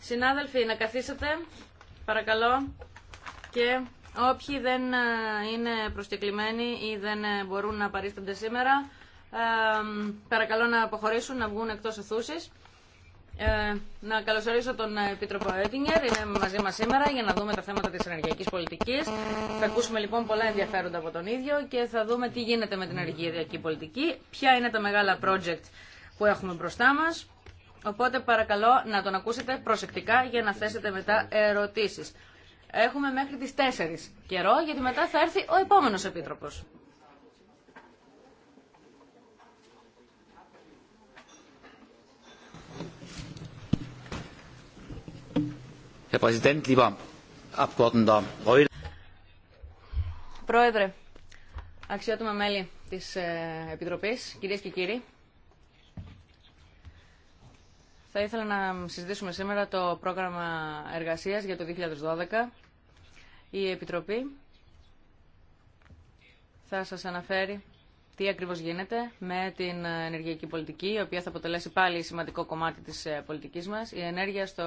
Συνάδελφοι, να καθίσετε, παρακαλώ, και όποιοι δεν ε, είναι προσκεκλημένοι ή δεν ε, μπορούν να παρίστανται σήμερα, ε, παρακαλώ να αποχωρήσουν, να βγουν εκτός αθούσης. Ε, να καλωσορίσω τον ε, Επίτροπο Έτινγκερ, είναι μαζί μα σήμερα για να δούμε τα θέματα τη ενεργειακή πολιτική. Θα ακούσουμε λοιπόν πολλά ενδιαφέροντα από τον ίδιο και θα δούμε τι γίνεται με την ενεργειακή πολιτική, ποια είναι τα μεγάλα project που έχουμε μπροστά μα. Οπότε παρακαλώ να τον ακούσετε προσεκτικά για να θέσετε μετά ερωτήσει. Έχουμε μέχρι τι 4 καιρό γιατί μετά θα έρθει ο επόμενο επίτροπο. Herr Πρόεδρε, αξιότιμα μέλη της ε, Επιτροπής, κυρίες και κύριοι, θα ήθελα να συζητήσουμε σήμερα το πρόγραμμα εργασίας για το 2012. Η Επιτροπή θα σας αναφέρει τι ακριβώ γίνεται με την ενεργειακή πολιτική, η οποία θα αποτελέσει πάλι σημαντικό κομμάτι τη ε, πολιτική μα. Η ενέργεια στο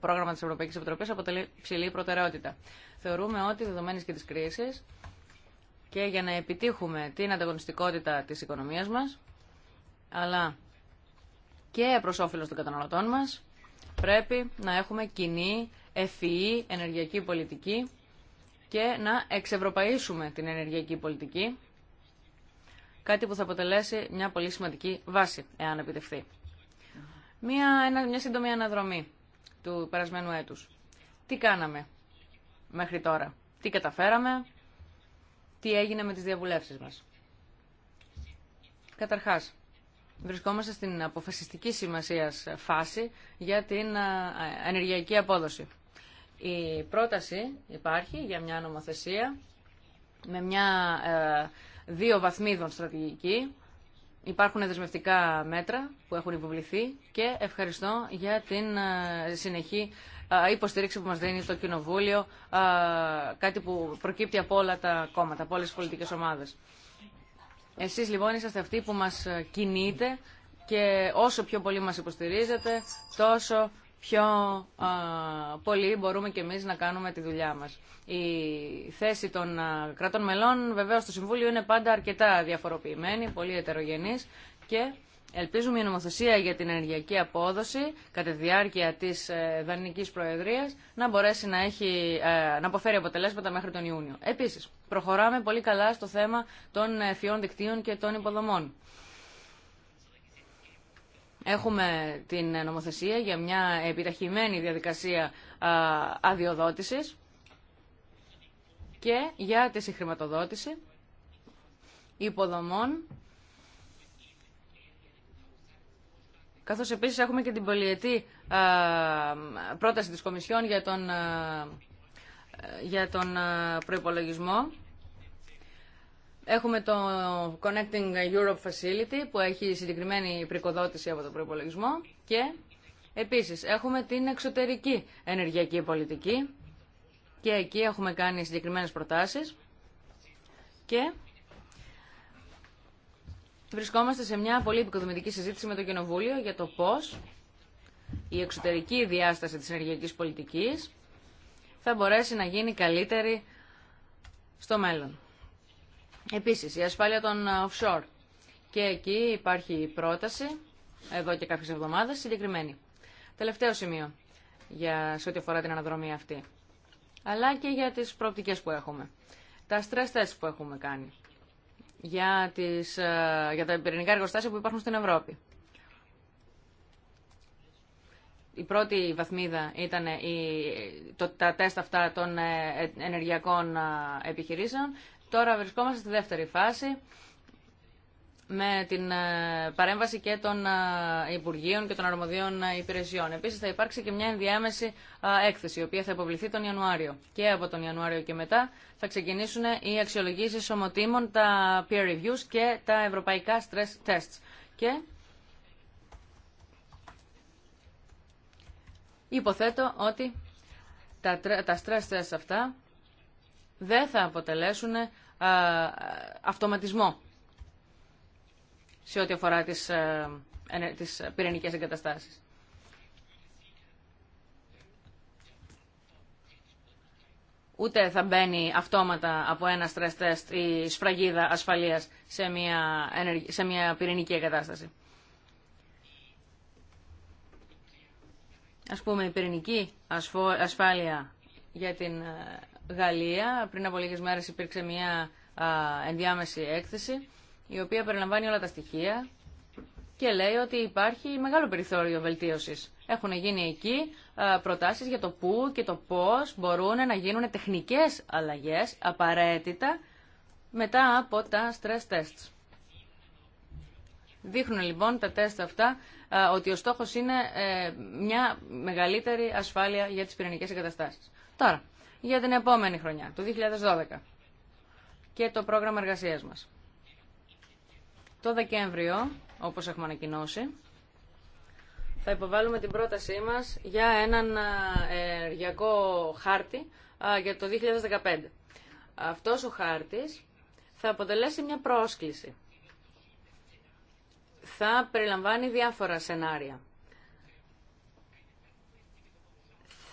πρόγραμμα τη Ευρωπαϊκή Επιτροπής αποτελεί ψηλή προτεραιότητα. Θεωρούμε ότι δεδομένε και της κρίσης και για να επιτύχουμε την ανταγωνιστικότητα τη οικονομία μα, αλλά και προ όφελο των καταναλωτών μα, πρέπει να έχουμε κοινή, ευφυή ενεργειακή πολιτική και να εξευρωπαίσουμε την ενεργειακή πολιτική κάτι που θα αποτελέσει μια πολύ σημαντική βάση, εάν επιτευχθεί. Μια, ένα, μια σύντομη αναδρομή του περασμένου έτους. Τι κάναμε μέχρι τώρα, τι καταφέραμε, τι έγινε με τις διαβουλεύσεις μας. Καταρχάς, βρισκόμαστε στην αποφασιστική σημασία φάση για την ε, ενεργειακή απόδοση. Η πρόταση υπάρχει για μια νομοθεσία με μια ε, δύο βαθμίδων στρατηγική. Υπάρχουν δεσμευτικά μέτρα που έχουν υποβληθεί και ευχαριστώ για την ε, συνεχή ε, υποστήριξη που μας δίνει το Κοινοβούλιο, ε, κάτι που προκύπτει από όλα τα κόμματα, από όλες τις πολιτικές ομάδες. Εσείς λοιπόν είσαστε αυτοί που μας κινείτε και όσο πιο πολύ μας υποστηρίζετε, τόσο πιο α, πολύ μπορούμε και εμείς να κάνουμε τη δουλειά μας. Η θέση των α, κρατών μελών βεβαίως στο Συμβούλιο είναι πάντα αρκετά διαφοροποιημένη, πολύ ετερογενής και ελπίζουμε η νομοθεσία για την ενεργειακή απόδοση κατά τη διάρκεια της ε, Δανεικής Προεδρίας να μπορέσει να, έχει, ε, να αποφέρει αποτελέσματα μέχρι τον Ιούνιο. Επίσης, προχωράμε πολύ καλά στο θέμα των ε, δικτύων και των υποδομών. Έχουμε την νομοθεσία για μια επιταχυμένη διαδικασία αδειοδότησης και για τη συγχρηματοδότηση υποδομών καθώς επίσης έχουμε και την πολυετή πρόταση της Κομισιόν για τον, για τον προϋπολογισμό Έχουμε το Connecting Europe Facility που έχει συγκεκριμένη πρικοδότηση από τον προπολογισμό και επίσης έχουμε την εξωτερική ενεργειακή πολιτική και εκεί έχουμε κάνει συγκεκριμένες προτάσεις και βρισκόμαστε σε μια πολύ επικοδομητική συζήτηση με το Κοινοβούλιο για το πώς η εξωτερική διάσταση της ενεργειακής πολιτικής θα μπορέσει να γίνει καλύτερη στο μέλλον. Επίσης, η ασφάλεια των ε, offshore. Και εκεί υπάρχει πρόταση, εδώ και κάποιες εβδομάδες, συγκεκριμένη. Τελευταίο σημείο για, σε ό,τι αφορά την αναδρομή αυτή. Αλλά και για τις προοπτικές που έχουμε. Τα stress tests που έχουμε κάνει για, τις, ε, για τα πυρηνικά εργοστάσια που υπάρχουν στην Ευρώπη. Η πρώτη βαθμίδα ήταν η, τα τεστ αυτά των ε, ενεργειακών επιχειρήσεων. Τώρα βρισκόμαστε στη δεύτερη φάση με την ε, παρέμβαση και των ε, Υπουργείων και των αρμοδίων ε, υπηρεσιών. Επίσης θα υπάρξει και μια ενδιάμεση έκθεση, η οποία θα υποβληθεί τον Ιανουάριο. Και από τον Ιανουάριο και μετά θα ξεκινήσουν οι αξιολογήσεις ομοτήμων, τα peer reviews και τα ευρωπαϊκά stress tests. Και υποθέτω ότι τα stress tests αυτά δεν θα αποτελέσουν ε, ε, αυτοματισμό σε ό,τι αφορά τις, ε, τις πυρηνικές εγκαταστάσεις. Ούτε θα μπαίνει αυτόματα από ένα stress test η σφραγίδα ασφαλείας σε μια, σε μια πυρηνική εγκατάσταση. Ας πούμε, η πυρηνική ασφάλεια για την Γαλλία. Πριν από λίγες μέρες υπήρξε μια ενδιάμεση έκθεση η οποία περιλαμβάνει όλα τα στοιχεία και λέει ότι υπάρχει μεγάλο περιθώριο βελτίωσης. Έχουν γίνει εκεί προτάσεις για το πού και το πώς μπορούν να γίνουν τεχνικές αλλαγές απαραίτητα μετά από τα stress tests. Δείχνουν λοιπόν τα τεστ αυτά ότι ο στόχος είναι ε, μια μεγαλύτερη ασφάλεια για τις πυρηνικές εγκαταστάσεις. Τώρα, για την επόμενη χρονιά, το 2012, και το πρόγραμμα εργασίας μας. Το Δεκέμβριο, όπως έχουμε ανακοινώσει, θα υποβάλουμε την πρότασή μας για έναν ε, εργειακό χάρτη για το 2015. Αυτός ο χάρτης θα αποτελέσει μια πρόσκληση. Θα περιλαμβάνει διάφορα σενάρια.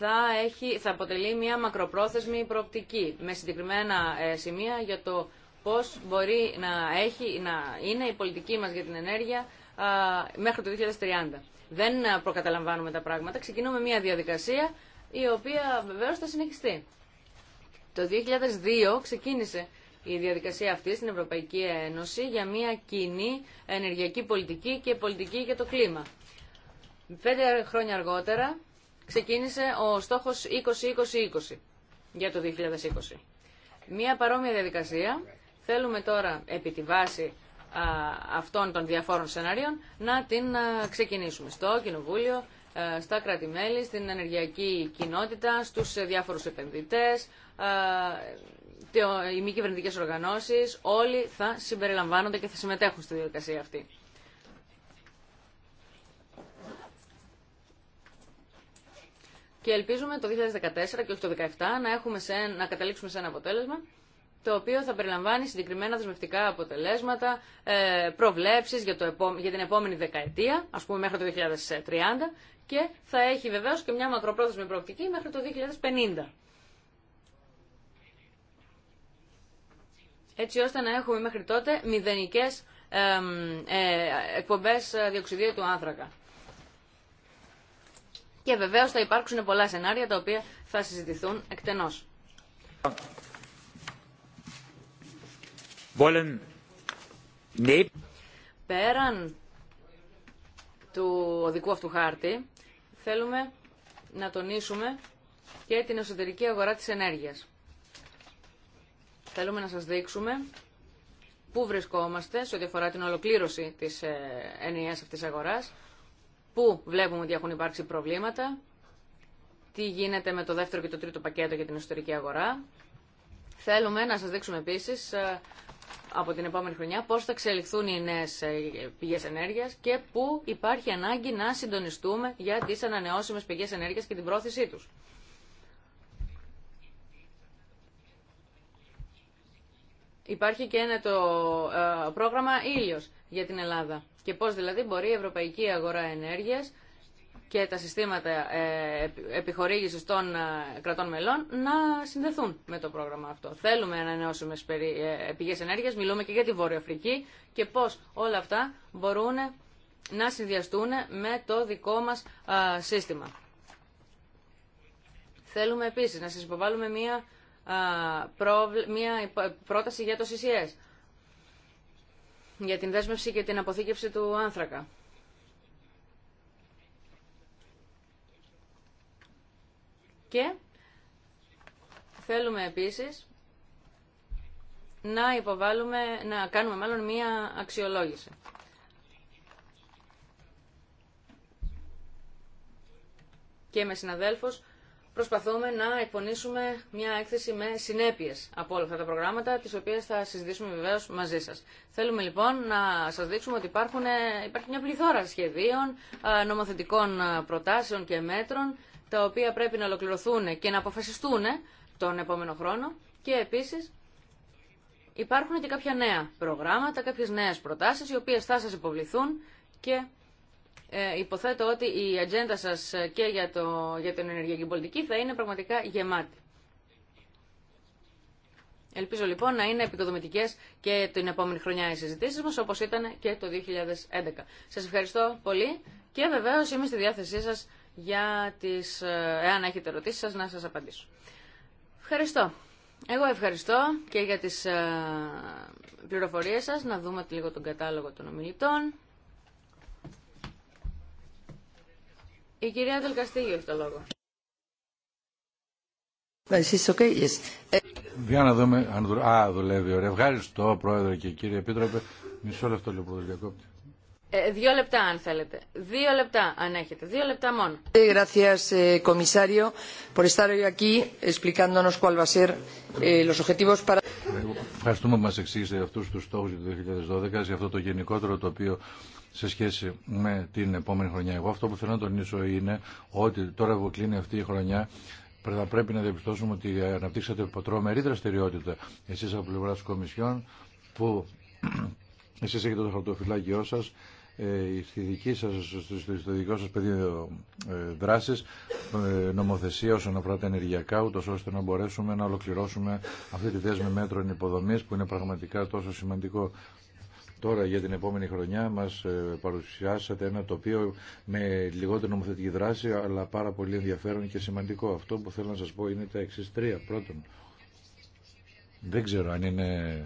θα, έχει, θα αποτελεί μια μακροπρόθεσμη προοπτική με συγκεκριμένα ε, σημεία για το πώς μπορεί να, έχει, να είναι η πολιτική μας για την ενέργεια μέχρι το 2030. Δεν ε, προκαταλαμβάνουμε τα πράγματα. Ξεκινούμε μια διαδικασία η οποία βεβαίως θα συνεχιστεί. Το 2002 ξεκίνησε η διαδικασία αυτή στην Ευρωπαϊκή Ένωση για μια κοινή ενεργειακή πολιτική και πολιτική για το κλίμα. Πέντε χρόνια αργότερα ξεκίνησε ο στόχος 20-20-20 για το 2020. Μία παρόμοια διαδικασία θέλουμε τώρα επί τη βάση αυτών των διαφόρων σενάριων να την ξεκινήσουμε στο Κοινοβούλιο, στα κράτη-μέλη, στην ενεργειακή κοινότητα, στους διάφορους επενδυτές, οι μη κυβερνητικέ οργανώσεις, όλοι θα συμπεριλαμβάνονται και θα συμμετέχουν στη διαδικασία αυτή. και ελπίζουμε το 2014 και όχι το 2017 να, έχουμε σε, να καταλήξουμε σε ένα αποτέλεσμα το οποίο θα περιλαμβάνει συγκεκριμένα δεσμευτικά αποτελέσματα, ε, προβλέψει για, την επόμενη δεκαετία, α πούμε μέχρι το 2030, και θα έχει βεβαίω και μια μακροπρόθεσμη προοπτική μέχρι το 2050. Έτσι ώστε να έχουμε μέχρι τότε μηδενικέ ε, εκπομπέ ε, διοξιδίου του άνθρακα. Και βεβαίως θα υπάρξουν πολλά σενάρια τα οποία θα συζητηθούν εκτενώς. Ναι. Πέραν του οδικού αυτού χάρτη, θέλουμε να τονίσουμε και την εσωτερική αγορά της ενέργειας. Θέλουμε να σας δείξουμε πού βρισκόμαστε σε ό,τι αφορά την ολοκλήρωση της ε, ενιαίας αυτής αγοράς πού βλέπουμε ότι έχουν υπάρξει προβλήματα, τι γίνεται με το δεύτερο και το τρίτο πακέτο για την ιστορική αγορά. Θέλουμε να σας δείξουμε επίσης ε, από την επόμενη χρονιά πώς θα εξελιχθούν οι νέες ε, πηγές ενέργειας και πού υπάρχει ανάγκη να συντονιστούμε για τις ανανεώσιμες πηγές ενέργειας και την πρόθεσή τους. Υπάρχει και ένα το ε, πρόγραμμα Ήλιος για την Ελλάδα και πώς δηλαδή μπορεί η Ευρωπαϊκή Αγορά Ενέργειας και τα συστήματα ε, επιχορήγησης των ε, κρατών μελών να συνδεθούν με το πρόγραμμα αυτό. Θέλουμε να τις πηγές ενέργειας, μιλούμε και για τη Βόρεια Αφρική και πώς όλα αυτά μπορούν να συνδυαστούν με το δικό μας σύστημα. Θέλουμε επίσης να σας υποβάλουμε μία μια πρόταση για το CCS, για την δέσμευση και την αποθήκευση του άνθρακα. Και θέλουμε επίσης να υποβάλουμε, να κάνουμε μάλλον μία αξιολόγηση. Και με συναδέλφους προσπαθούμε να εκπονήσουμε μια έκθεση με συνέπειες από όλα αυτά τα προγράμματα, τις οποίες θα συζητήσουμε βεβαίως μαζί σας. Θέλουμε λοιπόν να σας δείξουμε ότι υπάρχουν, ε, υπάρχει μια πληθώρα σχεδίων, ε, νομοθετικών ε, προτάσεων και μέτρων, τα οποία πρέπει να ολοκληρωθούν και να αποφασιστούν τον επόμενο χρόνο και επίσης υπάρχουν και κάποια νέα προγράμματα, κάποιες νέες προτάσεις, οι οποίες θα σας υποβληθούν και ε, υποθέτω ότι η ατζέντα σας και για, το, για την ενεργειακή πολιτική θα είναι πραγματικά γεμάτη. Ελπίζω λοιπόν να είναι επικοδομητικές και την επόμενη χρονιά οι συζητήσεις μας όπως ήταν και το 2011. Σας ευχαριστώ πολύ και βεβαίως είμαι στη διάθεσή σας για τις, ε, εάν έχετε ερωτήσεις σας να σας απαντήσω. Ευχαριστώ. Εγώ ευχαριστώ και για τις ε, πληροφορίες σας. Να δούμε λίγο τον κατάλογο των ομιλητών. Η κυρία Δελκαστήγιο έχει το λόγο. Ε, για να δούμε αν δουλεύει. Α, δουλεύει. Ωραία. Ευχαριστώ, Πρόεδρε και κύριε Επίτροπε. Μισό λεπτό λοιπόν, διακόπτη. Ε, δύο λεπτά αν θέλετε. Δύο λεπτά αν έχετε. Δύο λεπτά μόνο. Ε, gracias, eh, comisario, por estar hoy aquí explicándonos cuál va a ser eh, los objetivos para... Ευχαριστούμε που μας εξήγησε αυτούς τους στόχους για το 2012, για αυτό το γενικότερο το οποίο σε σχέση με την επόμενη χρονιά. Εγώ αυτό που θέλω να τονίσω είναι ότι τώρα που κλείνει αυτή η χρονιά θα πρέπει να διαπιστώσουμε ότι αναπτύξατε τρομερή δραστηριότητα εσεί από πλευρά Κομισιόν που εσείς έχετε το χαρτοφυλάκιό σας ε, στη δική σας, στο δικό σας πεδίο ε, δράσης ε, νομοθεσία όσον αφορά τα ενεργειακά ούτω ώστε να μπορέσουμε να ολοκληρώσουμε αυτή τη δέσμη μέτρων υποδομής που είναι πραγματικά τόσο σημαντικό Τώρα για την επόμενη χρονιά μας ε, παρουσιάσατε ένα τοπίο με λιγότερη νομοθετική δράση αλλά πάρα πολύ ενδιαφέρον και σημαντικό. Αυτό που θέλω να σας πω είναι τα εξής τρία. Πρώτον, δεν ξέρω αν είναι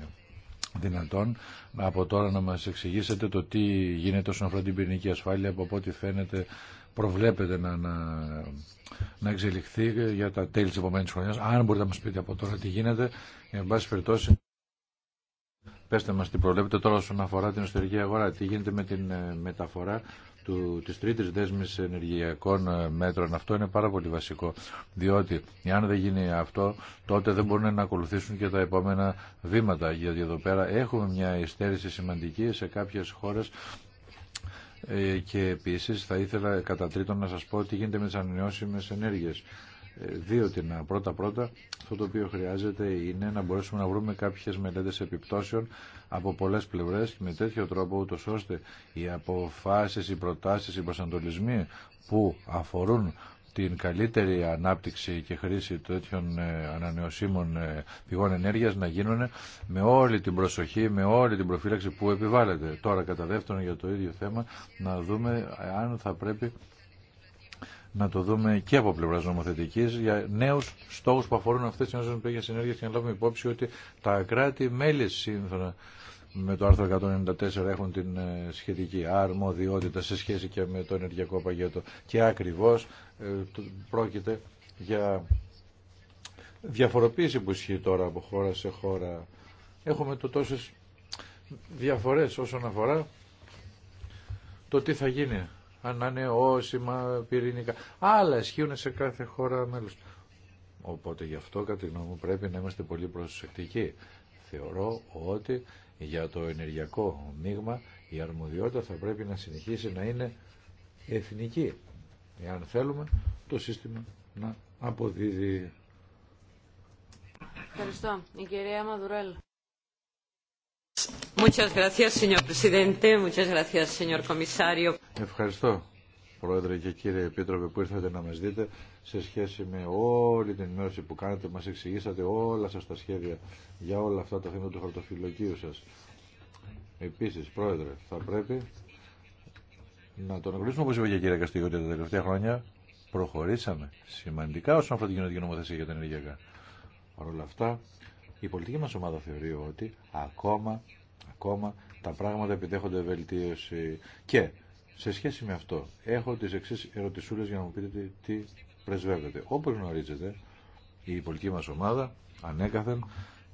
δυνατόν από τώρα να μας εξηγήσετε το τι γίνεται όσον αφορά την πυρηνική ασφάλεια από ό,τι φαίνεται προβλέπεται να, να, να εξελιχθεί για τα τέλη της επόμενης χρονιάς. Αν μπορείτε να μας πείτε από τώρα τι γίνεται, εν πάση περιπτώσει Πέστε μας τι προβλέπετε τώρα όσον αφορά την εσωτερική αγορά. Τι γίνεται με την ε, μεταφορά του, της τρίτης δέσμης ενεργειακών ε, μέτρων. Αυτό είναι πάρα πολύ βασικό, διότι αν δεν γίνει αυτό, τότε δεν μπορούν να ακολουθήσουν και τα επόμενα βήματα. Γιατί εδώ πέρα έχουμε μια ειστέρηση σημαντική σε κάποιες χώρες ε, και επίσης θα ήθελα κατά τρίτον να σας πω τι γίνεται με τις ανανεώσιμες ενέργειες δύο την πρώτα πρώτα αυτό το οποίο χρειάζεται είναι να μπορέσουμε να βρούμε κάποιες μελέτες επιπτώσεων από πολλές πλευρές και με τέτοιο τρόπο ούτως ώστε οι αποφάσεις, οι προτάσεις, οι προσανατολισμοί που αφορούν την καλύτερη ανάπτυξη και χρήση τέτοιων ε, ανανεωσίμων ε, πηγών ενέργειας να γίνουν με όλη την προσοχή, με όλη την προφύλαξη που επιβάλλεται. Τώρα κατά δεύτερον για το ίδιο θέμα να δούμε αν θα πρέπει να το δούμε και από πλευρά νομοθετική για νέου στόχου που αφορούν αυτέ τι νέε πηγέ ενέργεια και να λάβουμε υπόψη ότι τα κράτη-μέλη σύμφωνα με το άρθρο 194 έχουν την ε, σχετική αρμοδιότητα σε σχέση και με το ενεργειακό παγέτο. Και ακριβώς ε, πρόκειται για διαφοροποίηση που ισχύει τώρα από χώρα σε χώρα. Έχουμε το τόσες διαφορές όσον αφορά το τι θα γίνει ανανεώσιμα, πυρηνικά. Άλλα ισχύουν σε κάθε χώρα μέλος. Οπότε γι' αυτό κατά τη γνώμη μου πρέπει να είμαστε πολύ προσεκτικοί. Θεωρώ ότι για το ενεργειακό μείγμα η αρμοδιότητα θα πρέπει να συνεχίσει να είναι εθνική. Εάν θέλουμε το σύστημα να αποδίδει. Ευχαριστώ. Η κυρία Μαδουρέλ. Ευχαριστώ, Πρόεδρε και κύριε Επίτροπε, που ήρθατε να μας δείτε σε σχέση με όλη την ενημέρωση που κάνετε, μας εξηγήσατε όλα σας τα σχέδια για όλα αυτά τα θέματα του χαρτοφυλλοκίου σας. Επίσης, Πρόεδρε, θα πρέπει να τον γνωρίσουμε, όπως είπε και η κυρία Καστίγιο, ότι τα τελευταία χρόνια προχωρήσαμε σημαντικά όσον αφορά την κοινωνική νομοθεσία για τα ενεργειακά. Παρ' όλα αυτά, η πολιτική μας ομάδα θεωρεί ότι ακόμα, ακόμα τα πράγματα επιτέχονται βελτίωση. Και σε σχέση με αυτό έχω τις εξής ερωτησούλες για να μου πείτε τι πρεσβεύεται. Όπως γνωρίζετε η πολιτική μας ομάδα ανέκαθεν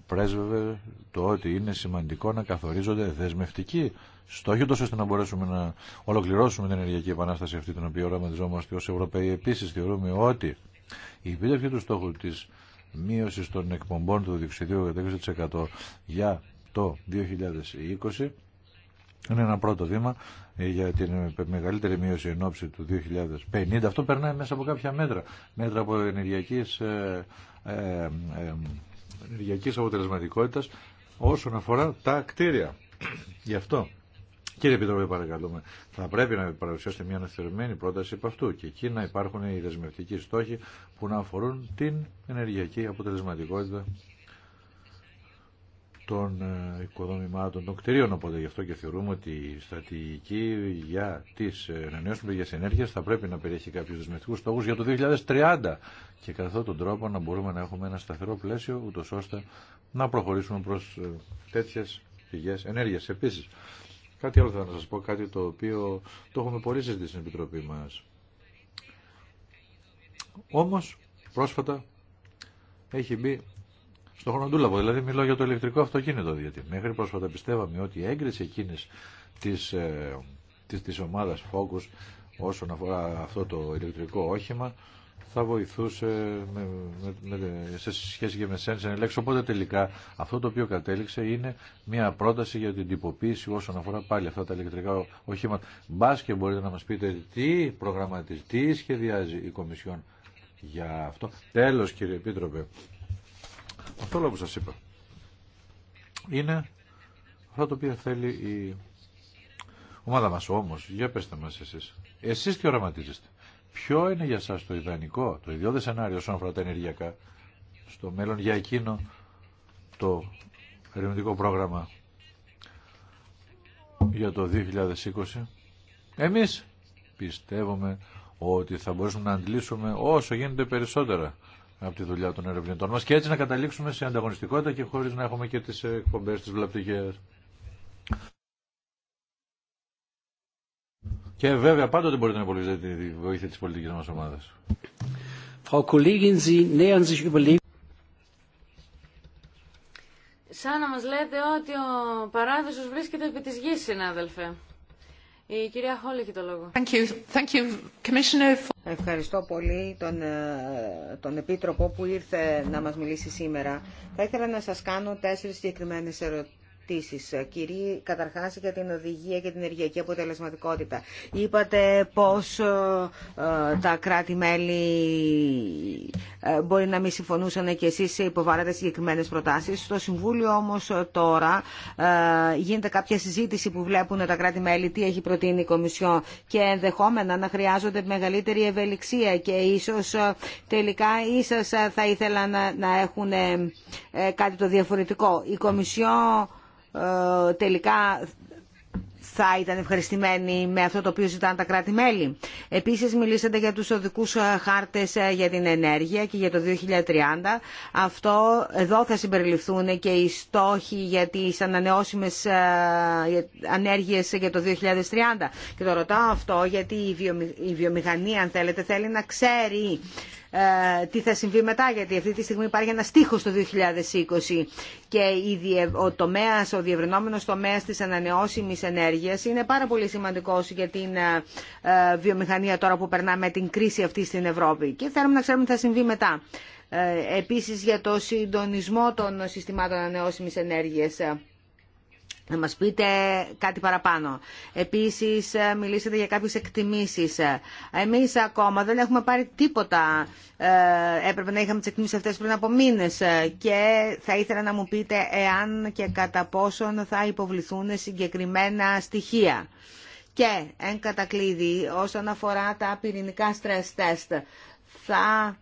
πρέσβευε το ότι είναι σημαντικό να καθορίζονται δεσμευτικοί στόχοι, τόσο ώστε να μπορέσουμε να ολοκληρώσουμε την ενεργειακή επανάσταση αυτή την οποία οραματιζόμαστε ως Ευρωπαίοι. Επίσης θεωρούμε ότι η επίτευξη του στόχου της μείωση των εκπομπών του διοξιδίου κατά για το 2020 είναι ένα πρώτο βήμα για την μεγαλύτερη μείωση εν ώψη του 2050. Αυτό περνάει μέσα από κάποια μέτρα. Μέτρα από ενεργειακής, ε, ε, ε ενεργειακής αποτελεσματικότητας όσον αφορά τα κτίρια. Γι' αυτό Κύριε Επιτροπέ, παρακαλούμε, θα πρέπει να παρουσιάσετε μια αναθεωρημένη πρόταση από αυτού και εκεί να υπάρχουν οι δεσμευτικοί στόχοι που να αφορούν την ενεργειακή αποτελεσματικότητα των ε, οικοδομημάτων, των κτηρίων. Οπότε γι' αυτό και θεωρούμε ότι η στρατηγική για τι ανανεώσιμε πηγέ ενέργεια θα πρέπει να περιέχει κάποιου δεσμευτικού στόχου για το 2030. Και κατά αυτόν τον τρόπο να μπορούμε να έχουμε ένα σταθερό πλαίσιο, ούτω ώστε να προχωρήσουμε προ ε, τέτοιε πηγέ ενέργεια. Επίση, Κάτι άλλο θα σας πω, κάτι το οποίο το έχουμε πολύ συζητήσει στην Επιτροπή μας. Όμως, πρόσφατα έχει μπει στο χρονοτούλαβο, δηλαδή μιλώ για το ηλεκτρικό αυτοκίνητο, γιατί μέχρι πρόσφατα πιστεύαμε ότι η έγκριση εκείνης της, ε, της, της ομάδας Focus όσον αφορά αυτό το ηλεκτρικό όχημα θα βοηθούσε με, με, με, σε σχέση και με Sense Οπότε τελικά αυτό το οποίο κατέληξε είναι μια πρόταση για την τυποποίηση όσον αφορά πάλι αυτά τα ηλεκτρικά οχήματα. Μπα και μπορείτε να μα πείτε τι προγραμματίζει, τι σχεδιάζει η Κομισιόν για αυτό. Τέλος κύριε Επίτροπε, αυτό όλο που σας είπα είναι αυτό το οποίο θέλει η ομάδα μα όμω, Για πετε μας Εσεί Εσείς τι οραματίζεστε. Ποιο είναι για σας το ιδανικό, το ιδιώδε σενάριο όσον αφορά τα ενεργειακά στο μέλλον για εκείνο το ερευνητικό πρόγραμμα για το 2020. Εμείς πιστεύουμε ότι θα μπορέσουμε να αντλήσουμε όσο γίνεται περισσότερα από τη δουλειά των ερευνητών μας και έτσι να καταλήξουμε σε ανταγωνιστικότητα και χωρίς να έχουμε και τις εκπομπές της βλαπτικές. Και βέβαια πάντοτε μπορείτε να υπολογίζετε τη βοήθεια τη πολιτική μα ομάδα. Σαν να μας λέτε ότι ο παράδεισος βρίσκεται επί της γης, συνάδελφε. Η κυρία Χόλ έχει το λόγο. Thank you. Thank you, Commissioner. Ευχαριστώ πολύ τον, ε, τον Επίτροπο που ήρθε να μας μιλήσει σήμερα. Θα ήθελα να σας κάνω τέσσερις συγκεκριμένε ερωτήσεις Κυρίε, Κυρία, καταρχά για την οδηγία και την ενεργειακή αποτελεσματικότητα. Είπατε πώ ε, ε, τα κράτη-μέλη ε, μπορεί να μην συμφωνούσαν και εσεί υποβάλλατε συγκεκριμένε προτάσει. Στο Συμβούλιο όμω ε, τώρα ε, γίνεται κάποια συζήτηση που βλέπουν τα κράτη-μέλη τι έχει προτείνει η Κομισιόν και ενδεχόμενα να χρειάζονται μεγαλύτερη ευελιξία και ίσως ε, τελικά ίσως θα ήθελα να, να έχουν κάτι το διαφορετικό. Η Κομισιόν ε, τελικά θα ήταν ευχαριστημένοι με αυτό το οποίο ζητάνε τα κράτη-μέλη. Επίσης μιλήσατε για τους οδικούς ε, χάρτες ε, για την ενέργεια και για το 2030. Αυτό εδώ θα συμπεριληφθούν και οι στόχοι για τις ανανεώσιμες ανέργειες για το 2030. Και το ρωτάω αυτό γιατί η βιομηχανία, αν θέλετε, θέλει να ξέρει ε, τι θα συμβεί μετά, γιατί αυτή τη στιγμή υπάρχει ένα στίχος το 2020 και ο, τομέας, ο διευρυνόμενος τομέας της ανανεώσιμης ενέργειας είναι πάρα πολύ σημαντικός για την ε, ε, βιομηχανία τώρα που περνάμε την κρίση αυτή στην Ευρώπη και θέλουμε να ξέρουμε τι θα συμβεί μετά. Επίσης για το συντονισμό των συστημάτων ανανεώσιμης ενέργειας να μας πείτε κάτι παραπάνω. Επίσης, ε, μιλήσατε για κάποιες εκτιμήσεις. Ε, εμείς ακόμα δεν έχουμε πάρει τίποτα. Ε, έπρεπε να είχαμε τις εκτιμήσεις αυτές πριν από μήνες. Και θα ήθελα να μου πείτε εάν και κατά πόσον θα υποβληθούν συγκεκριμένα στοιχεία. Και, εν κατακλείδη, όσον αφορά τα πυρηνικά stress test, θα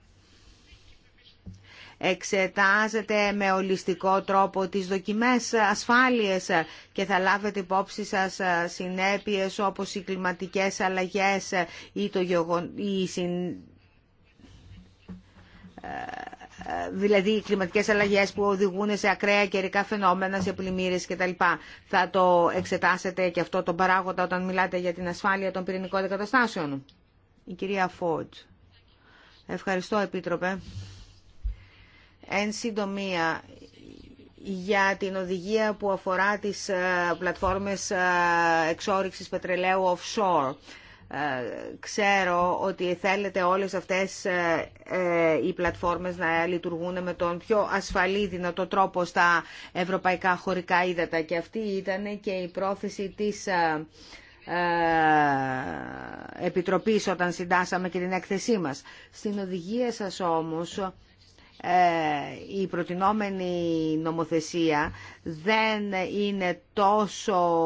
εξετάζετε με ολιστικό τρόπο τις δοκιμές ασφάλειες και θα λάβετε υπόψη σας συνέπειες όπως οι κλιματικές αλλαγές ή το γεγον... ή συν... Ε, δηλαδή οι κλιματικές αλλαγές που οδηγούν σε ακραία καιρικά φαινόμενα, σε πλημμύρες κτλ. Θα το εξετάσετε και αυτό το παράγοντα όταν μιλάτε για την ασφάλεια των πυρηνικών εγκαταστάσεων. Η κυρία Φόρτ. Ευχαριστώ, Επίτροπε. Εν συντομία, για την οδηγία που αφορά τις ε, πλατφόρμες ε, εξόριξης πετρελαίου offshore. Ε, ξέρω ότι θέλετε όλες αυτές οι πλατφόρμες να λειτουργούν με τον πιο ασφαλή δυνατό τρόπο στα ευρωπαϊκά χωρικά ύδατα και αυτή ήταν και η πρόθεση της Επιτροπής όταν συντάσαμε και την έκθεσή μας. Στην οδηγία σας όμως ε, η προτινόμενη νομοθεσία δεν είναι τόσο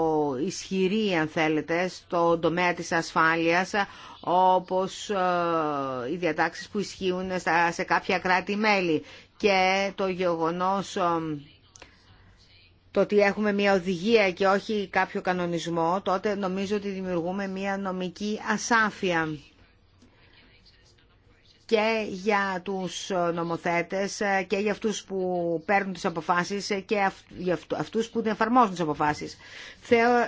ισχυρή, αν θέλετε, στον τομέα της ασφάλειας, όπως ε, οι διατάξεις που ισχύουν σε κάποια κράτη-μέλη. Και το γεγονός ε, το ότι έχουμε μια οδηγία και όχι κάποιο κανονισμό, τότε νομίζω ότι δημιουργούμε μια νομική ασάφεια και για τους νομοθέτες ε, και για αυτούς που παίρνουν τις αποφάσεις ε, και για αυτούς που εφαρμόζουν τις αποφάσεις.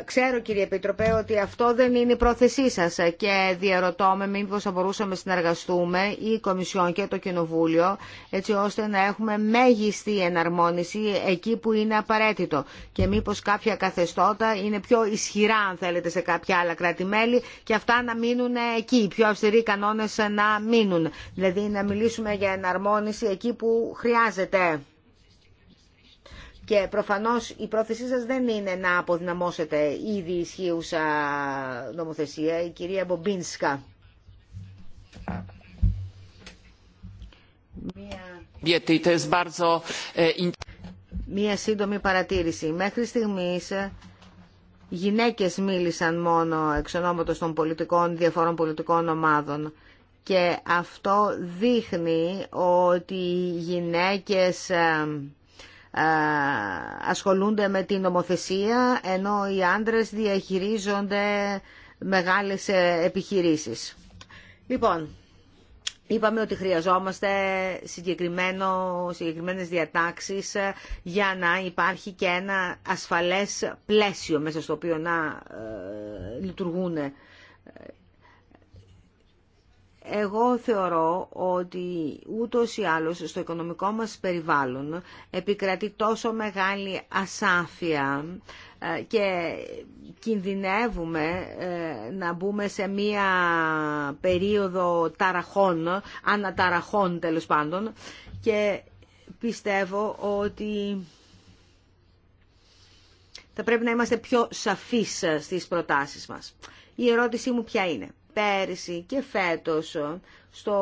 ξέρω κύριε Επίτροπε ότι αυτό δεν είναι η πρόθεσή σας ε, και διαρωτώ με μήπως θα μπορούσαμε να συνεργαστούμε η Κομισιόν και το Κοινοβούλιο έτσι ώστε να έχουμε μέγιστη εναρμόνιση εκεί που είναι απαραίτητο και μήπως κάποια καθεστώτα είναι πιο ισχυρά αν θέλετε σε κάποια άλλα κράτη-μέλη και αυτά να μείνουν εκεί, οι πιο αυστηροί κανόνες να μείνουν Δηλαδή να μιλήσουμε για εναρμόνιση εκεί που χρειάζεται. Και προφανώς η πρόθεσή σας δεν είναι να αποδυναμώσετε ήδη ισχύουσα νομοθεσία, η κυρία Μπομπίνσκα. Μία σύντομη παρατήρηση. Μέχρι στιγμής γυναίκες μίλησαν μόνο εξ των πολιτικών, διαφορών πολιτικών ομάδων και αυτό δείχνει ότι οι γυναίκες ε, ε, ασχολούνται με την νομοθεσία ενώ οι άντρες διαχειρίζονται μεγάλες ε, επιχειρήσεις. Λοιπόν, είπαμε ότι χρειαζόμαστε συγκεκριμένο, συγκεκριμένες διατάξεις για να υπάρχει και ένα ασφαλές πλαίσιο μέσα στο οποίο να λειτουργούν εγώ θεωρώ ότι ούτως ή άλλως στο οικονομικό μας περιβάλλον επικρατεί τόσο μεγάλη ασάφεια ε, και κινδυνεύουμε ε, να μπούμε σε μία περίοδο ταραχών, αναταραχών τέλος πάντων και πιστεύω ότι θα πρέπει να είμαστε πιο σαφείς ε, στις προτάσεις μας. Η ερώτησή μου ποια είναι πέρυσι και φέτος στο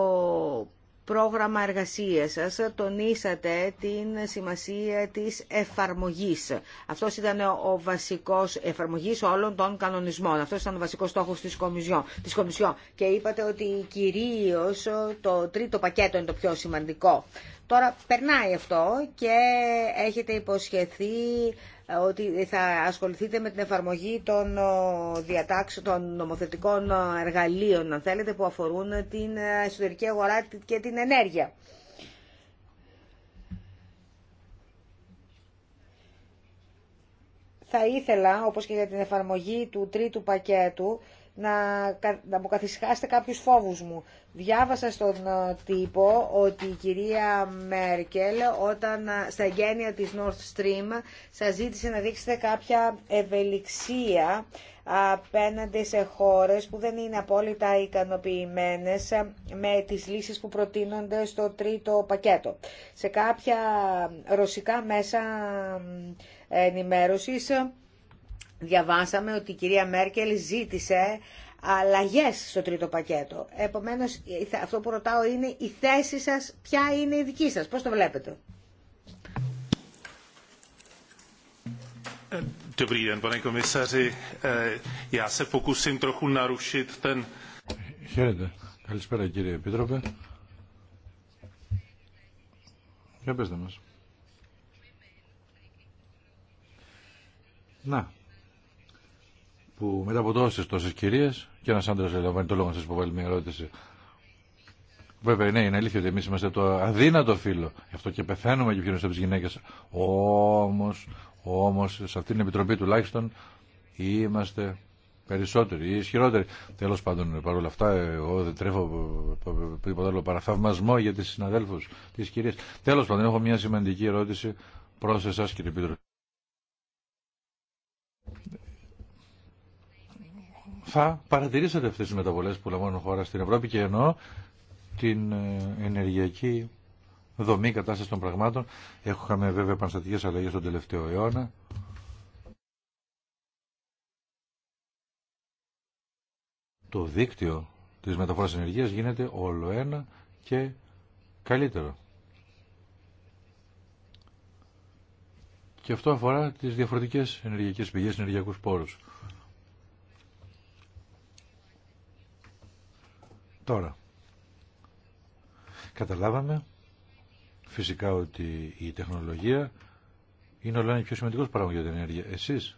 πρόγραμμα εργασίας σας τονίσατε την σημασία της εφαρμογής. Αυτός ήταν ο βασικός εφαρμογής όλων των κανονισμών. Αυτός ήταν ο βασικός στόχος της Κομισιόν. Της Κομισιόν. Και είπατε ότι κυρίως το τρίτο πακέτο είναι το πιο σημαντικό. Τώρα περνάει αυτό και έχετε υποσχεθεί ότι θα ασχοληθείτε με την εφαρμογή των, ε, διατάξεων, των νομοθετικών ε, εργαλείων, αν θέλετε, που αφορούν την ε, εσωτερική αγορά και την ενέργεια. Θα ήθελα, όπως και για την εφαρμογή του τρίτου πακέτου, να, να μου κάποιους φόβους μου. Διάβασα στον ε, τύπο ότι η κυρία Μέρκελ όταν ε, στα εγγένεια της North Stream σας ζήτησε να δείξετε κάποια ευελιξία απέναντι σε χώρες που δεν είναι απόλυτα ικανοποιημένες ε, με τις λύσεις που προτείνονται στο τρίτο πακέτο. Σε κάποια ρωσικά μέσα ενημέρωσης διαβάσαμε ότι η κυρία Μέρκελ ζήτησε αλλαγές στο τρίτο πακέτο. Επομένως, αυτό που ρωτάω είναι η θέση σας, ποια είναι η δική σας, πώς το βλέπετε. Dobrý den, pane komisaři. Ε, já se pokusím trochu narušit ten... Χαίρετε. Καλησπέρα κύριε Επίτροπε. Για πέστε μας. Να, που μετά από τόσε τόσε κυρίε και ένα άντρα λαμβάνει το λόγο να σα υποβάλει μια ερώτηση. Βέβαια, ναι, είναι αλήθεια ότι εμεί είμαστε το αδύνατο φίλο. Γι' αυτό και πεθαίνουμε και ποιον από τι γυναίκε. Όμω, όμω, σε αυτήν την επιτροπή τουλάχιστον είμαστε περισσότεροι ή ισχυρότεροι. Τέλο πάντων, παρόλα αυτά, εγώ δεν τρέφω τίποτα άλλο παρά θαυμασμό για τι συναδέλφου τη κυρία. Τέλο πάντων, έχω μια σημαντική ερώτηση προ εσά, κύριε Πίτρο. θα παρατηρήσατε αυτές τις μεταβολές που λαμβάνουν χώρα στην Ευρώπη και ενώ την ε, ενεργειακή δομή κατάσταση των πραγμάτων. έχουμε βέβαια επαναστατικές αλλαγές τον τελευταίο αιώνα. Το δίκτυο της μεταφοράς ενεργείας γίνεται όλο ένα και καλύτερο. Και αυτό αφορά τις διαφορετικές ενεργειακές πηγές, ενεργειακούς πόρους. Τώρα, καταλάβαμε φυσικά ότι η τεχνολογία είναι όλα ένα πιο σημαντικός παράγοντα για την ενέργεια. Εσείς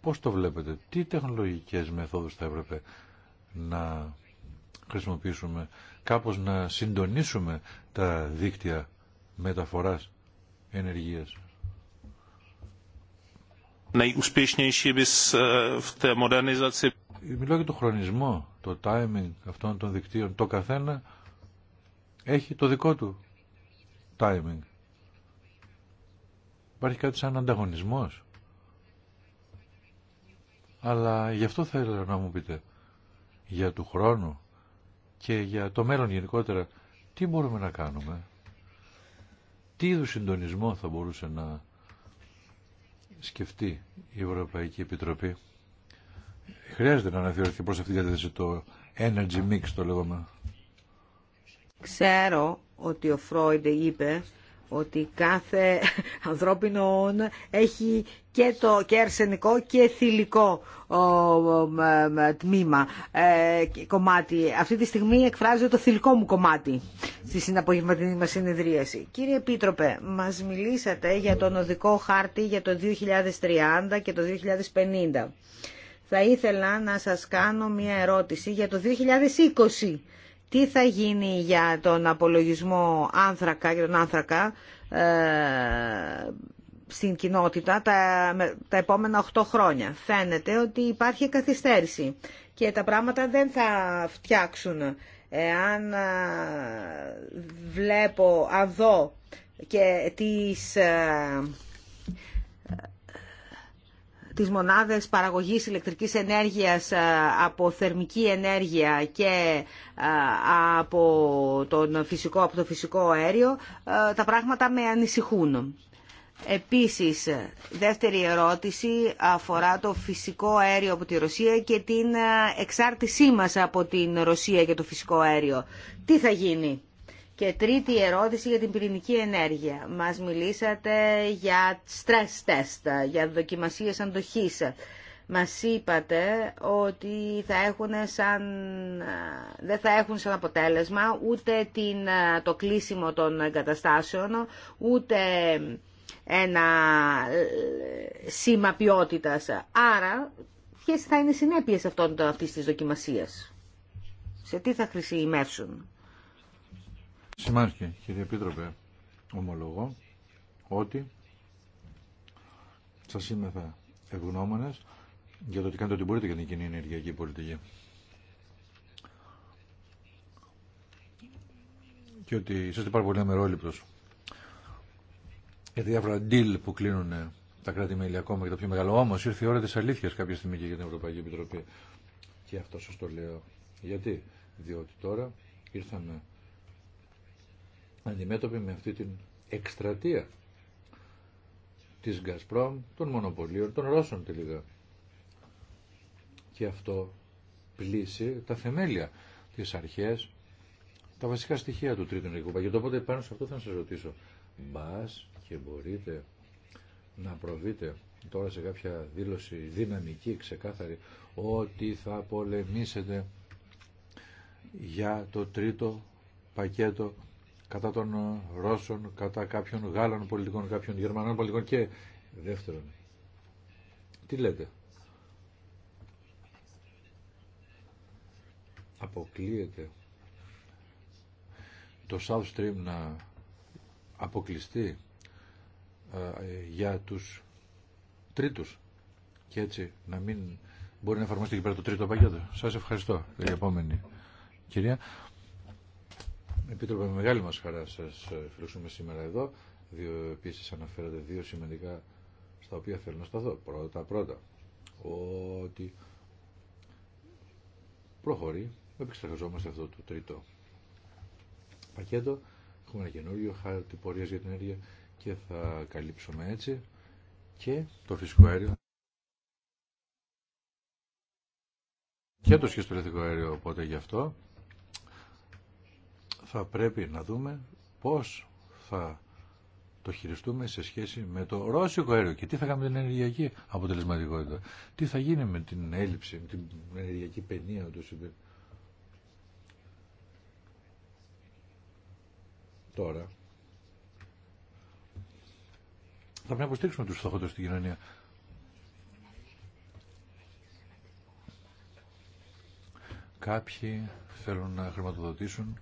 πώς το βλέπετε, τι τεχνολογικές μεθόδους θα έπρεπε να χρησιμοποιήσουμε, κάπως να συντονίσουμε τα δίκτυα μεταφοράς ενεργείας. Nejúspěšnější bys eh, v té μιλάω για το χρονισμό, το timing αυτών των δικτύων. Το καθένα έχει το δικό του timing. Υπάρχει κάτι σαν ανταγωνισμός. Αλλά γι' αυτό θα ήθελα να μου πείτε. Για του χρόνου και για το μέλλον γενικότερα. Τι μπορούμε να κάνουμε. Τι είδου συντονισμό θα μπορούσε να σκεφτεί η Ευρωπαϊκή Επιτροπή. Χρειάζεται να αναθεωρηθεί προς αυτή την κατεύθυνση το energy mix το λεγόμενο. Ξέρω ότι ο Φρόιντ είπε ότι κάθε ανθρώπινο όν έχει και το και και θηλυκό τμήμα ε, κομμάτι. Αυτή τη στιγμή εκφράζει το θηλυκό μου κομμάτι στη συναπογευματινή μας συνεδρίαση. Κύριε Επίτροπε, μας μιλήσατε για τον οδικό χάρτη για το 2030 και το 2050 θα ήθελα να σας κάνω μια ερώτηση για το 2020. Τι θα γίνει για τον απολογισμό άνθρακα, και τον άνθρακα ε, στην κοινότητα τα, τα επόμενα 8 χρόνια. Φαίνεται ότι υπάρχει καθυστέρηση και τα πράγματα δεν θα φτιάξουν. Εάν ε, βλέπω, αν και τις... Ε, τις μονάδες παραγωγής ηλεκτρικής ενέργειας ε, από θερμική ενέργεια και ε, από, τον φυσικό, από το φυσικό αέριο, ε, τα πράγματα με ανησυχούν. Επίσης, δεύτερη ερώτηση αφορά το φυσικό αέριο από τη Ρωσία και την εξάρτησή μας από την Ρωσία και το φυσικό αέριο. Τι θα γίνει και τρίτη ερώτηση για την πυρηνική ενέργεια. Μας μιλήσατε για stress test, για δοκιμασίες αντοχής. Μας είπατε ότι θα έχουν σαν, δεν θα έχουν σαν αποτέλεσμα ούτε την, το κλείσιμο των εγκαταστάσεων, ούτε ένα ε, σήμα ποιότητας. Άρα, ποιε θα είναι οι συνέπειες αυτών, αυτής της δοκιμασίας. Σε τι θα χρησιμεύσουν. Συμμάρχε, κύριε Επίτροπε, ομολογώ ότι σας είμαι θα για το ότι κάνετε ό,τι μπορείτε για την κοινή ενεργειακή πολιτική. Και ότι είστε πάρα πολύ αμερόληπτος για τα διάφορα deal που κλείνουν τα κράτη-μέλη ακόμα και το πιο μεγάλο. όμως ήρθε η ώρα της αλήθεια κάποια στιγμή και για την Ευρωπαϊκή Επιτροπή. Και αυτό σας το λέω. Γιατί, διότι τώρα ήρθαμε αντιμέτωποι με αυτή την εκστρατεία της Γκασπρόμ, των μονοπωλίων, των Ρώσων τελικά. Και αυτό πλήσει τα θεμέλια, τις αρχές, τα βασικά στοιχεία του Τρίτου Νοικού Οπότε πάνω σε αυτό θα σας ρωτήσω. Μπα και μπορείτε να προβείτε τώρα σε κάποια δήλωση δυναμική, ξεκάθαρη, ότι θα πολεμήσετε για το τρίτο πακέτο κατά των ε, Ρώσων, κατά κάποιων Γάλλων πολιτικών, κάποιων Γερμανών πολιτικών και δεύτερον. Τι λέτε. Αποκλείεται το South Stream να αποκλειστεί ε, για τους τρίτους και έτσι να μην μπορεί να εφαρμοστεί και πέρα το τρίτο παγκέτο. Σας ευχαριστώ για επόμενη κυρία. Επίτροπε, με μεγάλη μας χαρά σας ε, φιλοξενούμε σήμερα εδώ. Δύο, επίσης αναφέρατε δύο σημαντικά στα οποία θέλω να σταθώ. Πρώτα, πρώτα, ότι προχωρεί, επεξεργαζόμαστε αυτό το τρίτο πακέτο. Έχουμε ένα καινούριο χάρτη πορείας για την ενέργεια και θα καλύψουμε έτσι και το φυσικό αέριο. Και το σχιστολιθικό αέριο, οπότε γι' αυτό θα πρέπει να δούμε πώς θα το χειριστούμε σε σχέση με το ρώσικο αέριο και τι θα κάνουμε με την ενεργειακή αποτελεσματικότητα. Τι θα γίνει με την έλλειψη, με την ενεργειακή παινία του Τώρα θα πρέπει να υποστήριξουμε τους στόχους στην κοινωνία. Κάποιοι θέλουν να χρηματοδοτήσουν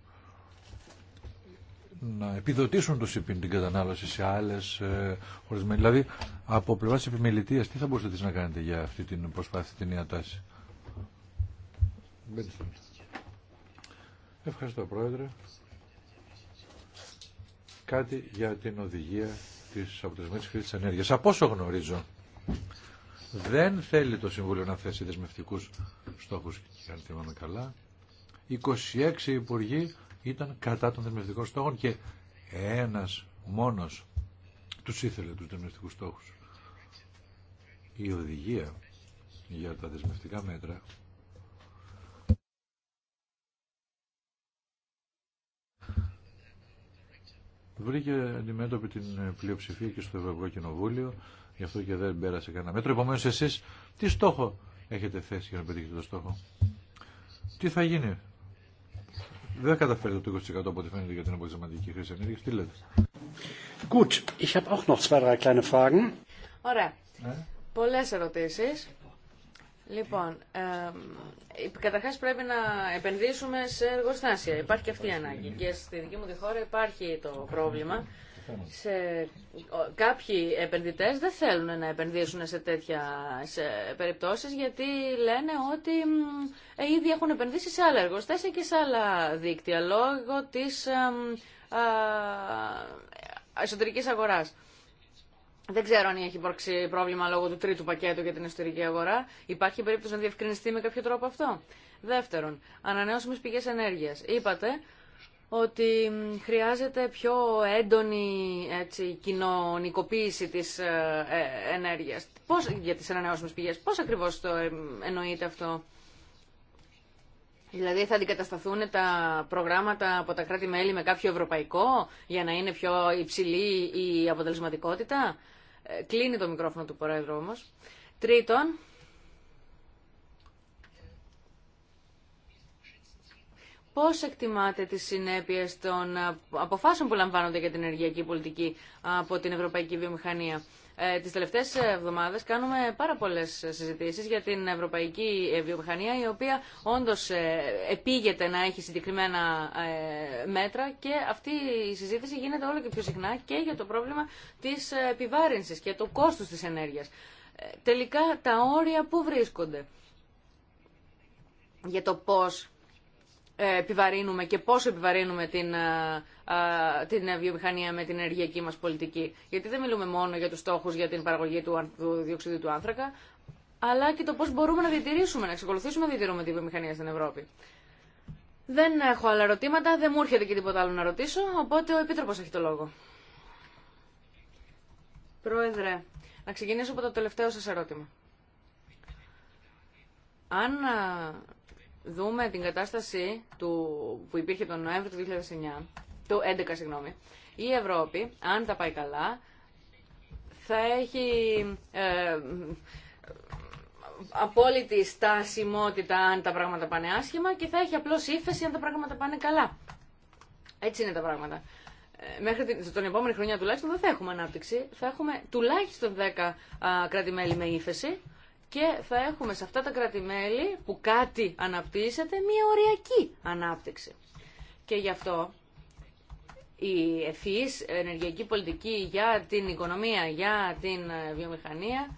να επιδοτήσουν το ΣΥΠΗΝ την κατανάλωση σε άλλε ε, χωρισμένε. Δηλαδή, από πλευρά επιμελητία, τι θα μπορούσατε να κάνετε για αυτή την προσπάθεια, την νέα τάση. Ευχαριστώ, Πρόεδρε. Κάτι για την οδηγία τη αποτελεσματική χρήση τη ενέργεια. Από όσο γνωρίζω, δεν θέλει το Συμβούλιο να θέσει δεσμευτικού στόχου, αν θυμάμαι καλά. 26 υπουργοί ήταν κατά των δεσμευτικών στόχων και ένας μόνος τους ήθελε τους δεσμευτικούς στόχους. Η οδηγία για τα δεσμευτικά μέτρα βρήκε αντιμέτωπη την πλειοψηφία και στο Ευρωπαϊκό Κοινοβούλιο, γι' αυτό και δεν πέρασε κανένα μέτρο. Επομένω, εσεί τι στόχο έχετε θέσει για να πετύχετε το στόχο. Τι θα γίνει δεν καταφέρετε το 20% από ό,τι φαίνεται για την αποτελεσματική χρήση ενέργεια. Τι λέτε. ich habe auch noch zwei, drei kleine Ωραία. Ε? Πολλές ερωτήσεις. Λοιπόν, ε, καταρχά πρέπει να επενδύσουμε σε εργοστάσια. Υπάρχει και αυτή η ανάγκη. Και στη δική μου τη χώρα υπάρχει το πρόβλημα σε... Κάποιοι επενδυτές δεν θέλουν να επενδύσουν σε τέτοια σε περιπτώσεις γιατί λένε ότι ε, ήδη έχουν επενδύσει σε άλλα εργοστάσια και σε άλλα δίκτυα λόγω της εσωτερικής αγοράς. Δεν ξέρω αν έχει υπάρξει πρόβλημα λόγω του τρίτου πακέτου για την εσωτερική αγορά. Υπάρχει περίπτωση να διευκρινιστεί με κάποιο τρόπο αυτό. Δεύτερον, ανανεώσιμε πηγέ ενέργεια. Είπατε ότι χρειάζεται πιο έντονη έτσι, κοινωνικοποίηση της ε, ε, ενέργειας πώς, για τις ανανεώσιμες πηγές. Πώς ακριβώς το ε, εννοείται αυτό. Δηλαδή θα αντικατασταθούν τα προγράμματα από τα κράτη-μέλη με κάποιο ευρωπαϊκό για να είναι πιο υψηλή η αποτελεσματικότητα. Κλείνει το μικρόφωνο του Πρόεδρου όμως. Τρίτον, Πώς εκτιμάτε τις συνέπειες των ε, αποφάσεων που λαμβάνονται για την ενεργειακή πολιτική ε, από την Ευρωπαϊκή Βιομηχανία. Ε, τις τελευταίες εβδομάδες κάνουμε πάρα πολλές συζητήσεις για την Ευρωπαϊκή ε, Βιομηχανία η οποία όντως επίγεται να έχει συγκεκριμένα μέτρα και αυτή η συζήτηση γίνεται όλο και πιο συχνά και για το πρόβλημα της επιβάρυνσης και του κόστος της ενέργειας. τελικά τα όρια που βρίσκονται για το πώς επιβαρύνουμε και πώς επιβαρύνουμε την, ε, ε, την βιομηχανία με την ενεργειακή μας πολιτική. Γιατί δεν μιλούμε μόνο για τους στόχους για την παραγωγή του, του του άνθρακα, αλλά και το πώς μπορούμε να διατηρήσουμε, να εξακολουθήσουμε να διατηρούμε τη βιομηχανία στην Ευρώπη. Δεν έχω άλλα ερωτήματα, δεν μου έρχεται και τίποτα άλλο να ρωτήσω, οπότε ο Επίτροπος έχει το λόγο. Πρόεδρε, να ξεκινήσω από το τελευταίο σας ερώτημα. Αν δούμε την κατάσταση του, που υπήρχε τον Νοέμβριο του 2009, το 2011, συγγνώμη, η Ευρώπη, αν τα πάει καλά, θα έχει ε, απόλυτη στασιμότητα αν τα πράγματα πάνε άσχημα και θα έχει απλώς ύφεση αν τα πράγματα πάνε καλά. Έτσι είναι τα πράγματα. Ε, μέχρι την, τον επόμενη χρονιά τουλάχιστον δεν θα έχουμε ανάπτυξη. Θα έχουμε τουλάχιστον 10 κράτη-μέλη με ύφεση και θα έχουμε σε αυτά τα κρατημέλη που κάτι αναπτύσσεται μια οριακή ανάπτυξη. Και γι' αυτό η ευφυής ενεργειακή πολιτική για την οικονομία, για την ε, βιομηχανία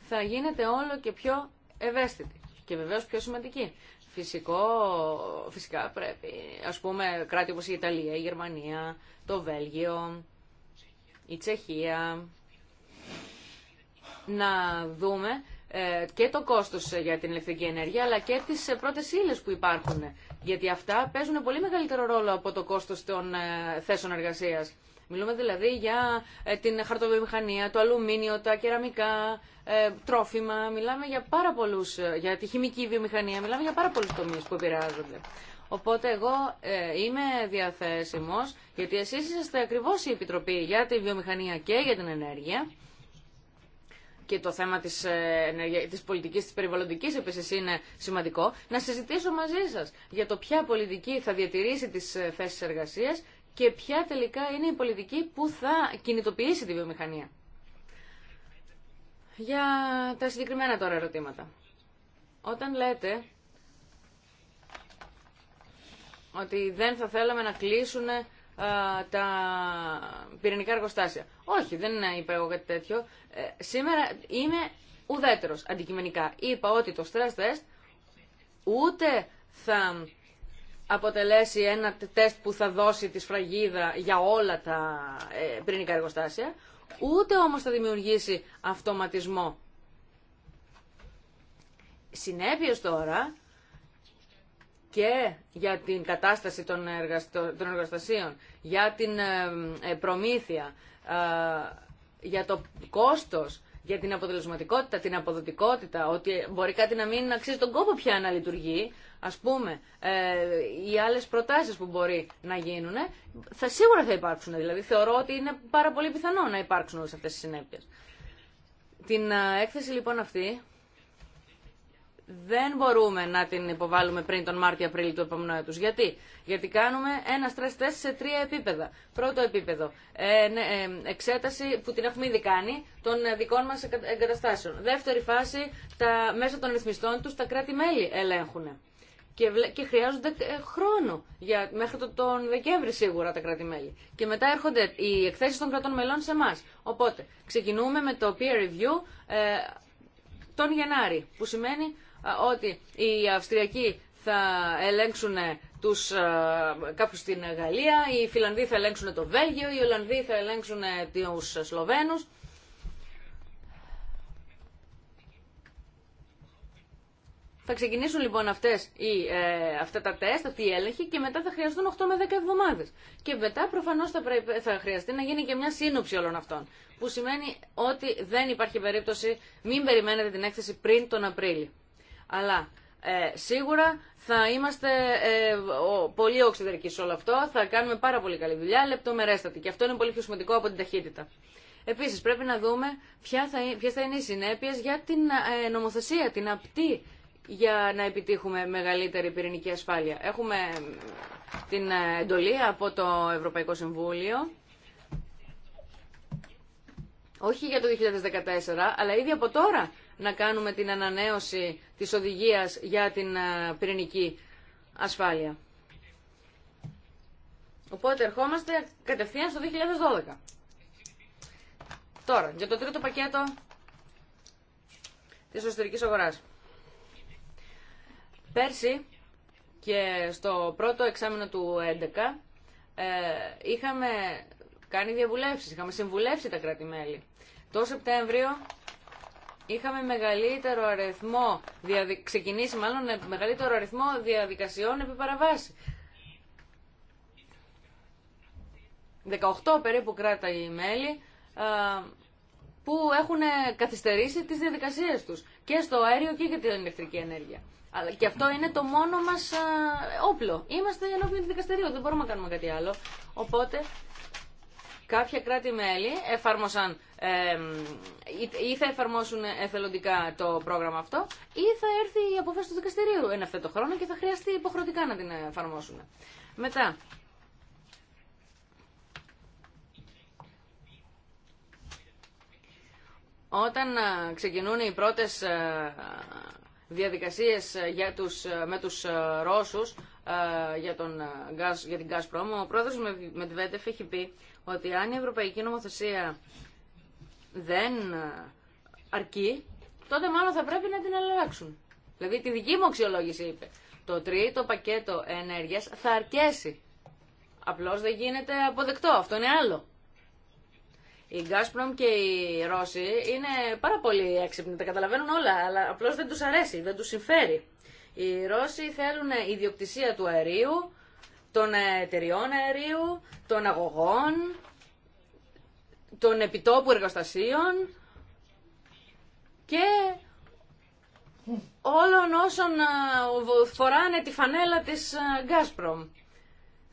θα γίνεται όλο και πιο ευαίσθητη και βεβαίως πιο σημαντική. Φυσικό, φυσικά πρέπει, ας πούμε, κράτη όπως η Ιταλία, η Γερμανία, το Βέλγιο, η Τσεχία, να δούμε ε, και το κόστος ε, για την ηλεκτρική ενέργεια αλλά και τις ε, πρώτες ύλε που υπάρχουν. Γιατί αυτά παίζουν πολύ μεγαλύτερο ρόλο από το κόστος των θέσεων εργασίας. Μιλούμε δηλαδή για την χαρτοβιομηχανία, το αλουμίνιο, τα κεραμικά, τρόφιμα. Μιλάμε για πάρα πολλούς, για τη χημική βιομηχανία. Μιλάμε για πάρα πολλούς τομείς που επηρεάζονται. Οπότε εγώ είμαι διαθέσιμος, γιατί εσείς είστε ακριβώς η Επιτροπή για τη βιομηχανία και για την ενέργεια και το θέμα της, ε, της πολιτικής, της περιβαλλοντικής επίσης είναι σημαντικό, να συζητήσω μαζί σας για το ποια πολιτική θα διατηρήσει τις ε, θέσει εργασία και ποια τελικά είναι η πολιτική που θα κινητοποιήσει τη βιομηχανία. Για τα συγκεκριμένα τώρα ερωτήματα. Όταν λέτε ότι δεν θα θέλαμε να κλείσουν τα πυρηνικά εργοστάσια. Όχι, δεν είπα εγώ κάτι τέτοιο. Ε, σήμερα είμαι ουδέτερος αντικειμενικά. Είπα ότι το stress test ούτε θα αποτελέσει ένα τεστ που θα δώσει τη σφραγίδα για όλα τα ε, πυρηνικά εργοστάσια, ούτε όμως θα δημιουργήσει αυτοματισμό. Συνέπειες τώρα και για την κατάσταση των, εργοστασίων, για την ε, ε, προμήθεια, ε, για το κόστος, για την αποτελεσματικότητα, την αποδοτικότητα, ότι μπορεί κάτι να μην αξίζει τον κόπο πια να λειτουργεί, ας πούμε, οι άλλες προτάσεις που μπορεί να γίνουν, θα σίγουρα θα υπάρξουν. Δηλαδή θεωρώ ότι είναι πάρα πολύ πιθανό να υπάρξουν όλες αυτές οι συνέπειες. Την έκθεση λοιπόν αυτή δεν μπορούμε να την υποβάλουμε πριν τον Μάρτιο-Απρίλιο του επόμενου έτου. Γιατί? Γιατί κάνουμε ένα stress test σε τρία επίπεδα. Πρώτο επίπεδο, ε, ναι, ε, εξέταση που την έχουμε ήδη κάνει των δικών μα εγκαταστάσεων. Δεύτερη φάση, τα μέσα των ρυθμιστών του τα κράτη-μέλη ελέγχουν. Και, και χρειάζονται ε, χρόνο, για, μέχρι το, τον Δεκέμβρη σίγουρα τα κράτη-μέλη. Και μετά έρχονται οι εκθέσει των κρατών μελών σε εμά. Οπότε, ξεκινούμε με το peer review ε, τον Γενάρη, που σημαίνει ότι οι Αυστριακοί θα ελέγξουν ε, τους, ε, κάποιους στην Γαλλία, οι Φιλανδοί θα ελέγξουν το Βέλγιο, οι Ολλανδοί θα ελέγξουν ε, τους Σλοβαίνους. Θα ξεκινήσουν λοιπόν αυτές οι, αυτά τα τεστ, αυτή η έλεγχη και μετά θα χρειαστούν 8 με 10 εβδομάδες. Και μετά προφανώς θα, θα χρειαστεί να γίνει και μια σύνοψη όλων αυτών. Που σημαίνει ότι δεν υπάρχει περίπτωση, μην περιμένετε την έκθεση πριν τον Απρίλιο. Αλλά ε, σίγουρα θα είμαστε ε, πολύ οξυδερικοί σε όλο αυτό, θα κάνουμε πάρα πολύ καλή δουλειά, λεπτομερέστατη. Και αυτό είναι πολύ πιο σημαντικό από την ταχύτητα. Επίση, πρέπει να δούμε ποιε θα, είναι οι συνέπειε για την ε, νομοθεσία, την απτή, για να επιτύχουμε μεγαλύτερη πυρηνική ασφάλεια. Έχουμε ε, την ε, εντολή από το Ευρωπαϊκό Συμβούλιο. Όχι για το 2014, αλλά ήδη από τώρα να κάνουμε την ανανέωση της οδηγίας για την ε, πυρηνική ασφάλεια. Οπότε ερχόμαστε κατευθείαν στο 2012. Τώρα, για το τρίτο πακέτο της εσωτερικής αγοράς. Πέρσι και στο πρώτο εξάμεινο του 2011 ε, είχαμε κάνει διαβουλεύσεις, είχαμε συμβουλεύσει τα κράτη-μέλη. Το Σεπτέμβριο είχαμε μεγαλύτερο αριθμό, ξεκινήσει μάλλον μεγαλύτερο αριθμό διαδικασιών επί παραβάση. 18 περίπου κράτα οι μέλη που έχουν καθυστερήσει τις διαδικασίες τους και στο αέριο και για την ηλεκτρική ενέργεια. Αλλά και αυτό είναι το μόνο μα όπλο. Είμαστε ενώπιον του δικαστηρίου, δεν μπορούμε να κάνουμε κάτι άλλο. Οπότε Κάποια κράτη-μέλη εφάρμοσαν ε, ή θα εφαρμόσουν εθελοντικά το πρόγραμμα αυτό ή θα έρθει η αποφάση του δικαστηρίου εν αυτό το χρόνο και θα χρειαστεί υποχρεωτικά να την εφαρμόσουν. Μετά. Όταν ε, ξεκινούν οι πρώτες ε, διαδικασίες ε, για τους, με τους Ρώσους για, τον, για την Gazprom, ο πρόεδρος Μετβέντεφ έχει πει ότι αν η ευρωπαϊκή νομοθεσία δεν αρκεί, τότε μάλλον θα πρέπει να την αλλάξουν. Δηλαδή τη δική μου αξιολόγηση είπε. Το τρίτο πακέτο ενέργειας θα αρκέσει. Απλώς δεν γίνεται αποδεκτό. Αυτό είναι άλλο. Η Gazprom και οι Ρώσοι είναι πάρα πολύ έξυπνοι, τα καταλαβαίνουν όλα, αλλά απλώς δεν τους αρέσει, δεν τους συμφέρει. Οι Ρώσοι θέλουν ιδιοκτησία του αερίου, των εταιριών αερίου, των αγωγών, των επιτόπου εργοστασίων και όλων όσων φοράνε τη φανέλα της Γκάσπρομ.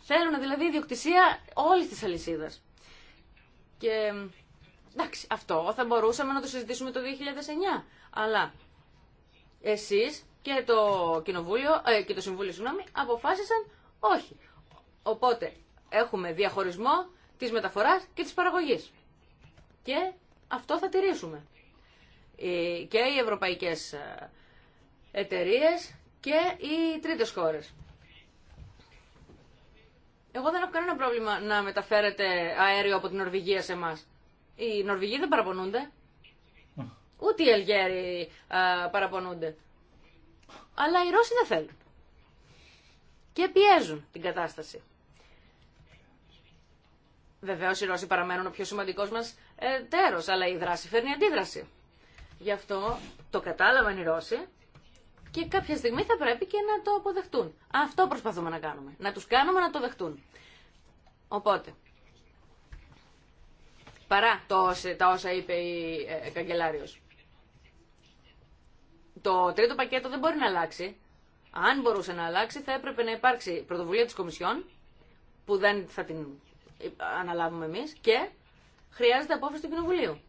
Θέλουν δηλαδή ιδιοκτησία όλη της αλυσίδας. Και εντάξει, αυτό θα μπορούσαμε να το συζητήσουμε το 2009. Αλλά εσείς και το, κοινοβούλιο, ε, και το Συμβούλιο συγγνώμη, αποφάσισαν όχι. Οπότε έχουμε διαχωρισμό της μεταφοράς και της παραγωγής. Και αυτό θα τηρήσουμε. Ε, και οι ευρωπαϊκές ε, εταιρείες και οι τρίτες χώρες. Εγώ δεν έχω κανένα πρόβλημα να μεταφέρετε αέριο από την Νορβηγία σε εμά. Οι Νορβηγοί δεν παραπονούνται. Ούτε οι Αλγέροι ε, παραπονούνται. Αλλά οι Ρώσοι δεν θέλουν και πιέζουν την κατάσταση. Βεβαίω οι Ρώσοι παραμένουν ο πιο σημαντικό μα τέρο, αλλά η δράση φέρνει αντίδραση. Γι' αυτό το κατάλαβαν οι Ρώσοι και κάποια στιγμή θα πρέπει και να το αποδεχτούν. Αυτό προσπαθούμε να κάνουμε. Να του κάνουμε να το δεχτούν. Οπότε, παρά το, τα όσα είπε η ε, Καγκελάριο, το τρίτο πακέτο δεν μπορεί να αλλάξει αν μπορούσε να αλλάξει, θα έπρεπε να υπάρξει πρωτοβουλία της Κομισιόν, που δεν θα την αναλάβουμε εμείς, και χρειάζεται απόφαση του Κοινοβουλίου,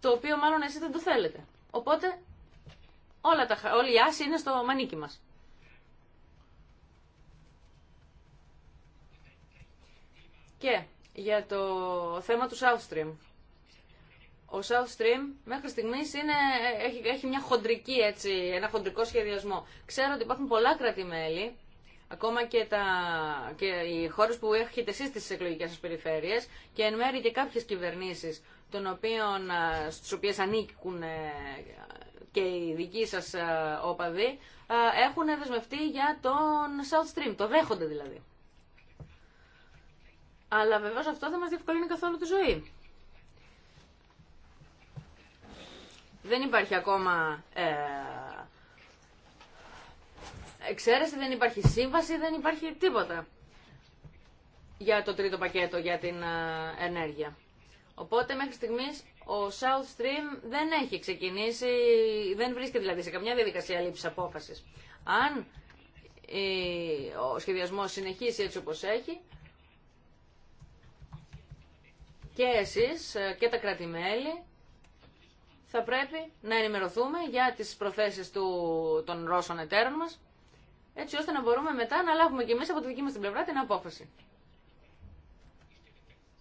το οποίο μάλλον εσεί δεν το θέλετε. Οπότε, όλα τα, όλοι οι είναι στο μανίκι μας. Και για το θέμα του South Stream ο South Stream μέχρι στιγμή έχει, έχει μια χοντρική, έτσι, ένα χοντρικό σχεδιασμό. Ξέρω ότι υπάρχουν πολλά κράτη-μέλη, ακόμα και, τα, και οι χώρε που έχετε εσεί στι εκλογικέ σα περιφέρειες και εν μέρει και κάποιε κυβερνήσει στι οποίε ανήκουν ε, και οι δικοί σα όπαδοι, έχουν δεσμευτεί για τον South Stream, το δέχονται δηλαδή. Αλλά βεβαίω αυτό δεν μα διευκολύνει καθόλου τη ζωή. Δεν υπάρχει ακόμα ε, εξαίρεση, δεν υπάρχει σύμβαση, δεν υπάρχει τίποτα για το τρίτο πακέτο για την ε, ενέργεια. Οπότε μέχρι στιγμής ο South Stream δεν έχει ξεκινήσει, δεν βρίσκεται δηλαδή σε καμιά διαδικασία λήψης απόφασης. Αν ε, ο σχεδιασμός συνεχίσει έτσι όπως έχει και εσείς ε, και τα κράτη-μέλη θα πρέπει να ενημερωθούμε για τις προθέσεις του, των Ρώσων εταίρων μας, έτσι ώστε να μπορούμε μετά να λάβουμε και εμείς από τη δική μας την πλευρά την απόφαση.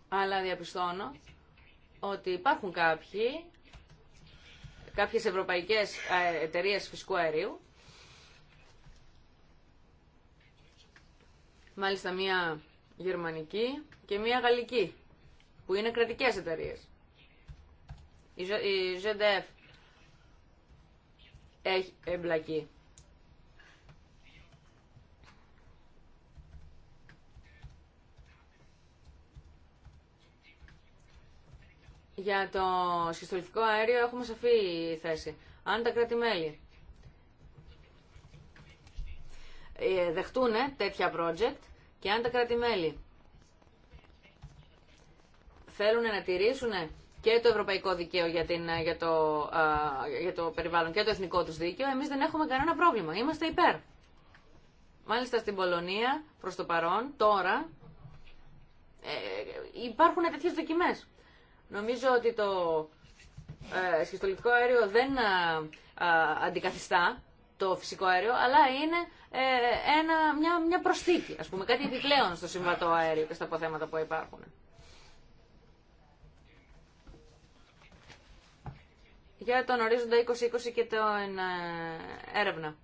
Αλλά διαπιστώνω ότι υπάρχουν κάποιοι, κάποιες ευρωπαϊκές εταιρείες φυσικού αερίου, μάλιστα μία γερμανική και μία γαλλική, που είναι κρατικές εταιρείες η ΖΕΝΤΕΦ έχει εμπλακεί. Για το σχιστολιθικό αέριο έχουμε σαφή θέση. Αν τα κράτη-μέλη ε, δεχτούν τέτοια project και αν τα κράτη-μέλη θέλουν να τηρήσουν και το ευρωπαϊκό δικαίο για, ε, για, το, ε, για το περιβάλλον και το εθνικό τους δίκαιο, εμείς δεν έχουμε κανένα πρόβλημα. Είμαστε υπέρ. Μάλιστα στην Πολωνία, προς το παρόν, τώρα, ε, υπάρχουν τέτοιε δοκιμές. Νομίζω ότι το ε, σχιστολιτικό αέριο δεν ε, αντικαθιστά το φυσικό αέριο, αλλά είναι ένα, μια, μια προσθήκη, ας πούμε, κάτι επιπλέον στο συμβατό αέριο και στα αποθέματα που υπάρχουν. για τον ορίζοντα 2020 και την ε, έρευνα.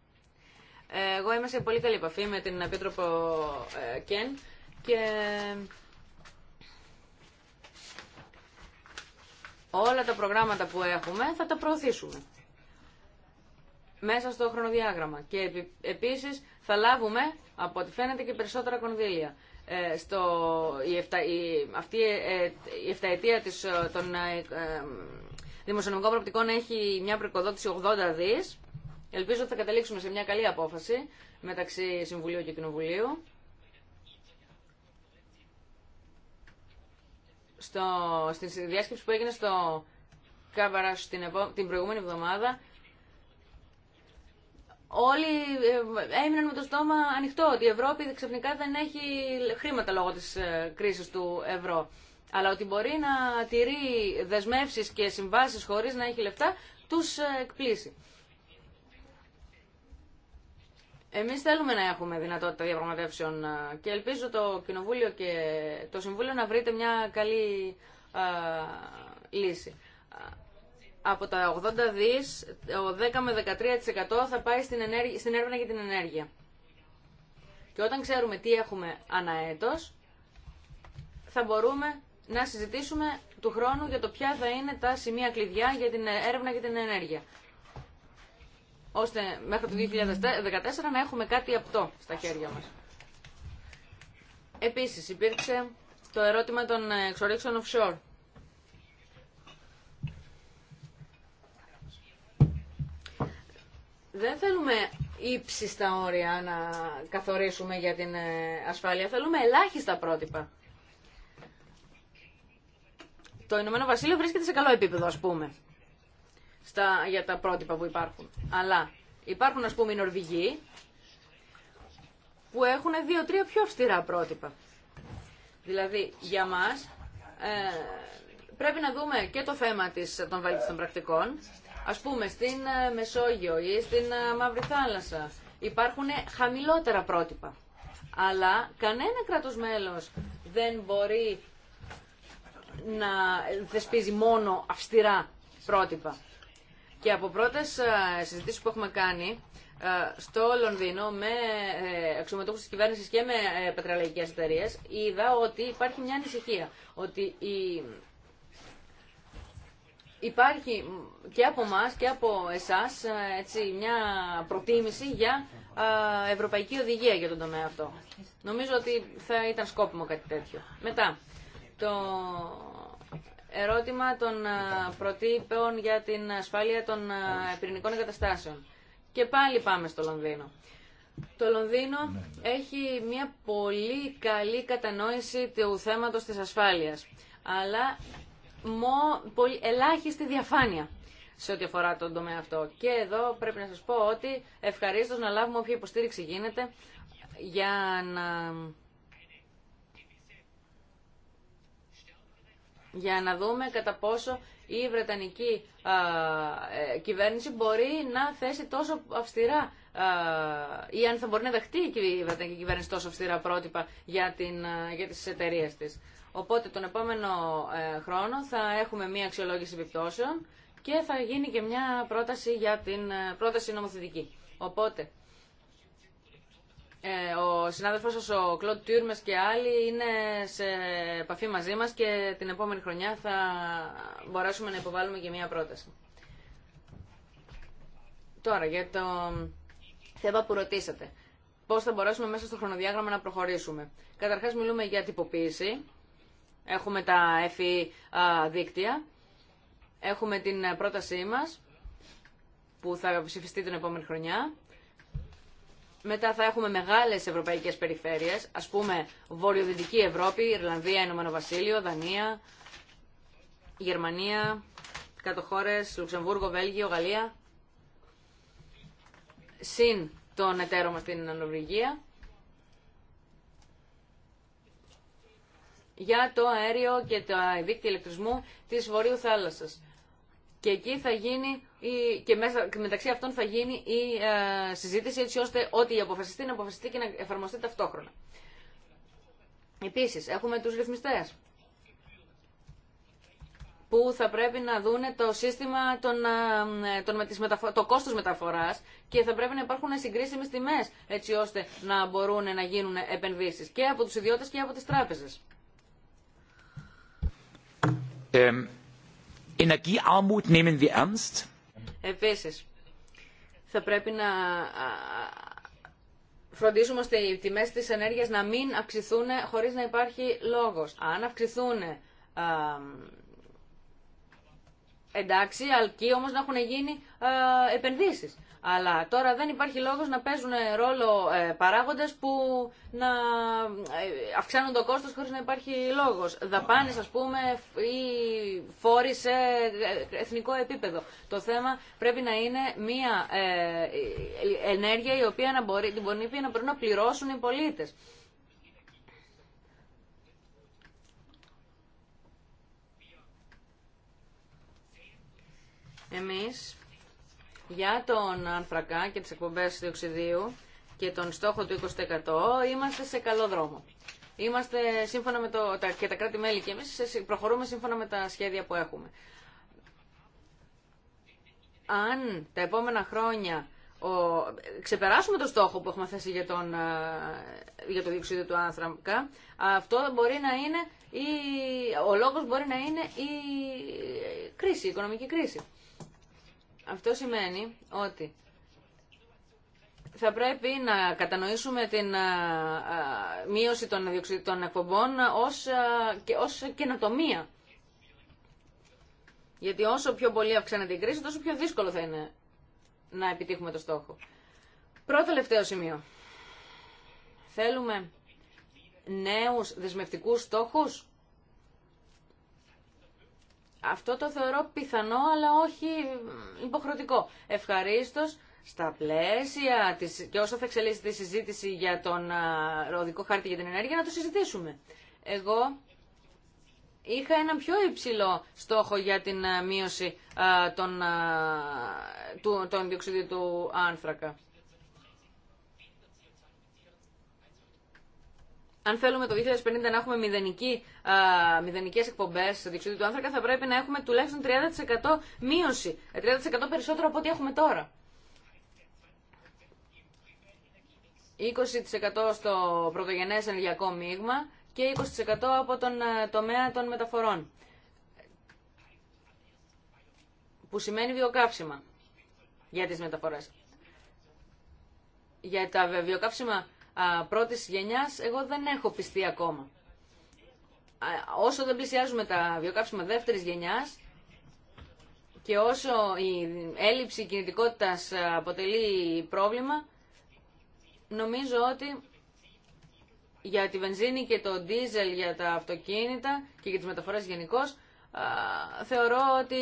Εγώ είμαι σε πολύ καλή επαφή με την Επίτροπο ε, Κεν και όλα τα προγράμματα που έχουμε θα τα προωθήσουμε μέσα στο χρονοδιάγραμμα και επίσης θα λάβουμε από ό,τι φαίνεται και περισσότερα κονδύλια. Ε, στο, η, εφτα, αυτή ε, η, της, δημοσιονομικών να έχει μια προοικοδότηση 80 δι. Ελπίζω ότι θα καταλήξουμε σε μια καλή απόφαση μεταξύ Συμβουλίου και Κοινοβουλίου. Στο, στη διάσκεψη που έγινε στο Κάβαρα την, προηγούμενη εβδομάδα, όλοι ε, έμειναν με το στόμα ανοιχτό ότι η Ευρώπη ξαφνικά δεν έχει χρήματα λόγω της ε, κρίσης του ευρώ αλλά ότι μπορεί να τηρεί δεσμεύσει και συμβάσεις χωρίς να έχει λεφτά, τους ε, εκπλήσει. Εμεί θέλουμε να έχουμε δυνατότητα διαπραγματεύσεων ε, και ελπίζω το Κοινοβούλιο και το Συμβούλιο να βρείτε μια καλή ε, λύση. Από τα 80 δις, ο 10 με 13% θα πάει στην, ενέργεια, στην έρευνα για την ενέργεια. Και όταν ξέρουμε τι έχουμε αναέτος, θα μπορούμε να συζητήσουμε του χρόνου για το ποια θα είναι τα σημεία κλειδιά για την έρευνα και την ενέργεια. Ώστε μέχρι το 2014 να έχουμε κάτι απτό στα χέρια μας. Επίσης υπήρξε το ερώτημα των εξορίξεων offshore. Δεν θέλουμε ύψιστα όρια να καθορίσουμε για την ε, ασφάλεια, θέλουμε ελάχιστα πρότυπα το Ηνωμένο Βασίλειο βρίσκεται σε καλό επίπεδο, ας πούμε, στα, για τα πρότυπα που υπάρχουν. Αλλά υπάρχουν, ας πούμε, οι Νορβηγοί που έχουν δύο-τρία πιο αυστηρά πρότυπα. Δηλαδή, για μας ε, πρέπει να δούμε και το θέμα της, των βέλτιστων πρακτικών. Ας πούμε, στην ε, Μεσόγειο ή στην ε, Μαύρη Θάλασσα υπάρχουν χαμηλότερα πρότυπα. Αλλά κανένα κράτος μέλος δεν μπορεί να θεσπίζει μόνο αυστηρά πρότυπα. Και από πρώτες ε, συζητήσεις που έχουμε κάνει ε, στο Λονδίνο με ε, αξιωματούχους της κυβέρνησης και με πετρελαϊκές εταιρείε, είδα ότι υπάρχει μια ανησυχία, ότι η... υπάρχει και από εμά και από εσάς έτσι, μια προτίμηση για ευρωπαϊκή οδηγία για τον τομέα αυτό. Νομίζω ότι θα ήταν σκόπιμο κάτι τέτοιο. Μετά, το ερώτημα των ε, προτύπων για την ασφάλεια των ε, πυρηνικών εγκαταστάσεων. Και πάλι πάμε στο Λονδίνο. Το Λονδίνο ναι, ναι. έχει μια πολύ καλή κατανόηση του θέματος της ασφάλειας, αλλά μο, πολύ, ελάχιστη διαφάνεια σε ό,τι αφορά τον τομέα αυτό. Και εδώ πρέπει να σας πω ότι ευχαρίστως να λάβουμε όποια υποστήριξη γίνεται για να για να δούμε κατά πόσο η Βρετανική ε, κυβέρνηση μπορεί να θέσει τόσο αυστηρά ή αν θα μπορεί να δεχτεί η Βρετανική κυβέρνηση τόσο αυστηρά πρότυπα για, την, για τις εταιρείε της. Οπότε τον επόμενο ε, χρόνο θα έχουμε μία αξιολόγηση επιπτώσεων και θα γίνει και μια πρόταση, για την, ε, πρόταση νομοθετική. Οπότε ε, ο συνάδελφος ο Κλοντ Τιούρμες και άλλοι είναι σε επαφή μαζί μας και την επόμενη χρονιά θα μπορέσουμε να υποβάλουμε και μία πρόταση. Τώρα για το θέμα που ρωτήσατε. Πώς θα μπορέσουμε μέσα στο χρονοδιάγραμμα να προχωρήσουμε. Καταρχάς μιλούμε για τυποποίηση. Έχουμε τα ΕΦΗ e, δίκτυα. Έχουμε την πρότασή μας που θα ψηφιστεί την επόμενη χρονιά. Μετά θα έχουμε μεγάλες ευρωπαϊκές περιφέρειες, ας πούμε Βορειοδυτική Ευρώπη, Ιρλανδία, Ηνωμένο Βασίλειο, Δανία, Γερμανία, κάτω χώρες, Λουξεμβούργο, Βέλγιο, Γαλλία, συν τον εταίρο μας την Νορβηγία. για το αέριο και το δίκτυο ηλεκτρισμού της Βορείου Θάλασσας. Και εκεί θα γίνει και μεταξύ αυτών θα γίνει η ε, συζήτηση έτσι ώστε ό,τι αποφασιστεί να αποφασιστεί και να εφαρμοστεί ταυτόχρονα. Επίσης, έχουμε τους ρυθμιστές που θα πρέπει να δούνε το σύστημα των, ε, των, της το κόστος μεταφοράς και θα πρέπει να υπάρχουν συγκρίσιμες τιμές έτσι ώστε να μπορούν να γίνουν επενδύσεις και από τους ιδιώτες και από τις τράπεζες. Ε, Energiearmut nehmen wir ernst. Επίσης, θα πρέπει να φροντίσουμε ώστε οι τιμές της ενέργειας να μην αυξηθούν χωρίς να υπάρχει λόγος. Αν αυξηθούν εντάξει, αλκεί όμως να έχουν γίνει επενδύσεις. Αλλά τώρα δεν υπάρχει λόγος να παίζουν ρόλο ε, παράγοντες που να ε, αυξάνουν το κόστος χωρίς να υπάρχει λόγος. Δαπάνες, ας πούμε, ή φόροι σε ε, εθνικό επίπεδο. Το θέμα πρέπει να είναι μια ενέργεια η οποία να μπορεί, την πονήπη να μπορει την να πληρώσουν οι πολίτες. Εμείς για τον άνθρακα και τις εκπομπές διοξιδίου και τον στόχο του 20% είμαστε σε καλό δρόμο. Είμαστε σύμφωνα με το, τα, και τα κράτη-μέλη και εμείς προχωρούμε σύμφωνα με τα σχέδια που έχουμε. Αν τα επόμενα χρόνια ξεπεράσουμε το στόχο που έχουμε θέσει για, τον, για το διοξείδιο του άνθρακα, αυτό μπορεί να είναι η, ο λόγος μπορεί να είναι η κρίση, η οικονομική κρίση. Αυτό σημαίνει ότι θα πρέπει να κατανοήσουμε την μείωση των εκπομπών ως, και ως καινοτομία. Γιατί όσο πιο πολύ αυξάνεται η κρίση, τόσο πιο δύσκολο θα είναι να επιτύχουμε το στόχο. Πρώτο τελευταίο σημείο. Θέλουμε νέους δεσμευτικούς στόχους αυτό το θεωρώ πιθανό, αλλά όχι υποχρεωτικό. Ευχαρίστω στα πλαίσια της, και όσο θα εξελίσσεται η συζήτηση για τον ροδικό χάρτη για την ενέργεια, να το συζητήσουμε. Εγώ είχα έναν πιο υψηλό στόχο για την μείωση των, του, των του άνθρακα. αν θέλουμε το 2050 να έχουμε μηδενική, α, μηδενικές εκπομπές του άνθρακα, θα πρέπει να έχουμε τουλάχιστον 30% μείωση, 30% ε, περισσότερο από ό,τι έχουμε τώρα. 20% στο πρωτογενές ενεργειακό μείγμα και 20% από τον ε, τομέα των μεταφορών, που σημαίνει βιοκαύσιμα για τις μεταφορές. Για τα βιοκαύσιμα Πρώτη γενιάς, εγώ δεν έχω πιστεί ακόμα. Όσο δεν πλησιάζουμε τα βιοκάψιμα δεύτερης γενιάς, και όσο η έλλειψη κινητικότητας αποτελεί πρόβλημα, νομίζω ότι για τη βενζίνη και το ντίζελ για τα αυτοκίνητα και για τις μεταφορές γενικώ, θεωρώ ότι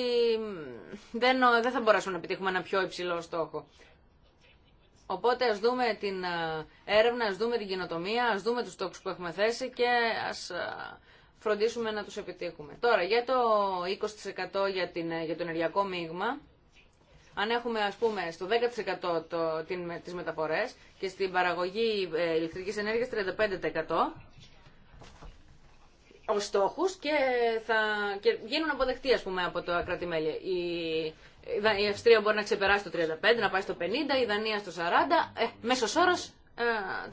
δεν, δεν θα μπορέσουμε να επιτύχουμε ένα πιο υψηλό στόχο. Οπότε ας δούμε την ε, έρευνα, ας δούμε την κοινοτομία, ας δούμε τους στόχους που έχουμε θέσει και ας ε, φροντίσουμε να τους επιτύχουμε. Τώρα, για το 20% για, την, ε, για το ενεργειακό μείγμα, αν έχουμε ας πούμε στο 10% το, την, τις μεταφορές και στην παραγωγή ηλεκτρικής ενέργειας 35%, ως στόχους και, θα, και γίνουν αποδεκτοί ας πούμε από το κρατη Η η Αυστρία μπορεί να ξεπεράσει το 35, να πάει στο 50, η Δανία στο 40, ε, μέσος όρος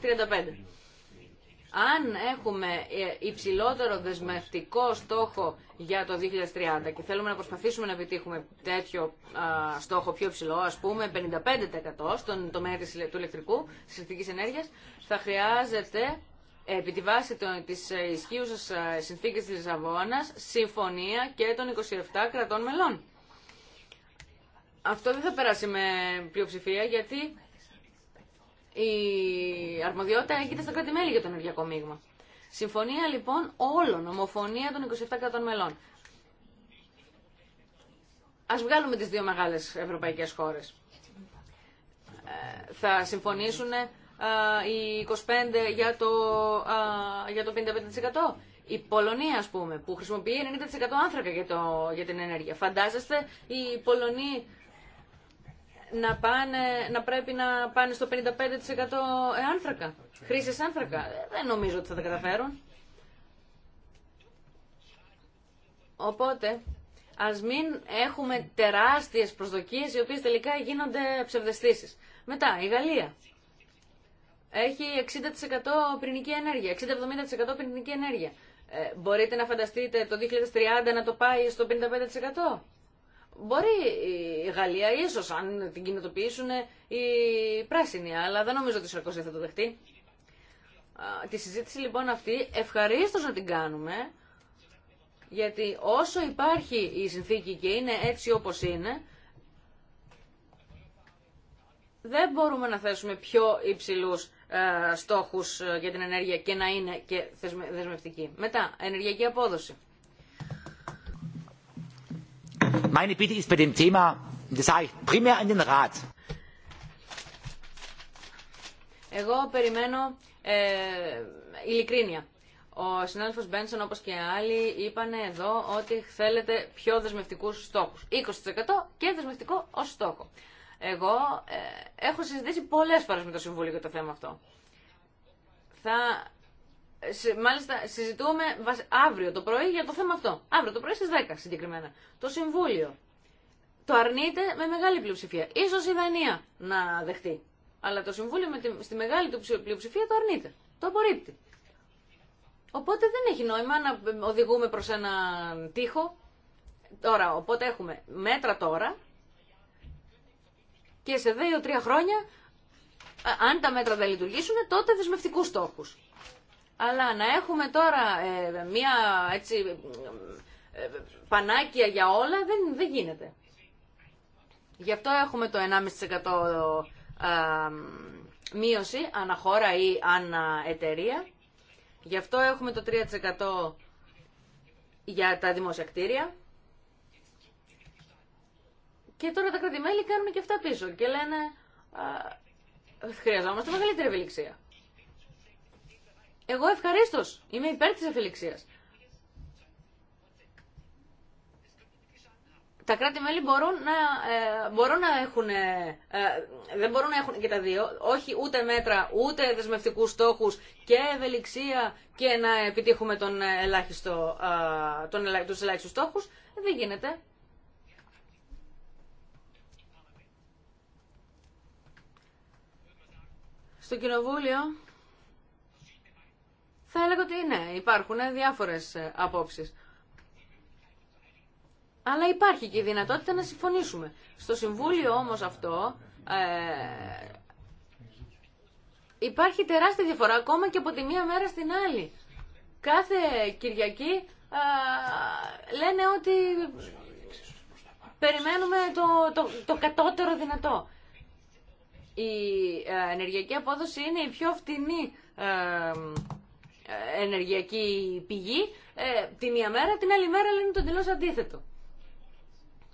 35. Ε, Αν έχουμε ε, υψηλότερο δεσμευτικό στόχο για το 2030 και θέλουμε να προσπαθήσουμε να επιτύχουμε τέτοιο στόχο πιο ψηλό, ας πούμε 55% στον τομέα του ηλεκτρικού, της ηλεκτρικής ενέργειας, θα χρειάζεται επί τη βάση της ε, ισχύουσας συνθήκης της Λισαβόνας συμφωνία και των 27 κρατών μελών. Αυτό δεν θα περάσει με πλειοψηφία γιατί η αρμοδιότητα έγινε στα κρατημέλη για το ενεργειακό μείγμα. Συμφωνία λοιπόν όλων, ομοφωνία των 27 κρατών μελών. Ας βγάλουμε τις δύο μεγάλες ευρωπαϊκές χώρες. Ε, θα συμφωνήσουν ε, οι 25 για το, ε, για το 55%. Η Πολωνία, ας πούμε, που χρησιμοποιεί 90% άνθρακα για, το, για την ενέργεια. Φαντάζεστε οι Πολωνοί να, πάνε, να πρέπει να πάνε στο 55% άνθρακα, χρήσης άνθρακα. Δεν νομίζω ότι θα τα καταφέρουν. Οπότε, ας μην έχουμε τεράστιες προσδοκίες οι οποίες τελικά γίνονται ψευδεστήσεις. Μετά, η Γαλλία. Έχει 60% πυρηνική ενέργεια, 60-70% πυρηνική ενέργεια. Ε, μπορείτε να φανταστείτε το 2030 να το πάει στο 55%? Μπορεί η Γαλλία ίσω αν την κινητοποιήσουν οι πράσινοι, αλλά δεν νομίζω ότι η Σαρκοζή θα το δεχτεί. Τη συζήτηση λοιπόν αυτή ευχαρίστως να την κάνουμε, γιατί όσο υπάρχει η συνθήκη και είναι έτσι όπως είναι, δεν μπορούμε να θέσουμε πιο υψηλούς ε, στόχους ε, για την ενέργεια και να είναι και δεσμευτική. Μετά, ενεργειακή απόδοση. Εγώ περιμένω ε, ειλικρίνεια. Ο συνάδελφο Μπένσον, όπω και άλλοι, είπαν εδώ ότι θέλετε πιο δεσμευτικού στόχου. 20% και δεσμευτικό ω στόχο. Εγώ ε, έχω συζητήσει πολλέ φορέ με το Συμβούλιο για το θέμα αυτό. Θα Μάλιστα, συζητούμε αύριο το πρωί για το θέμα αυτό. Αύριο το πρωί στι 10 συγκεκριμένα. Το Συμβούλιο το αρνείται με μεγάλη πλειοψηφία. Ίσως η Δανία να δεχτεί. Αλλά το Συμβούλιο με τη, στη μεγάλη του πλειοψηφία το αρνείται. Το απορρίπτει. Οπότε δεν έχει νόημα να οδηγούμε προς έναν τοίχο. Τώρα, οπότε έχουμε μέτρα τώρα και σε δύο-τρία χρόνια, αν τα μέτρα δεν λειτουργήσουν, τότε δεσμευτικούς στόχους. Αλλά να έχουμε τώρα ε, μία έτσι ε, πανάκια για όλα δεν, δεν γίνεται. Γι' αυτό έχουμε το 1,5% ε, μείωση αναχώρα ή ανα εταιρεία. Γι' αυτό έχουμε το 3% για τα δημόσια κτίρια. Και τώρα τα κρατημέλη κάνουν και αυτά πίσω και λένε χρειαζόμαστε μεγαλύτερη ευελιξία. Εγώ ευχαρίστω. Είμαι υπέρ τη ευελιξία. Τα κράτη-μέλη μπορούν να, ε, μπορούν να έχουν, ε, ε, δεν μπορούν να έχουν και τα δύο, όχι ούτε μέτρα, ούτε δεσμευτικούς στόχους και ευελιξία και να επιτύχουμε τον ελάχιστο, ε, τον, τους ελάχιστους στόχους. Δεν γίνεται. Στο κοινοβούλιο θα έλεγα ότι είναι. Υπάρχουν διάφορες ε, απόψεις. Αλλά υπάρχει και η δυνατότητα να συμφωνήσουμε. Στο Συμβούλιο όμως αυτό ε, υπάρχει τεράστια διαφορά ακόμα και από τη μία μέρα στην άλλη. Κάθε Κυριακή ε, λένε ότι περιμένουμε το, το, το κατώτερο δυνατό. Η ε, ενεργειακή απόδοση είναι η πιο φτηνή ενεργειακή πηγή, ε, τη μία μέρα, την άλλη μέρα λένε το εντελώ αντίθετο.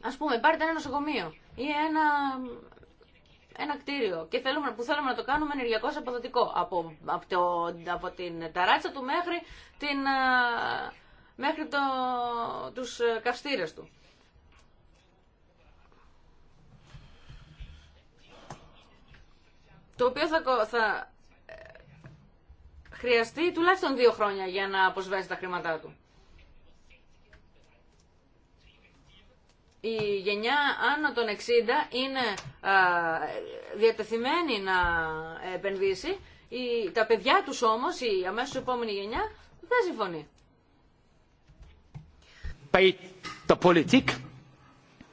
Α πούμε, πάρετε ένα νοσοκομείο ή ένα, ένα κτίριο και θέλουμε, που θέλουμε να το κάνουμε ενεργειακό αποδοτικό. Από, από, από την ταράτσα του μέχρι, την, ε, μέχρι το, τους ε, καυστήρες του. Το οποίο θα χρειαστεί τουλάχιστον δύο χρόνια για να αποσβέσει τα χρήματά του. Η γενιά άνω των 60 είναι α, διατεθειμένη να επενδύσει. τα παιδιά τους όμως, η αμέσως επόμενη γενιά, δεν συμφωνεί. Bei der Politik,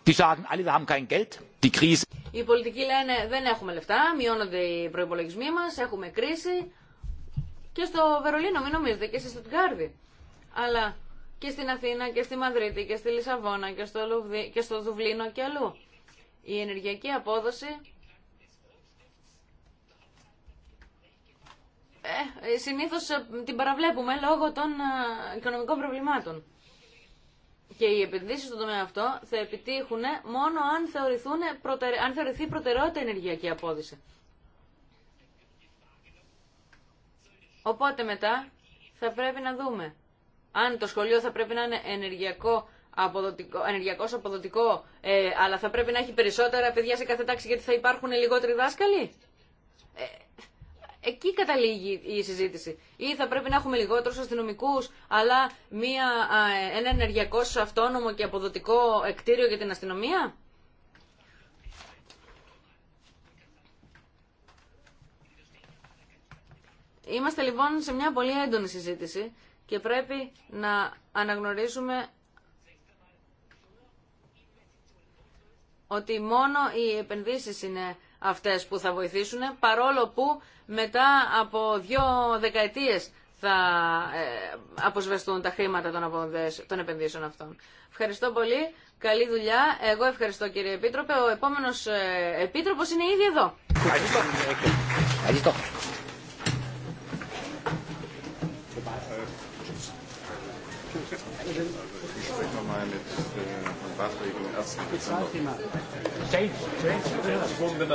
die sagen, alle haben kein Geld, die Krise. Οι πολιτικοί λένε δεν έχουμε λεφτά, μειώνονται οι προϋπολογισμοί μας, έχουμε κρίση και στο Βερολίνο, μην νομίζετε, και στη Στουτγκάρδη. Αλλά και στην Αθήνα και στη Μαδρίτη και στη Λισαβόνα και στο, Λουβδί, και στο Δουβλίνο και αλλού. Η ενεργειακή απόδοση ε, συνήθως ε, την παραβλέπουμε λόγω των ε, οικονομικών προβλημάτων. Και οι επενδύσεις στον τομέα αυτό θα επιτύχουν μόνο αν, αν θεωρηθεί προτεραιότητα ενεργειακή απόδοση. Οπότε μετά θα πρέπει να δούμε αν το σχολείο θα πρέπει να είναι ενεργειακό αποδοτικό, ενεργειακός αποδοτικό, ε, αλλά θα πρέπει να έχει περισσότερα παιδιά σε κάθε τάξη γιατί θα υπάρχουν λιγότεροι δάσκαλοι. Ε, εκεί καταλήγει η συζήτηση. Ή θα πρέπει να έχουμε λιγότερου αστυνομικού, αλλά μία, ε, ένα ενεργειακό αυτόνομο και αποδοτικό εκτίριο για την αστυνομία. Είμαστε λοιπόν σε μια πολύ έντονη συζήτηση και πρέπει να αναγνωρίσουμε ότι μόνο οι επενδύσεις είναι αυτές που θα βοηθήσουν, παρόλο που μετά από δύο δεκαετίες θα ε, αποσβεστούν τα χρήματα των επενδύσεων αυτών. Ευχαριστώ πολύ. Καλή δουλειά. Εγώ ευχαριστώ κύριε Επίτροπε. Ο επόμενος ε, Επίτροπος είναι ήδη εδώ. Ich spreche nochmal mit Change, change, change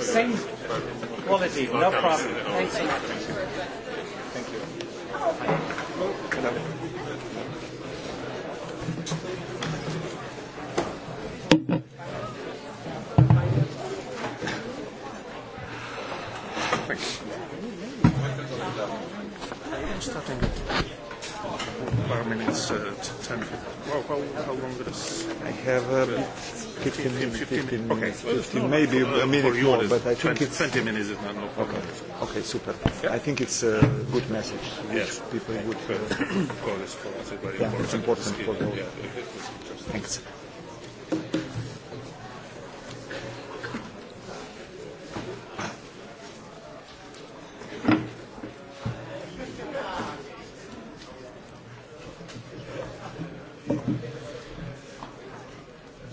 Same quality, no problem. Thank you. Thanks about minutes, 10, well, how long I have a bit, 15, 15, minutes, 15, maybe a minute more, but I think it's... 20 minutes is not Okay, okay super. I think it's a good message, Yes, people would... Uh, yeah, it's important for Thanks.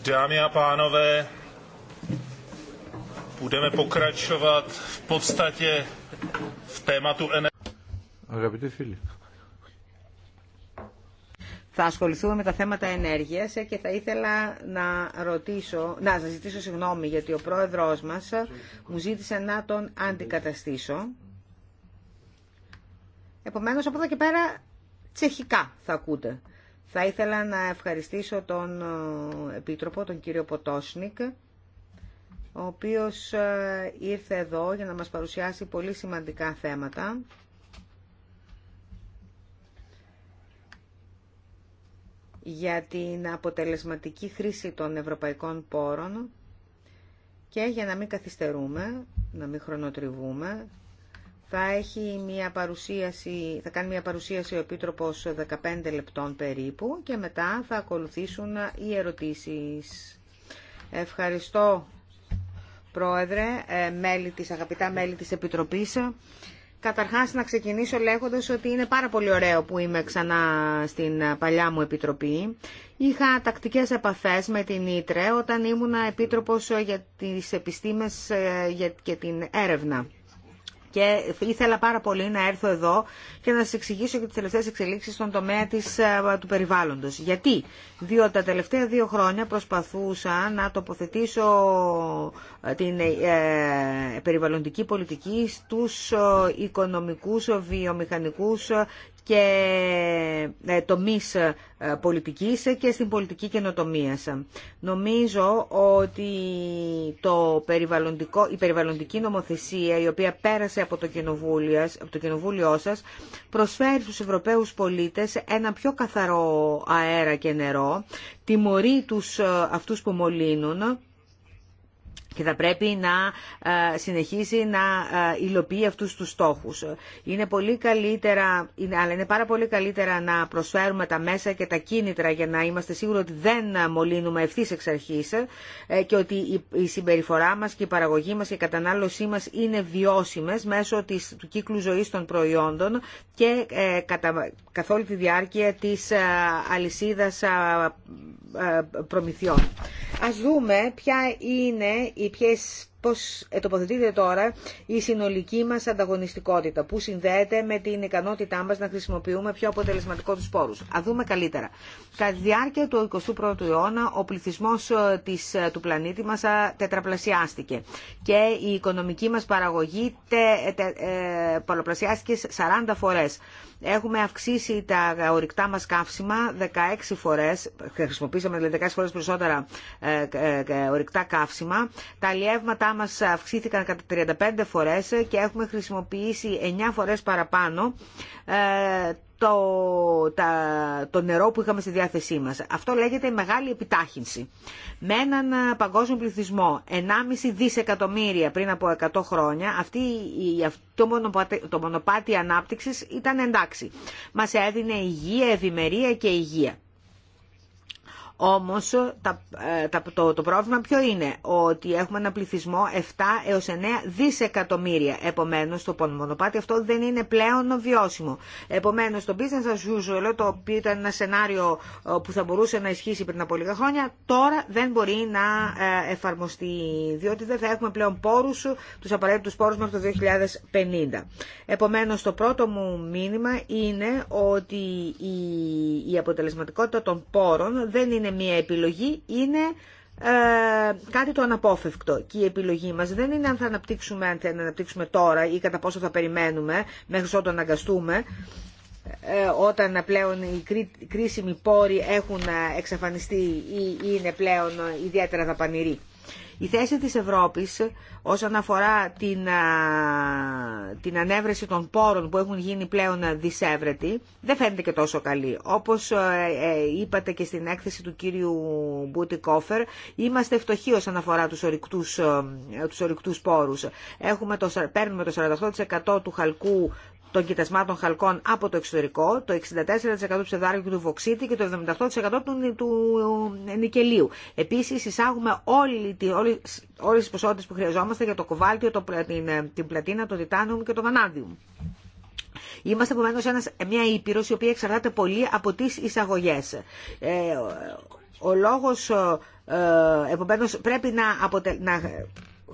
Dámy a pánové, budeme pokračovat v podstatě v tématu θα ασχοληθούμε με τα θέματα ενέργειας και θα ήθελα να ρωτήσω, να σας ζητήσω συγγνώμη γιατί ο πρόεδρός μας μου ζήτησε να τον αντικαταστήσω. Επομένως από εδώ και πέρα τσεχικά θα ακούτε. Θα ήθελα να ευχαριστήσω τον ε, Επίτροπο, τον κύριο Ποτόσνικ, ο οποίος ε, ήρθε εδώ για να μας παρουσιάσει πολύ σημαντικά θέματα. για την αποτελεσματική χρήση των ευρωπαϊκών πόρων και για να μην καθυστερούμε, να μην χρονοτριβούμε, θα, έχει μια παρουσίαση, θα κάνει μια παρουσίαση ο Επίτροπος 15 λεπτών περίπου και μετά θα ακολουθήσουν οι ερωτήσεις. Ευχαριστώ Πρόεδρε, ε, μέλη της, αγαπητά μέλη της Επιτροπής. Καταρχάς να ξεκινήσω λέγοντας ότι είναι πάρα πολύ ωραίο που είμαι ξανά στην παλιά μου επιτροπή. Είχα τακτικές επαφές με την Ήτρε όταν ήμουν επίτροπος για τις επιστήμες ε, και την έρευνα. Και ήθελα πάρα πολύ να έρθω εδώ και να σας εξηγήσω και τις τελευταίες εξελίξεις στον τομέα της, ε, του περιβάλλοντος. Γιατί, διότι τα τελευταία δύο χρόνια προσπαθούσα να τοποθετήσω ε, την ε, περιβαλλοντική πολιτική στους οικονομικούς, βιομηχανικούς και ε, τομείς ε, πολιτικής και στην πολιτική καινοτομία. Νομίζω ότι το περιβαλλοντικό, η περιβαλλοντική νομοθεσία η οποία πέρασε από το, κοινοβούλιο, από το σας προσφέρει στους Ευρωπαίους πολίτες ένα πιο καθαρό αέρα και νερό, τιμωρεί τους, ε, αυτούς που μολύνουν και θα πρέπει να ε, συνεχίσει να ε, υλοποιεί αυτούς τους στόχους. Είναι πολύ καλύτερα, αλλά είναι πάρα πολύ καλύτερα να προσφέρουμε τα μέσα και τα κίνητρα για να είμαστε σίγουροι ότι δεν μολύνουμε ευθύ εξ αρχή ε, και ότι η συμπεριφορά μας και η παραγωγή μας και η κατανάλωσή μας είναι βιώσιμες μέσω του κύκλου ζωής των προϊόντων και ε, καθ' όλη τη διάρκεια της αλυσίδας προμηθειών. Ας δούμε ποια είναι η ποιες πώς τοποθετείται τώρα η συνολική μας ανταγωνιστικότητα που συνδέεται με την ικανότητά μας να χρησιμοποιούμε πιο αποτελεσματικό τους πόρους. Α δούμε καλύτερα. Κατά τη διάρκεια του 21ου αιώνα ο πληθυσμός ε, της, ε, του πλανήτη μας τετραπλασιάστηκε και η οικονομική μας παραγωγή τε, τε, ε, πολλαπλασιάστηκε 40 φορές. Έχουμε αυξήσει τα ορυκτά μας καύσιμα 16 φορές, χρησιμοποίησαμε 16 δηλαδή φορές περισσότερα ε, ορυκτά καύσιμα, τα αλλιεύματα μας αυξήθηκαν κατά 35 φορές και έχουμε χρησιμοποιήσει 9 φορές παραπάνω ε, το, το νερό που είχαμε στη διάθεσή μας. Αυτό λέγεται μεγάλη επιτάχυνση. Με έναν παγκόσμιο πληθυσμό 1,5 δισεκατομμύρια πριν από 100 χρόνια, αυτή, το, μονοπάτι, το μονοπάτι ανάπτυξης ήταν εντάξει. Μας έδινε υγεία, ευημερία και υγεία. Όμως ε, ε, το, το πρόβλημα ποιο είναι, ότι έχουμε ένα πληθυσμό 7 έως 9 δισεκατομμύρια. Επομένως το μονοπάτι αυτό δεν είναι πλέον βιώσιμο. Επομένως το business as usual, το οποίο ήταν ένα σενάριο ε, που θα μπορούσε να ισχύσει πριν από λίγα χρόνια, τώρα δεν μπορεί να εφαρμοστεί, διότι δεν θα έχουμε πλέον πόρους, τους απαραίτητους πόρους μέχρι το 2050. Επομένως το πρώτο μου μήνυμα είναι ότι η αποτελεσματικότητα των πόρων δεν είναι είναι μια επιλογή, είναι ε, κάτι το αναπόφευκτο. Και η επιλογή μας δεν είναι αν θα αναπτύξουμε, αν θα αναπτύξουμε τώρα ή κατά πόσο θα περιμένουμε μέχρι όταν αναγκαστούμε ε, όταν πλέον οι κρίσιμοι πόροι έχουν ε, εξαφανιστεί ή είναι πλέον ιδιαίτερα δαπανηροί. Η θέση της Ευρώπης όσον αφορά την, την ανέβρεση των πόρων που έχουν γίνει πλέον δυσέβρετη δεν φαίνεται και τόσο καλή. Όπως ε, ε, είπατε και στην έκθεση του κύριου Κόφερ, είμαστε φτωχοί όσον αφορά τους ορυκτούς, ε, τους ορυκτούς πόρους. Έχουμε το, παίρνουμε το 48% του χαλκού των κοιτασμάτων χαλκών από το εξωτερικό, το 64% του ψεδάρου και του βοξίτη και το 78% του, του νικελίου. Επίσης εισάγουμε όλη, όλη, όλες ποσότητες που χρειαζόμαστε για το κοβάλτιο, το, την, ε, την πλατίνα, το τιτάνιουμ και το βανάδιουμ. Είμαστε επομένω μια ήπειρο η οποία εξαρτάται πολύ από τι εισαγωγέ. Ε, ο λόγος, ε, ε, επομένως, πρέπει να, να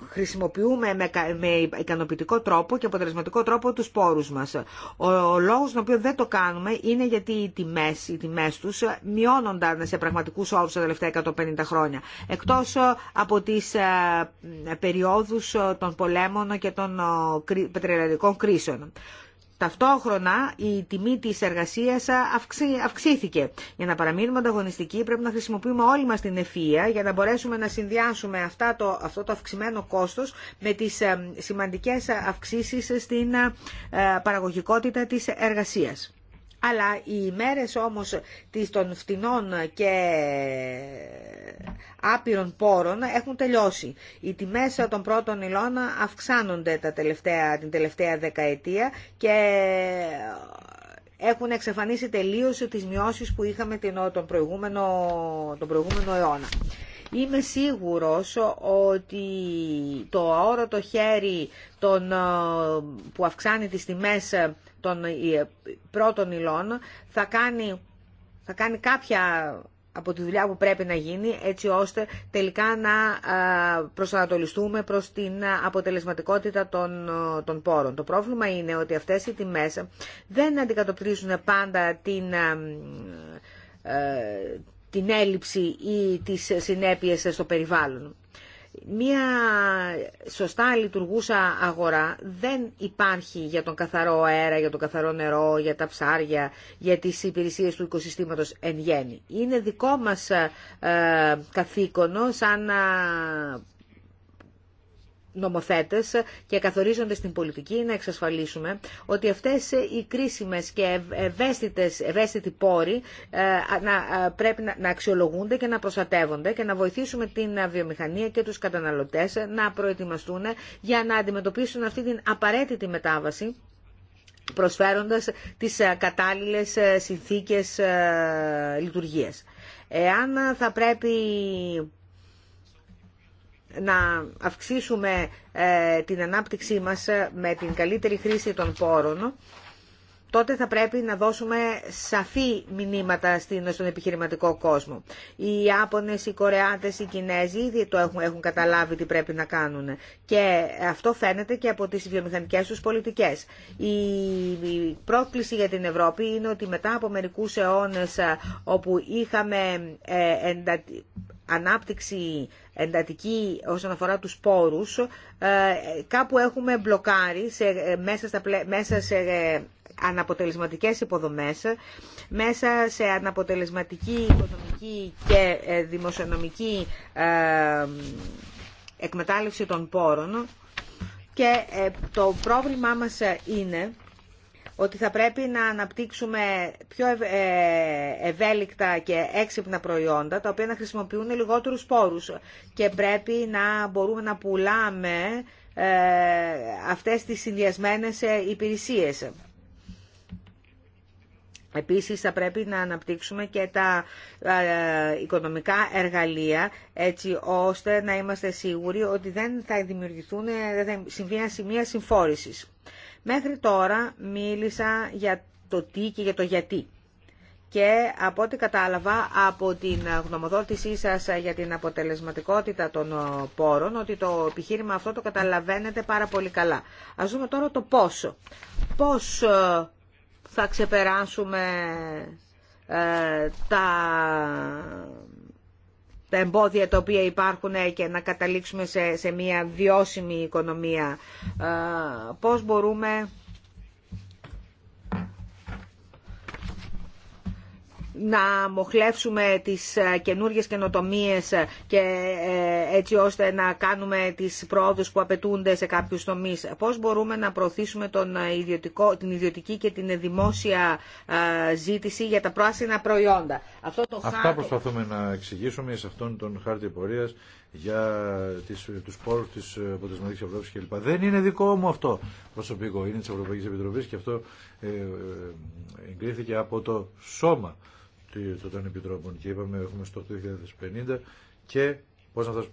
χρησιμοποιούμε με ικανοποιητικό τρόπο και αποτελεσματικό τρόπο τους πόρους μας. Ο λόγος τον οποίο δεν το κάνουμε είναι γιατί οι τιμές, οι τιμές τους μειώνονταν σε πραγματικούς όρους τα τελευταία 150 χρόνια. Εκτός ε, από τις ε, ε, περιόδους των πολέμων και των πετρελαϊκών κρίσεων. Ταυτόχρονα η τιμή της εργασίας αυξήθηκε. Για να παραμείνουμε ανταγωνιστικοί πρέπει να χρησιμοποιούμε όλοι μας την ευφυΐα για να μπορέσουμε να συνδυάσουμε αυτά το, αυτό το αυξημένο κόστος με τις ε, σημαντικές αυξήσεις στην ε, παραγωγικότητα της εργασίας αλλά οι μέρες όμως των φτηνών και άπειρων πόρων έχουν τελειώσει. Οι τιμές των πρώτων υλών αυξάνονται τα τελευταία, την τελευταία δεκαετία και έχουν εξαφανίσει τελείως τις μειώσεις που είχαμε τον προηγούμενο, τον προηγούμενο αιώνα. Είμαι σίγουρος ότι το αόρατο χέρι των, ε, που αυξάνει τις τιμές των πρώτων υλών θα κάνει, θα κάνει κάποια από τη δουλειά που πρέπει να γίνει έτσι ώστε τελικά να προσανατολιστούμε προς την αποτελεσματικότητα των, των πόρων. Το πρόβλημα είναι ότι αυτές οι τιμές δεν αντικατοπτρίζουν πάντα την, την έλλειψη ή τις συνέπειες στο περιβάλλον μια σωστά λειτουργούσα αγορά δεν υπάρχει για τον καθαρό αέρα, για τον καθαρό νερό, για τα ψάρια, για τις υπηρεσίες του οικοσυστήματος εν γέννη. Είναι δικό μας ε, καθήκονο σαν ε, νομοθέτες και καθορίζονται την πολιτική να εξασφαλίσουμε ότι αυτές οι κρίσιμες και ευαίσθητες, ευαίσθητοι πόροι ε, να, ε, πρέπει να, αξιολογούνται και να προστατεύονται και να βοηθήσουμε την βιομηχανία και τους καταναλωτές να προετοιμαστούν για να αντιμετωπίσουν αυτή την απαραίτητη μετάβαση προσφέροντας τις ε, κατάλληλες συνθήκες λειτουργίας. Εάν θα πρέπει να αυξήσουμε ε, την ανάπτυξή μας ε, με την καλύτερη χρήση των πόρων, τότε θα πρέπει να δώσουμε σαφή μηνύματα στον επιχειρηματικό κόσμο. Οι Ιάπωνες, οι Κορεάτες, οι Κινέζοι ήδη το έχουν, καταλάβει τι πρέπει να κάνουν. Και αυτό φαίνεται και από τις βιομηχανικές τους πολιτικές. Η πρόκληση για την Ευρώπη είναι ότι μετά από μερικούς αιώνες ε, όπου είχαμε ανάπτυξη εντατική όσον αφορά τους πόρους, ε, κάπου έχουμε μπλοκάρει σε, ε, μέσα, στα, μέσα σε ε, αναποτελεσματικές υποδομές, μέσα σε αναποτελεσματική οικονομική και δημοσιονομική εκμετάλλευση των πόρων. Και το πρόβλημά μας είναι ότι θα πρέπει να αναπτύξουμε πιο ε, ευέλικτα και έξυπνα προϊόντα, τα οποία να χρησιμοποιούν λιγότερους πόρους και πρέπει να μπορούμε να πουλάμε ε, αυτές τις συνδυασμένες ε, υπηρεσίες. Επίσης θα πρέπει να αναπτύξουμε και τα οικονομικά εργαλεία έτσι ώστε να είμαστε σίγουροι ότι δεν θα δημιουργηθούν, δεν συμβεί σημεία Μέχρι τώρα μίλησα για το τι και για το γιατί. Και από ό,τι κατάλαβα από την γνωμοδότησή σας για την αποτελεσματικότητα των πόρων, ότι το επιχείρημα αυτό το καταλαβαίνετε πάρα πολύ καλά. Ας δούμε τώρα το πώς. Πώς ε, θα ξεπεράσουμε ε, τα τα εμπόδια τα οποία υπάρχουν ε, και να καταλήξουμε σε, σε μια βιώσιμη οικονομία. Ε, πώς μπορούμε να μοχλεύσουμε τις ε, καινούργιες καινοτομίες και ε, έτσι ώστε να κάνουμε τις πρόοδους που απαιτούνται σε κάποιους τομείς. Πώς μπορούμε να προωθήσουμε τον ε, ιδιωτικό, την ιδιωτική και την δημόσια ζήτηση για τα πράσινα προϊόντα. Αυτό το Αυτά χάρτη... προσπαθούμε να εξηγήσουμε σε αυτόν τον χάρτη πορείας για τις, τους πόρους της αποτελεσματικής Ευρώπης κλπ. Δεν είναι δικό μου αυτό προσωπικό, είναι της Ευρωπαϊκής Επιτροπής και αυτό εγκρίθηκε από το σώμα των Επιτρόπων και είπαμε έχουμε στο 2050 και πώς να θα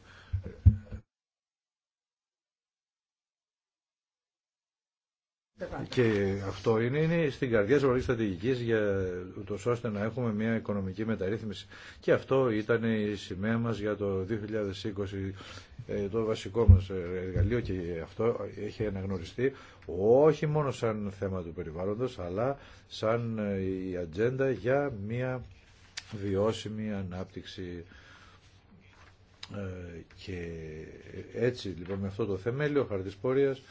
Και αυτό είναι, είναι στην καρδιά της ευρωπαϊκή στρατηγικής για ούτω ώστε να έχουμε μια οικονομική μεταρρύθμιση. Και αυτό ήταν η σημαία μας για το 2020, ε, το βασικό μας εργαλείο και αυτό έχει αναγνωριστεί όχι μόνο σαν θέμα του περιβάλλοντος αλλά σαν ε, η ατζέντα για μια βιώσιμη ανάπτυξη ε, και έτσι λοιπόν με αυτό το θεμέλιο χαρτισπόριας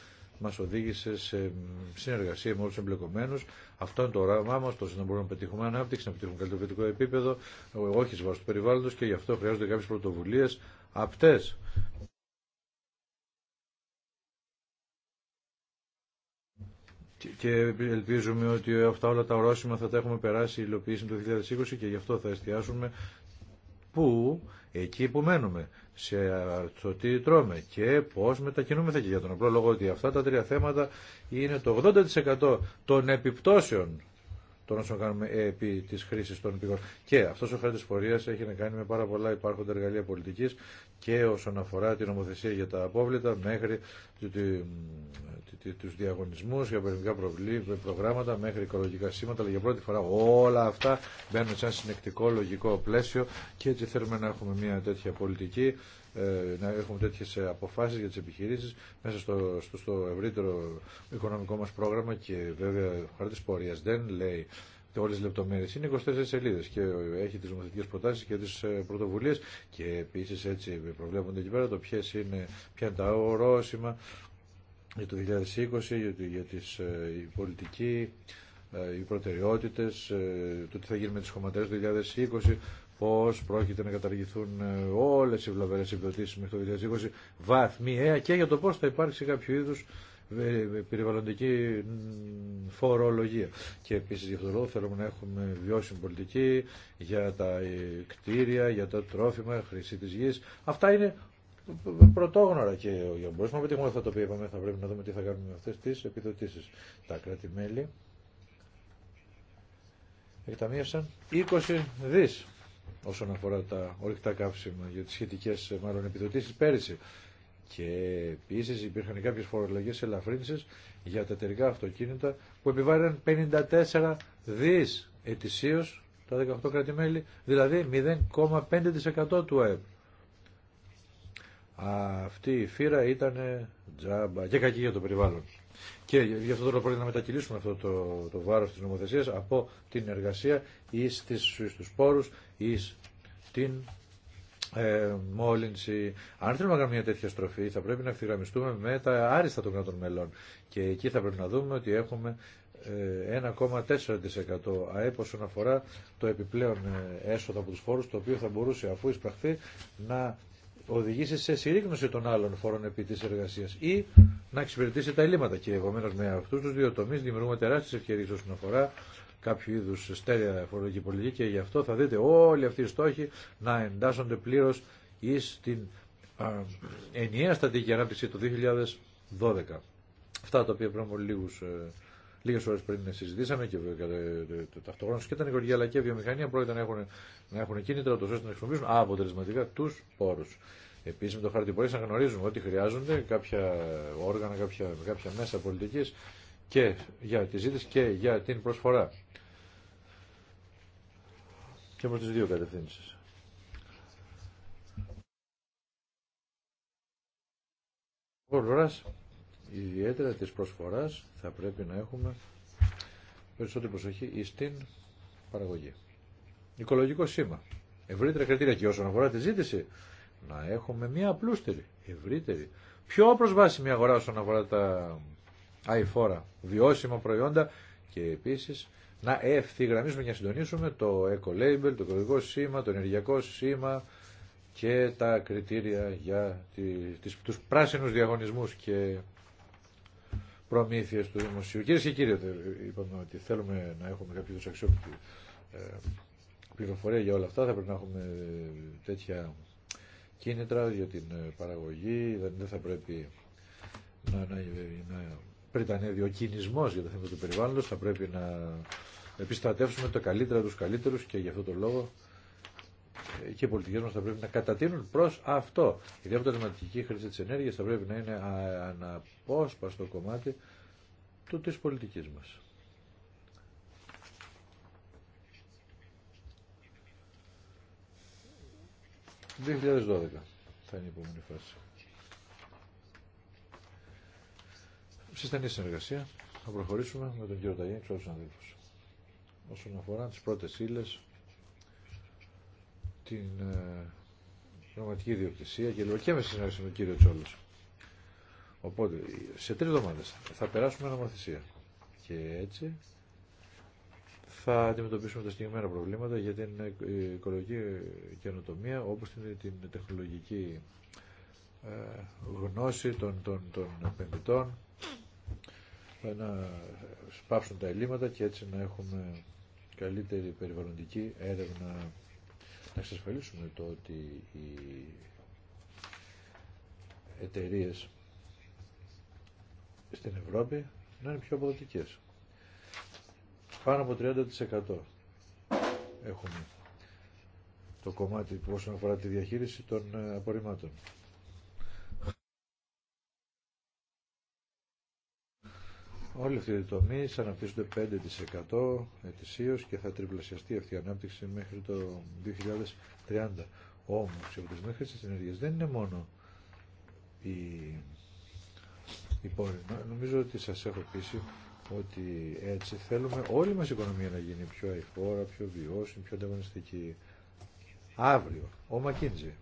μας οδήγησε σε συνεργασία με όλους τους εμπλεκομένους. Αυτό είναι το όραμά μας, τόσο να μπορούμε να πετύχουμε ανάπτυξη, να πετύχουμε καλύτερο επίπεδο, όχι σε βάση του περιβάλλοντος και γι' αυτό χρειάζονται κάποιες πρωτοβουλίες απτές. Και ελπίζουμε ότι αυτά όλα τα ορόσημα θα τα έχουμε περάσει η υλοποίηση του 2020 και γι' αυτό θα εστιάσουμε που εκεί που μένουμε σε το τι τρώμε και πώς μετακινούμεθα και για τον απλό λόγο ότι αυτά τα τρία θέματα είναι το 80% των επιπτώσεων των όσων κάνουμε επί τη χρήση των πηγών. Και αυτό ο χάρτη πορεία έχει να κάνει με πάρα πολλά υπάρχοντα εργαλεία πολιτική και όσον αφορά την νομοθεσία για τα απόβλητα μέχρι του διαγωνισμούς, για περιοδικά προγράμματα μέχρι οικολογικά σήματα, αλλά για πρώτη φορά όλα αυτά μπαίνουν σε ένα συνεκτικό λογικό πλαίσιο και έτσι θέλουμε να έχουμε μια τέτοια πολιτική, ε, να έχουμε τέτοιε αποφάσεις για τις επιχειρήσει μέσα στο, στο, στο ευρύτερο οικονομικό μας πρόγραμμα και βέβαια ο χαρτής πορείας δεν λέει όλε τι λεπτομέρειε. Είναι 24 σελίδε και έχει τι νομοθετικέ προτάσει και τι ε, πρωτοβουλίε και επίση έτσι προβλέπονται εκεί πέρα το ποιε είναι, ποια είναι τα ορόσημα, για το 2020, για τις ε, πολιτικοί, ε, οι προτεραιότητες, ε, το τι θα γίνει με τις χωματές του 2020, πώς πρόκειται να καταργηθούν όλες οι βλαβερές επιδοτήσεις μέχρι το 2020, βαθμιαία και για το πώς θα υπάρξει κάποιο είδους περιβαλλοντική φορολογία. Και επίσης για αυτό το λόγο θέλουμε να έχουμε βιώσιμη πολιτική για τα κτίρια, για τα τρόφιμα, χρήση της γης. Αυτά είναι πρωτόγνωρα και για να μπορέσουμε να πετύχουμε αυτά το οποίο είπαμε θα πρέπει να δούμε τι θα κάνουμε με αυτές τις επιδοτήσεις. Τα κράτη-μέλη εκταμείευσαν 20 δι όσον αφορά τα ορυκτά καύσιμα για τι σχετικέ μάλλον επιδοτήσεις πέρυσι. Και επίση υπήρχαν κάποιε φορολογικέ ελαφρύνσει για τα εταιρικά αυτοκίνητα που επιβάλλαν 54 δι ετησίω τα 18 κράτη-μέλη, δηλαδή 0,5% του ΑΕΠ αυτή η φύρα ήταν τζάμπα και κακή για το περιβάλλον. Και γι' αυτό τώρα πρέπει να μετακυλήσουμε αυτό το, το βάρος της νομοθεσίας από την εργασία ή στις, στους πόρους ή ε, μόλυνση. Αν θέλουμε να κάνουμε μια τέτοια στροφή θα πρέπει να ευθυγραμμιστούμε με τα άριστα των κρατών μελών. Και εκεί θα πρέπει να δούμε ότι έχουμε 1,4% ε, ΑΕΠ όσον αφορά το επιπλέον ε, έσοδο από τους φόρους το οποίο θα μπορούσε αφού εισπραχθεί να οδηγήσει σε συρρήγνωση των άλλων φόρων επί της εργασίας ή να εξυπηρετήσει τα ελλείμματα. Και επομένω με αυτού του δύο τομεί δημιουργούμε τεράστιε ευκαιρίε όσον αφορά κάποιο είδου στέρεα φορολογική πολιτική και γι' αυτό θα δείτε όλοι αυτοί οι στόχοι να εντάσσονται πλήρω ει την ενιαία στατική ανάπτυξη του 2012. Αυτά τα οποία πριν από ε, Λίγε ώρε πριν συζητήσαμε και ε, ε, ταυτόχρονα και τα νοικοκυριά αλλά και η βιομηχανία πρόκειται να έχουν, να έχουν κίνητρα ώστε να χρησιμοποιήσουν αποτελεσματικά του πόρου. Επίση με το χάρτη μπορεί να γνωρίζουμε ότι χρειάζονται κάποια όργανα, κάποια, κάποια μέσα πολιτική και για τη ζήτηση και για την προσφορά. Και προ τι δύο κατευθύνσει. Η ιδιαίτερα της προσφοράς θα πρέπει να έχουμε περισσότερη προσοχή στην παραγωγή. Οικολογικό σήμα. Ευρύτερα κριτήρια και όσον αφορά τη ζήτηση να έχουμε μια απλούστερη, ευρύτερη, πιο προσβάσιμη αγορά όσον αφορά τα αηφόρα, βιώσιμα προϊόντα και επίσης να ευθυγραμμίσουμε και να συντονίσουμε το eco-label, το οικολογικό σήμα, το ενεργειακό σήμα και τα κριτήρια για τις, τους πράσινους διαγωνισμούς και προμήθειες του δημοσίου. Κυρίε και κύριοι, είπαμε ότι θέλουμε να έχουμε κάποιο αξιόπιτη ε, πληροφορία για όλα αυτά. Θα πρέπει να έχουμε ε, τέτοια κίνητρα για την ε, παραγωγή, δεν θα πρέπει να, να, να πριτανεύει ο κινησμό για το θέμα του περιβάλλοντος, θα πρέπει να επιστρατεύσουμε το καλύτερα τους καλύτερους και γι' αυτό το λόγο ε, και οι πολιτικέ μα θα πρέπει να κατατείνουν προ αυτό. Η διαπτωματική χρήση τη ενέργεια θα πρέπει να είναι αναπόσπαστο κομμάτι του τη πολιτική μα. 2012 θα είναι η επόμενη φάση. Σε στενή συνεργασία θα προχωρήσουμε με τον κύριο Ταγιάννη και όλους τους Όσον αφορά τις πρώτες ύλες, την ε, πραγματική ιδιοκτησία και λίγο και με συνεργασία με τον κύριο Τσόλο. Οπότε, σε τρεις εβδομάδες θα περάσουμε αναμορφησία. Και έτσι θα αντιμετωπίσουμε τα συγκεκριμένα προβλήματα για την οικολογική καινοτομία όπως την, τεχνολογική ε, γνώση των, των, των επενδυτών να σπάψουν τα ελλείμματα και έτσι να έχουμε καλύτερη περιβαλλοντική έρευνα να εξασφαλίσουμε το ότι οι εταιρείε στην Ευρώπη να είναι πιο αποδοτικές πάνω από 30% έχουμε το κομμάτι που όσον αφορά τη διαχείριση των ε, απορριμμάτων. Όλοι αυτοί οι τομεί αναπτύσσονται 5% ετησίω και θα τριπλασιαστεί αυτή η ανάπτυξη μέχρι το 2030. Όμω, οι μέχρι τη ενέργεια δεν είναι μόνο η η Νομίζω ότι σα έχω πείσει ότι έτσι θέλουμε όλη μας η οικονομία να γίνει πιο αηφόρα, πιο βιώσιμη, πιο ανταγωνιστική. Αύριο ο Μακίντζη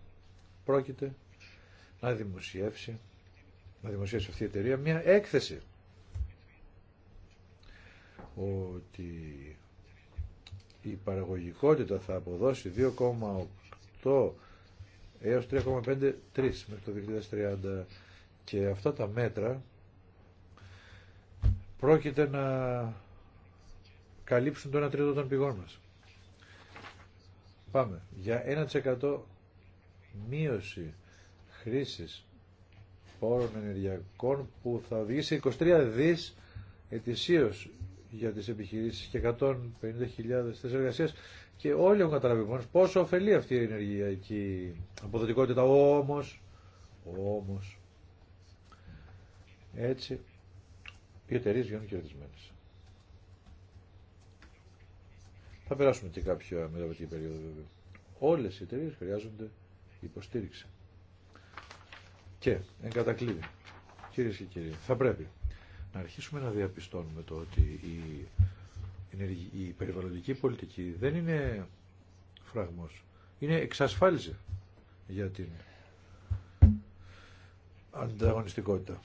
πρόκειται να δημοσιεύσει, να δημοσιεύσει αυτή η εταιρεία μια έκθεση ότι η παραγωγικότητα θα αποδώσει 2,8 έως 3,53 μέχρι το 2030 και αυτά τα μέτρα πρόκειται να καλύψουν το 1 τρίτο των πηγών μας. Πάμε. Για 1% μείωση χρήσης πόρων ενεργειακών που θα σε 23 δις ετησίως για τις επιχειρήσεις και 150.000 θέσεις εργασίας και όλοι έχουν καταλάβει μόνος πόσο ωφελεί αυτή η ενεργειακή αποδοτικότητα. Όμως, όμως, έτσι οι εταιρείε βγαίνουν κερδισμένε. Θα περάσουμε και κάποια μεταβατική περίοδο βέβαια. Όλε οι εταιρείε χρειάζονται υποστήριξη. Και εν κατακλείδη, κυρίε και κύριοι, θα πρέπει να αρχίσουμε να διαπιστώνουμε το ότι η, η περιβαλλοντική πολιτική δεν είναι φραγμός. Είναι εξασφάλιση για την ανταγωνιστικότητα.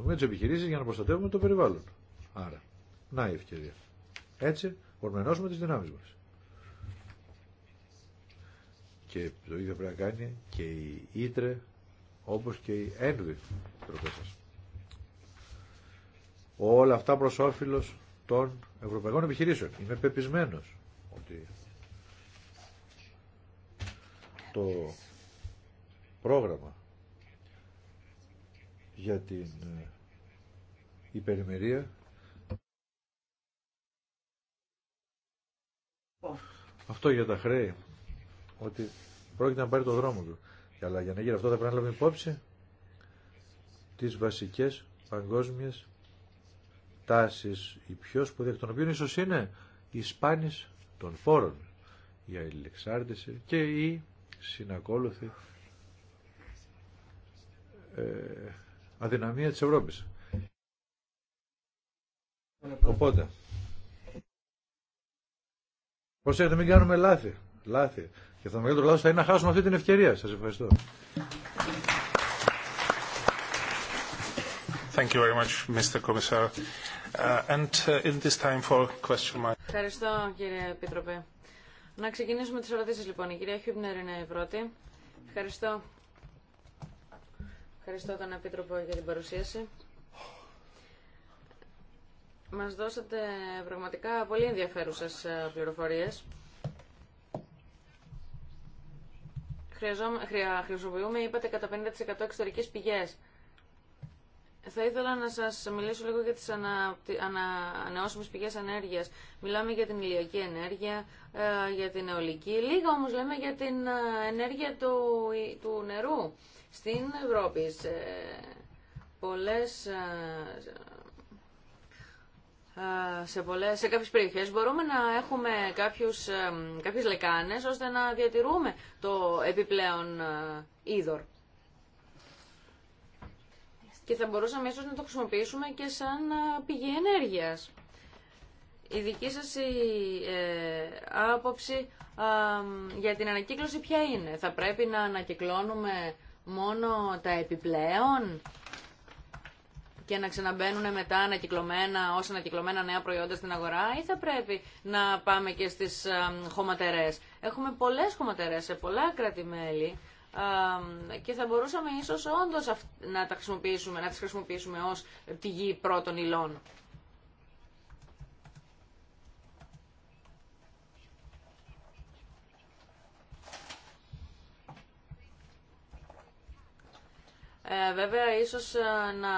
χρησιμοποιούμε τι επιχειρήσει για να προστατεύουμε το περιβάλλον. Άρα, να η ευκαιρία. Έτσι, ορμενώσουμε τι δυνάμει μα. Και το ίδιο πρέπει να κάνει και η Ήτρε, όπω και η Ένβη, τροπέ Όλα αυτά προ όφελο των ευρωπαϊκών επιχειρήσεων. Είμαι πεπισμένο ότι το πρόγραμμα για την ε, υπερημερία. Αυτό για τα χρέη, ότι πρόκειται να πάρει το δρόμο του. Αλλά για να γίνει αυτό θα πρέπει να λάβουμε υπόψη τις βασικές παγκόσμιες τάσεις, οι πιο σπουδαίες, εκ των οποίων είναι η σπάνης των φόρων, η αλληλεξάρτηση και η συνακόλουθη ε, αδυναμία της Ευρώπης. Οπότε, προσέχετε μην κάνουμε λάθη. Λάθη. Και το μεγαλύτερο λάθος θα είναι να χάσουμε αυτή την ευκαιρία. Σας ευχαριστώ. Thank you very much, Mr. Commissar. Uh, and uh, in this time for question Ευχαριστώ, κύριε Επίτροπε. Να ξεκινήσουμε τις ερωτήσεις, λοιπόν. Η κυρία Χιούμπνερ είναι η πρώτη. Ευχαριστώ, Ευχαριστώ τον Επίτροπο για την παρουσίαση. Μας δώσατε πραγματικά πολύ ενδιαφέρουσες ε, πληροφορίες. Χρειαζόμαστε, χρησιμοποιούμε, είπατε, κατά 50% εξωτερικές πηγές. Θα ήθελα να σας μιλήσω λίγο για τις ανα, ανανεώσιμες πηγές ενέργειας. Μιλάμε για την ηλιακή ενέργεια, ε, για την αιωλική. Λίγα όμως λέμε για την ε, ενέργεια του, νερού στην Ευρώπη. Σε πολλές, ε, σε, πολλές, κάποιες περιοχές μπορούμε να έχουμε κάποιους, κάποιες λεκάνες ώστε να διατηρούμε το επιπλέον είδωρ και θα μπορούσαμε ίσως να το χρησιμοποιήσουμε και σαν πηγή ενέργειας. Η δική σας η, ε, άποψη για την ανακύκλωση ποια είναι. Θα πρέπει να ανακυκλώνουμε μόνο τα επιπλέον και να ξαναμπαίνουν μετά ανακυκλωμένα, όσα ανακυκλωμένα νέα προϊόντα στην αγορά ή θα πρέπει να πάμε και στις α, χωματερές. Έχουμε πολλές χωματερές σε πολλά κράτη-μέλη και θα μπορούσαμε ίσως όντως να, τα χρησιμοποιήσουμε, να τις χρησιμοποιήσουμε ως τη γη πρώτων υλών. Ε, βέβαια, ίσως ε, να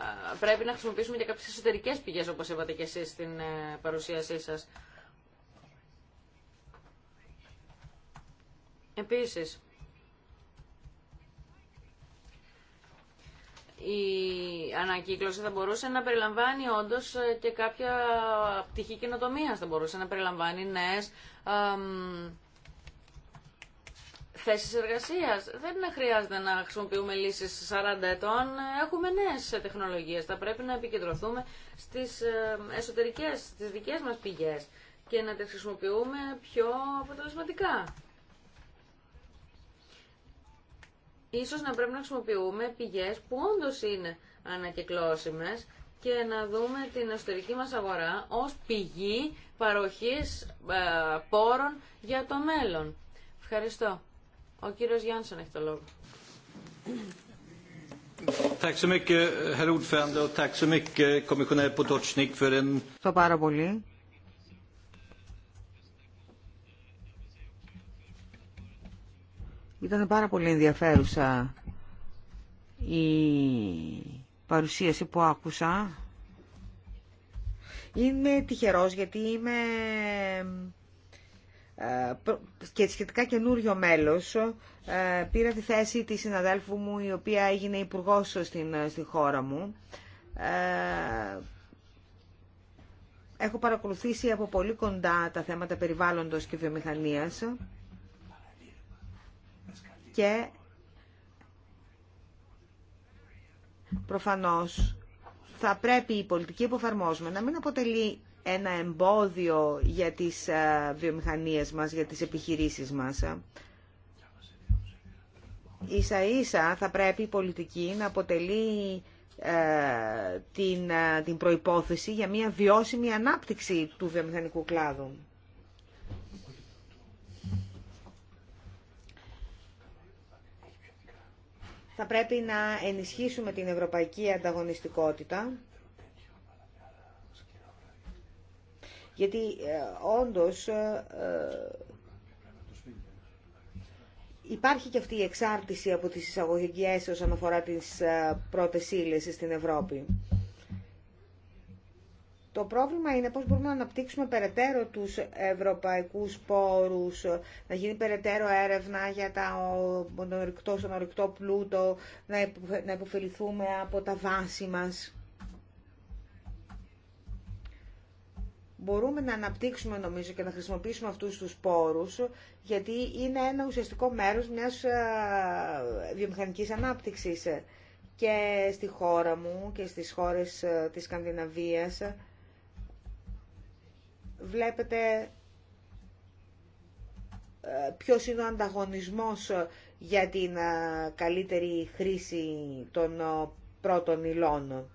ε, πρέπει να χρησιμοποιήσουμε και κάποιες εσωτερικές πηγές, όπως είπατε και εσείς στην ε, παρουσίασή σας. Επίσης, η ανακύκλωση θα μπορούσε να περιλαμβάνει όντως και κάποια πτυχή καινοτομία. Θα μπορούσε να περιλαμβάνει νέε θέσεις εργασίας. Δεν χρειάζεται να χρησιμοποιούμε λύσει 40 ετών. Έχουμε νέες τεχνολογίες. Θα πρέπει να επικεντρωθούμε στις ε, εσωτερικές, στις δικές μας πηγές και να τις χρησιμοποιούμε πιο αποτελεσματικά. ίσως να πρέπει να χρησιμοποιούμε πηγές που όντως είναι ανακυκλώσιμες και να δούμε την εσωτερική μας αγορά ως πηγή παροχής ε, πόρων για το μέλλον. Ευχαριστώ. Ο κύριος Γιάννης έχει το λόγο. Ευχαριστώ πάρα πολύ Ήταν πάρα πολύ ενδιαφέρουσα η παρουσίαση που άκουσα. Είμαι τυχερός γιατί είμαι ε, και σχετικά καινούριο μέλος ε, πήρα τη θέση της συναδέλφου μου η οποία έγινε υπουργό στην, ε, στη χώρα μου έχω παρακολουθήσει από πολύ κοντά τα θέματα περιβάλλοντος και βιομηχανίας και προφανώς θα πρέπει η πολιτική που εφαρμόζουμε να μην αποτελεί ένα εμπόδιο για τις ε, βιομηχανίες μας, για τις επιχειρήσεις μας. Ίσα ίσα θα πρέπει η πολιτική να αποτελεί ε, την, ε, την προϋπόθεση για μια βιώσιμη ανάπτυξη του βιομηχανικού κλάδου. Θα πρέπει να ενισχύσουμε την ευρωπαϊκή ανταγωνιστικότητα. Γιατί ε, όντως ε, ε, υπάρχει και αυτή η εξάρτηση από τις εισαγωγικές όσον αφορά τις ε, πρώτες ύλες στην Ευρώπη. Το πρόβλημα είναι πώς μπορούμε να αναπτύξουμε περαιτέρω τους ευρωπαϊκούς πόρους, να γίνει περαιτέρω έρευνα για τα, τον ορυκτό, στον ορυκτό πλούτο, να υποφεληθούμε από τα βάση μας. μπορούμε να αναπτύξουμε νομίζω και να χρησιμοποιήσουμε αυτούς τους πόρους γιατί είναι ένα ουσιαστικό μέρος μιας βιομηχανικής ανάπτυξης και στη χώρα μου και στις χώρες της Σκανδιναβίας βλέπετε ε, ποιος είναι ο ανταγωνισμός ε, για την ε, καλύτερη χρήση των πρώτων υλών.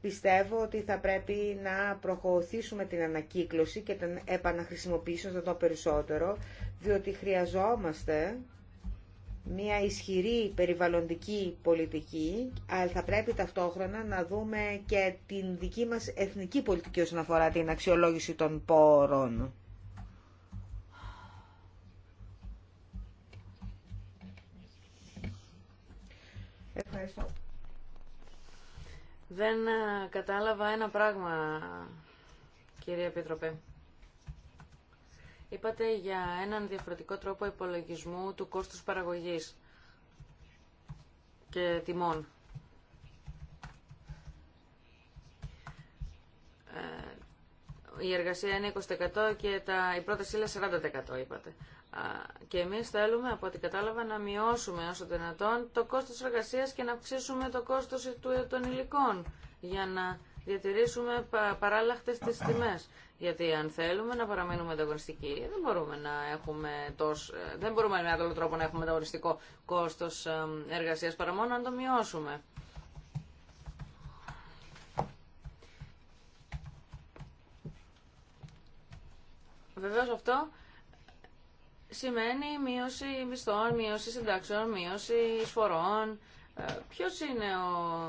Πιστεύω ότι θα πρέπει να προχωρήσουμε την ανακύκλωση και την επαναχρησιμοποίηση όσο το περισσότερο, διότι χρειαζόμαστε μια ισχυρή περιβαλλοντική πολιτική, αλλά θα πρέπει ταυτόχρονα να δούμε και την δική μας εθνική πολιτική όσον αφορά την αξιολόγηση των πόρων. Ευχαριστώ. Δεν ε, κατάλαβα ένα πράγμα, κυρία Επίτροπε. Είπατε για έναν διαφορετικό τρόπο υπολογισμού του κόστους παραγωγής και τιμών. Ε, η εργασία είναι 20% και τα, η πρόταση είναι 40% είπατε. Και εμείς θέλουμε, από ό,τι κατάλαβα, να μειώσουμε όσο δυνατόν το κόστος εργασίας και να αυξήσουμε το κόστος των υλικών για να διατηρήσουμε παράλλαχτες τις τιμές. Γιατί αν θέλουμε να παραμείνουμε ανταγωνιστικοί, δεν μπορούμε να έχουμε τόσο, δεν μπορούμε με άλλο τρόπο να έχουμε ανταγωνιστικό κόστος εργασίας παρά μόνο να το μειώσουμε. Βεβαίως αυτό σημαίνει μείωση μισθών, μείωση συντάξεων, μείωση εισφορών. Ε, ποιος είναι ο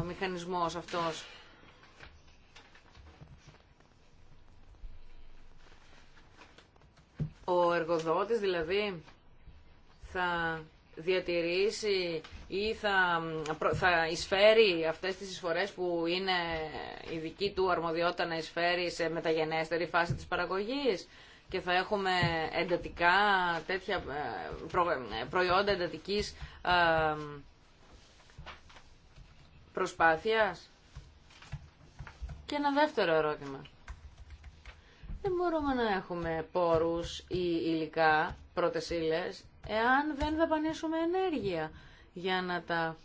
ε, μηχανισμός αυτός Ο εργοδότης δηλαδή θα διατηρήσει ή θα, θα εισφέρει αυτές τις εισφορές που είναι η δική του αρμοδιότητα να εισφέρει σε μεταγενέστερη φάση της παραγωγής και θα έχουμε εντατικά τέτοια ε, ε, προϊόντα εντατικής ε, προσπάθειας. Και ένα δεύτερο ερώτημα. Δεν μπορούμε να έχουμε πόρους ή υλικά, πρώτες ύλες, εάν δεν δαπανίσουμε ενέργεια για να τα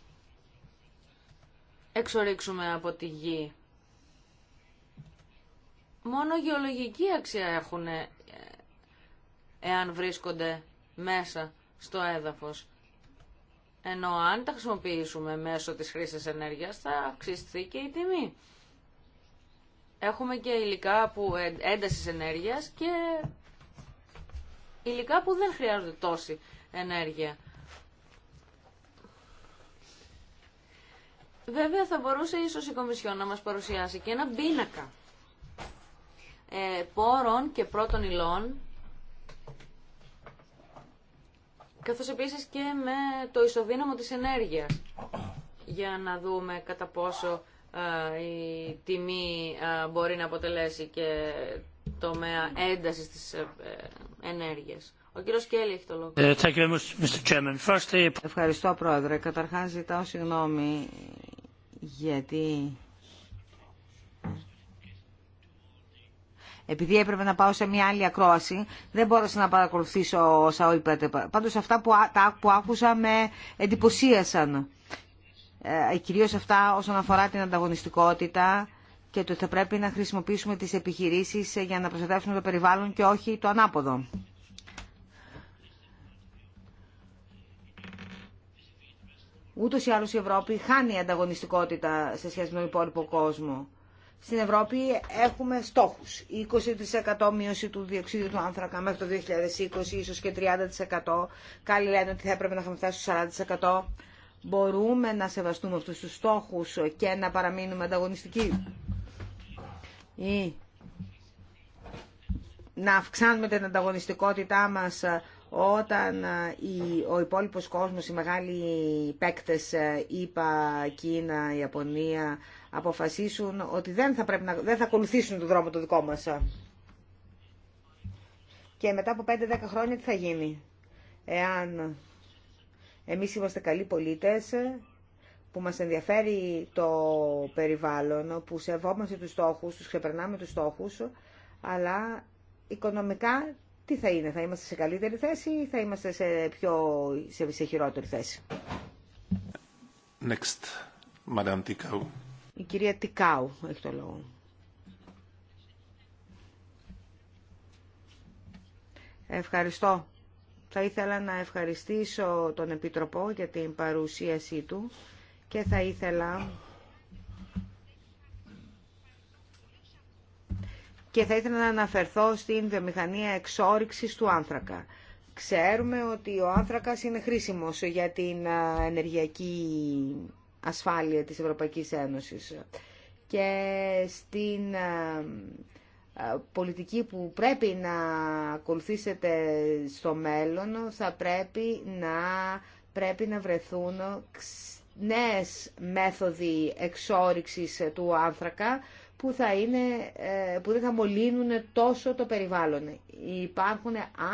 εξορίξουμε από τη γη. Μόνο γεωλογική αξία έχουν ε, εάν βρίσκονται μέσα στο έδαφος. Ενώ αν τα χρησιμοποιήσουμε μέσω της χρήσης ενέργειας θα αυξηθεί και η τιμή. Έχουμε και υλικά που ε, έντασης ενέργειας και υλικά που δεν χρειάζονται τόση ενέργεια. Βέβαια θα μπορούσε ίσως η Κομισιόν να μας παρουσιάσει και ένα πίνακα ε, πόρων και πρώτων υλών καθώς επίσης και με το ισοδύναμο της ενέργειας για να δούμε κατά πόσο η τιμή μπορεί να αποτελέσει και τομέα ένταση τη ε, ε, ενέργεια. Ο κύριο Κέλλη έχει το λόγο. Ε, Ευχαριστώ πρόεδρε. Καταρχάς ζητάω συγγνώμη γιατί... Επειδή έπρεπε να πάω σε μια άλλη ακρόαση, δεν μπόρεσα να παρακολουθήσω όσα είπατε. Πάντως αυτά που, τα, που άκουσα με εντυπωσίασαν. Ε, κυρίως αυτά όσον αφορά την ανταγωνιστικότητα και ότι θα πρέπει να χρησιμοποιήσουμε τις επιχειρήσεις για να προστατεύσουμε το περιβάλλον και όχι το ανάποδο. Ούτω ή άλλω η αλλως η χάνει ανταγωνιστικότητα σε σχέση με τον υπόλοιπο κόσμο. Στην Ευρώπη έχουμε στόχου. 20% μείωση του διοξίδιου του άνθρακα μέχρι το 2020, ίσως και 30%. Κάλλοι λένε ότι θα έπρεπε να είχαμε φτάσει στο 40% μπορούμε να σεβαστούμε αυτούς τους στόχους και να παραμείνουμε ανταγωνιστικοί ή να αυξάνουμε την ανταγωνιστικότητά μας όταν ε, ο υπόλοιπος κόσμος, οι μεγάλοι παίκτες, είπα, Κίνα, Ιαπωνία, αποφασίσουν ότι δεν θα, πρέπει να, δεν θα ακολουθήσουν τον δρόμο το δικό μας. Και μετά από 5-10 χρόνια τι θα γίνει, εάν εμείς είμαστε καλοί πολίτες που μας ενδιαφέρει το περιβάλλον, που σεβόμαστε τους στόχους, τους ξεπερνάμε τους στόχους, αλλά οικονομικά τι θα είναι, θα είμαστε σε καλύτερη θέση ή θα είμαστε σε, πιο, σε, χειρότερη θέση. Next, Madame Tikau. Η κυρία Τικάου έχει το λόγο. Ευχαριστώ. Θα ήθελα να ευχαριστήσω τον Επιτροπό για την παρουσίασή του και θα ήθελα... Και θα ήθελα να αναφερθώ στην βιομηχανία εξόριξης του άνθρακα. Ξέρουμε ότι ο άνθρακας είναι χρήσιμος για την ενεργειακή ασφάλεια της Ευρωπαϊκής Ένωσης. Και στην πολιτική που πρέπει να ακολουθήσετε στο μέλλον θα πρέπει να, πρέπει να βρεθούν νέες μέθοδοι εξόριξης του άνθρακα που, θα είναι, ε, που δεν θα μολύνουν τόσο το περιβάλλον. Υπάρχουν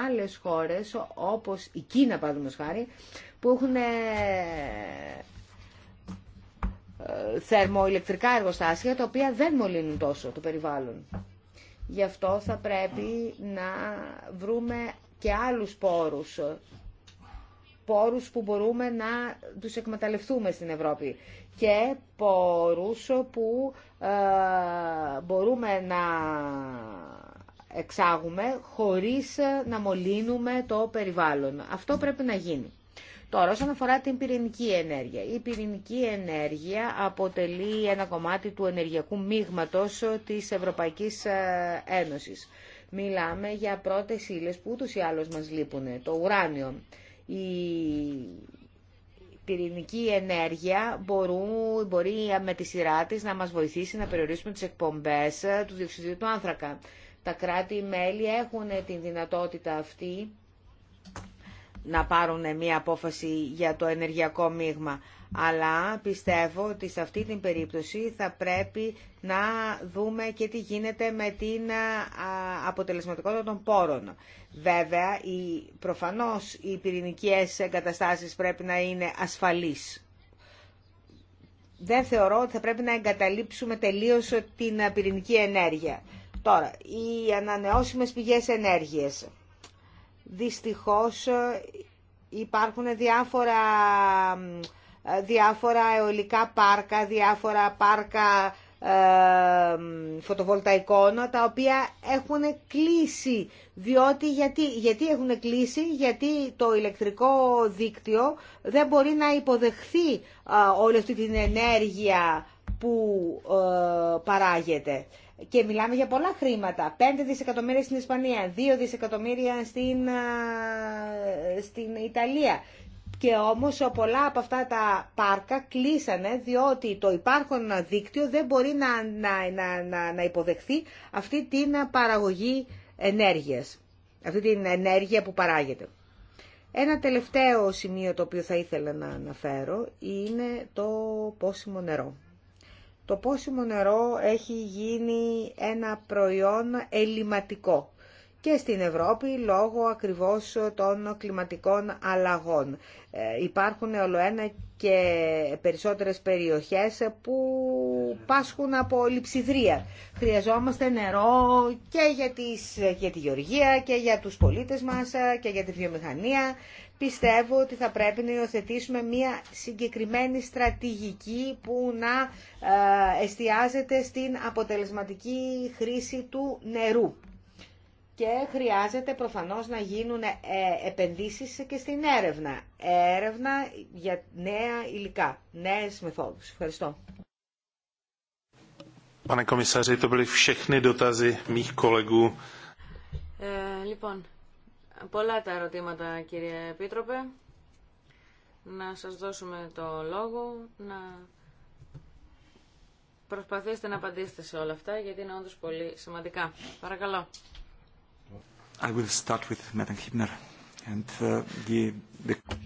άλλες χώρες, όπως η Κίνα παραδείγματος χάρη, που έχουν ε, ε, θερμοηλεκτρικά εργοστάσια, τα οποία δεν μολύνουν τόσο το περιβάλλον. Γι' αυτό θα πρέπει να βρούμε και άλλους πόρους, πόρους που μπορούμε να τους εκμεταλλευτούμε στην Ευρώπη και πόρους που ε, μπορούμε να εξάγουμε χωρίς να μολύνουμε το περιβάλλον. Αυτό πρέπει να γίνει. Τώρα, όσον αφορά την πυρηνική ενέργεια. Η πυρηνική ενέργεια αποτελεί ένα κομμάτι του ενεργειακού μείγματος της Ευρωπαϊκής ε, Ένωσης. Μιλάμε για πρώτες ύλες που ούτως ή άλλως μας λείπουν, το ουράνιο. Η πυρηνική ενέργεια μπορούν, μπορού μπορει με τη σειρά της να μας βοηθήσει να περιορίσουμε τις εκπομπές ε, του διοξιδίου του άνθρακα. Τα κράτη-μέλη έχουν την δυνατότητα αυτή να πάρουν μια απόφαση για το ενεργειακό μείγμα. Αλλά πιστεύω ότι σε αυτή την περίπτωση θα πρέπει να δούμε και τι γίνεται με την αποτελεσματικότητα των πόρων. Βέβαια, η, προφανώς οι πυρηνικές εγκαταστάσεις πρέπει να είναι ασφαλείς. Δεν θεωρώ ότι θα πρέπει να εγκαταλείψουμε τελείως την πυρηνική ενέργεια. Τώρα, οι ανανεώσιμες πηγές ενέργειας Δυστυχώς ε, υπάρχουν διάφορα, ε, διάφορα αεολικά πάρκα, διάφορα πάρκα ε, φωτοβολταϊκών τα οποία έχουν κλείσει διότι γιατί, γιατί έχουν κλείσει γιατί το ηλεκτρικό δίκτυο δεν μπορεί να υποδεχθεί όλη αυτή την ενέργεια που παράγεται και μιλάμε για πολλά χρήματα. 5 δισεκατομμύρια στην Ισπανία, 2 δισεκατομμύρια στην, στην Ιταλία. Και όμως πολλά από αυτά τα πάρκα κλείσανε διότι το υπάρχον δίκτυο δεν μπορεί να, να, να, να, να υποδεχθεί αυτή την παραγωγή ενέργειας. Αυτή την ενέργεια που παράγεται. Ένα τελευταίο σημείο το οποίο θα ήθελα να αναφέρω είναι το πόσιμο νερό το πόσιμο νερό έχει γίνει ένα προϊόν ελληματικό και στην Ευρώπη λόγω ακριβώς των κλιματικών αλλαγών. Ε, υπάρχουν ολοένα και περισσότερες περιοχές που πάσχουν από λειψιδρία. Χρειαζόμαστε νερό και για, τις, για τη γεωργία και για τους πολίτες μας ε, και για τη βιομηχανία πιστεύω ότι θα πρέπει να υιοθετήσουμε μια συγκεκριμένη στρατηγική που να ε, εστιάζεται στην αποτελεσματική χρήση του νερού. Και χρειάζεται προφανώς να γίνουν ε, επενδύσεις και στην έρευνα. Έρευνα για νέα υλικά, νέες μεθόδους. Ευχαριστώ. komisaři, to dotazy mých ε, λοιπόν, Πολλά τα ερωτήματα κύριε Επίτροπε. Να σας δώσουμε το λόγο, να προσπαθήσετε να απαντήσετε σε όλα αυτά, γιατί είναι όντως πολύ σημαντικά. Παρακαλώ. I will start with uh,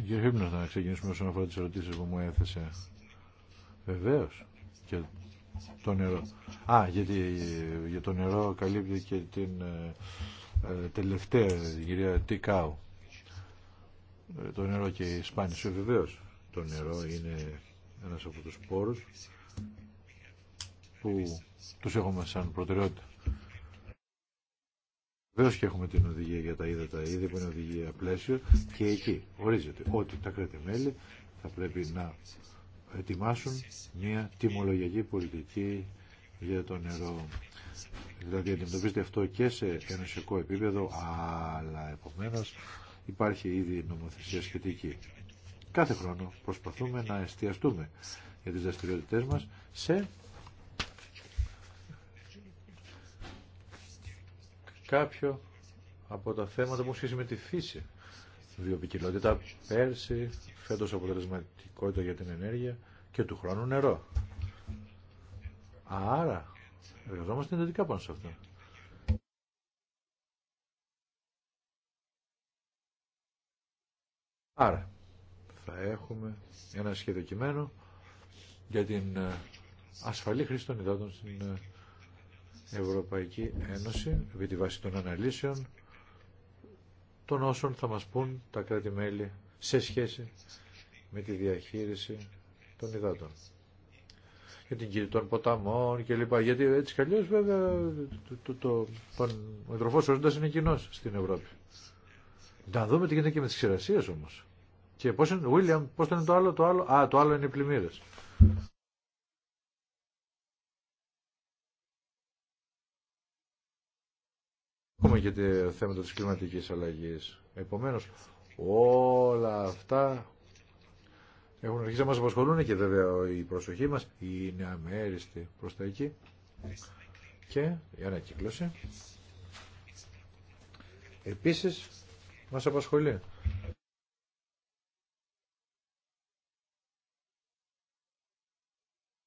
Κύριε Χίπνερ, να ξεκινήσουμε όσον αφορά τις ερωτήσεις που μου έθεσε. Βεβαίως. Και το νερό. Α, γιατί ε, για το νερό καλύπτει και την ε, ε, τελευταία, η κυρία Τικάου. Ε, το νερό και η σπάνιση ε, βεβαίω. Το νερό είναι ένας από τους πόρους που τους έχουμε σαν προτεραιότητα. Βεβαίω και έχουμε την οδηγία για τα τα είδη που είναι οδηγία πλαίσιο και εκεί ορίζεται ότι τα κράτη-μέλη θα πρέπει να ετοιμάσουν μια τιμολογιακή πολιτική για το νερό. Δηλαδή αντιμετωπίζεται αυτό και σε ενωσιακό επίπεδο, αλλά επομένως υπάρχει ήδη νομοθεσία σχετική. Κάθε χρόνο προσπαθούμε να εστιαστούμε για τις δραστηριότητε μας σε κάποιο από τα θέματα που σχέση με τη φύση. Βιοπικιλότητα πέρσι, φέτος αποτελεσματικότητα για την ενέργεια και του χρόνου νερό. Άρα, εργαζόμαστε εντατικά πάνω σε αυτό. Άρα, θα έχουμε ένα σχέδιο για την ε, ασφαλή χρήση των υδάτων στην ε, Ευρωπαϊκή Ένωση επί τη βάση των αναλύσεων των όσων θα μας πούν τα κράτη-μέλη σε σχέση με τη διαχείριση των υδάτων και την κύρια των ποταμών κλπ. Γιατί έτσι κι βέβαια το, το, το, ο εντροφό είναι κοινό στην Ευρώπη. Να δούμε τι γίνεται και με τις ξηρασίες όμως. Και πώς είναι, Βίλιαμ, πώς ήταν το άλλο, το άλλο, α, το άλλο είναι οι πλημμύρες. Έχουμε και το θέμα τη κλιματική αλλαγής. Επομένως, όλα αυτά έχουν αρχίσει να μας απασχολούν και βέβαια η προσοχή μας είναι αμέριστη προς τα εκεί. Και η ανακύκλωση. Επίσης μας απασχολεί.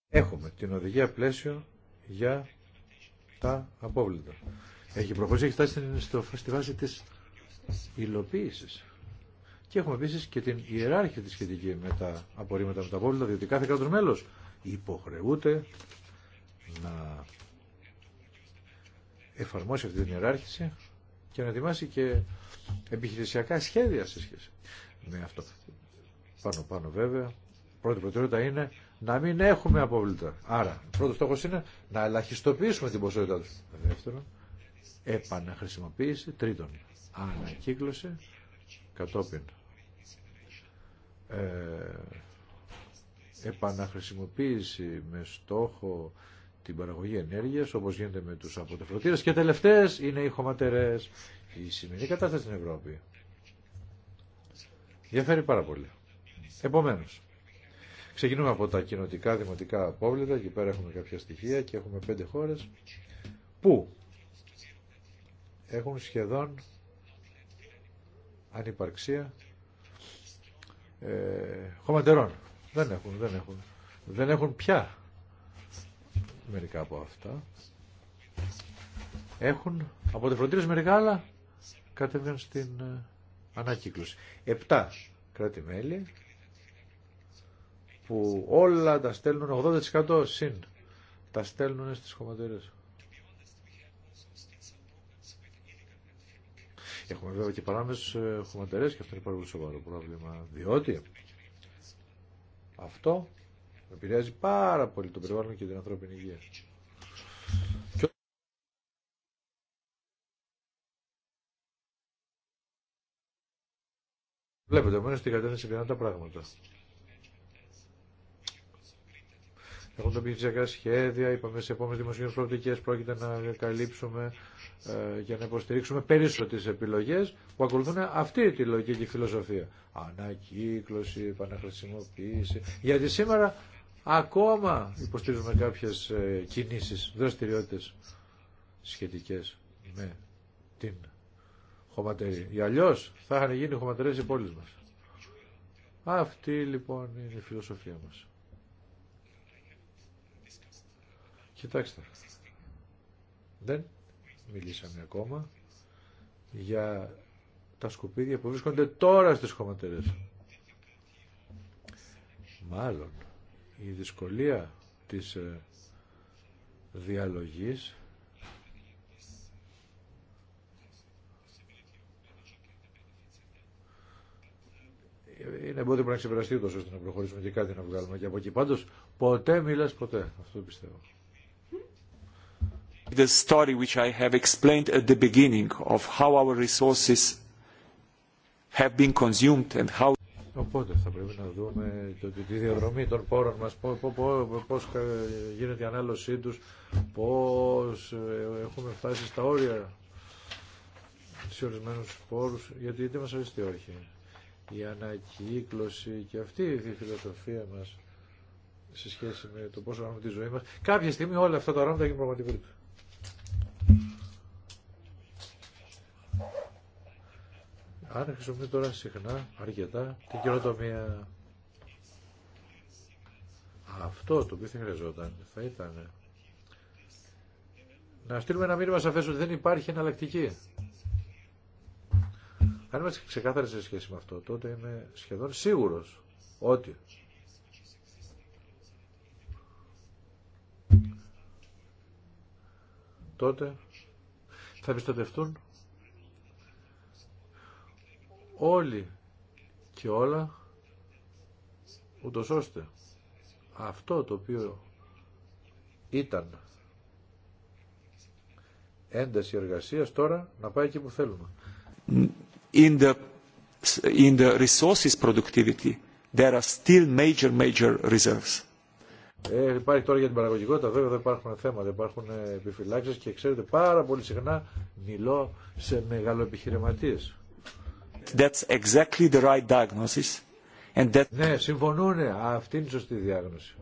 Έχουμε την οδηγία πλαίσιο για τα απόβλητα. Έχει προχωρήσει, έχει φτάσει στη βάση της υλοποίησης. Και έχουμε επίση και την ιεράρχη τη σχετική με τα απορρίμματα με τα απόβλητα, διότι κάθε κράτο μέλο υποχρεούται να εφαρμόσει αυτή την ιεράρχηση και να ετοιμάσει και επιχειρησιακά σχέδια σε σχέση με αυτό. Πάνω πάνω βέβαια, πρώτη προτεραιότητα είναι να μην έχουμε απόβλητα. Άρα, πρώτο στόχο είναι να ελαχιστοποιήσουμε την ποσότητά του. Δεύτερον, επαναχρησιμοποίηση. Τρίτον, ανακύκλωση κατόπιν ε, επαναχρησιμοποίηση με στόχο την παραγωγή ενέργειας όπως γίνεται με τους αποτεφρωτήρες και τελευταίες είναι οι χωματερές η σημερινή κατάσταση στην Ευρώπη διαφέρει πάρα πολύ επομένως ξεκινούμε από τα κοινοτικά δημοτικά απόβλητα και πέρα έχουμε κάποια στοιχεία και έχουμε πέντε χώρες που έχουν σχεδόν ανυπαρξία ε, χωματερών. Δεν έχουν, δεν έχουν. Δεν έχουν πια μερικά από αυτά. Έχουν από τη φροντίδα μερικά άλλα κατέβαιναν στην ε, ανακύκλωση. Επτά κράτη-μέλη που όλα τα στέλνουν 80% συν τα στέλνουν στις χωματερές. Έχουμε βέβαια και παράμεσες ε, χωματερές και αυτό είναι πάρα πολύ σοβαρό πρόβλημα. Διότι αυτό επηρεάζει πάρα πολύ τον περιβάλλον και την ανθρώπινη υγεία. Βλέπετε, μόνο στην κατεύθυνση πηγαίνουν τα πράγματα. Έχουν τα σχέδια, είπαμε σε επόμενε δημοσιογραφικέ πρόκειται να καλύψουμε ε, για να υποστηρίξουμε περισσότερο τις επιλογές που ακολουθούν αυτή τη λογική και φιλοσοφία. Ανακύκλωση, επαναχρησιμοποίηση. Γιατί σήμερα ακόμα υποστηρίζουμε κάποιες ε, κινήσεις, δραστηριότητες σχετικές με την χωματερή. Ή αλλιώ θα είχαν γίνει χωματερές οι πόλεις μας. Αυτή λοιπόν είναι η αλλιως θα ειχαν γινει χωματερες οι πολεις μας. Κοιτάξτε. Δεν μιλήσαμε ακόμα για τα σκουπίδια που βρίσκονται τώρα στις χωματερές. Μάλλον η δυσκολία της ε, διαλογής είναι εμπόδιο που να ξεπεραστεί τόσο ώστε να προχωρήσουμε και κάτι να βγάλουμε και από εκεί. Πάντως ποτέ μιλάς ποτέ. Αυτό πιστεύω the story which I have explained at the beginning of how our resources have been consumed and how Οπότε θα πρέπει να δούμε το, τη διαδρομή των πόρων μας, πώς γίνεται η ανάλωσή τους, πώς ε, έχουμε φτάσει στα όρια σε ορισμένους πόρους, γιατί είτε μας αρέσει όχι. Η ανακύκλωση και αυτή η φιλοσοφία μας σε σχέση με το πόσο έχουμε τη ζωή μας. Κάποια στιγμή όλα αυτά τα πράγματα γίνουν πραγματικότητα. Άρα χρησιμοποιούμε τώρα συχνά, αρκετά, την καινοτομία. Αυτό το οποίο θα χρειαζόταν θα ήταν να στείλουμε ένα μήνυμα σαφές ότι δεν υπάρχει εναλλακτική. Αν είμαστε ξεκάθαροι σε σχέση με αυτό, τότε είμαι σχεδόν σίγουρος ότι τότε θα πιστοτευτούν όλοι και όλα ούτως ώστε αυτό το οποίο ήταν ένταση εργασίας τώρα να πάει εκεί που θέλουμε. In the, in the resources productivity there are still major major reserves. Ε, υπάρχει τώρα για την παραγωγικότητα, βέβαια δεν υπάρχουν θέματα, υπάρχουν επιφυλάξεις και ξέρετε πάρα πολύ συχνά μιλώ σε μεγαλοεπιχειρηματίες that's exactly the right diagnosis and that... Ναι, συμφωνούν. Ναι, αυτή είναι η σωστή διάγνωση.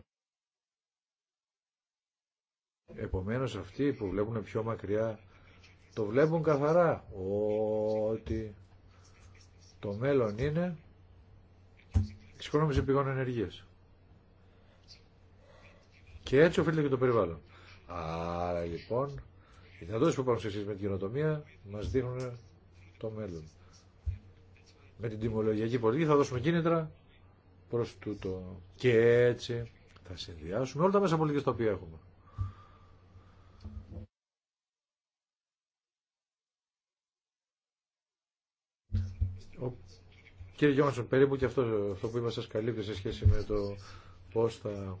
Επομένως αυτοί που βλέπουν πιο μακριά το βλέπουν καθαρά ότι το μέλλον είναι εξοικονόμηση πηγών ενεργείας. Και έτσι οφείλεται και το περιβάλλον. Άρα λοιπόν, οι δυνατότητε που πάρουν σε με την κοινοτομία μα δίνουν το μέλλον με την τιμολογιακή πολιτική θα δώσουμε κίνητρα προς τούτο. Και έτσι θα συνδυάσουμε όλα τα μέσα πολιτική τα οποία έχουμε. Ο... Κύριε Γιόνσον, περίπου και αυτό, αυτό που είμαστε σας καλύπτει σε σχέση με το πώς θα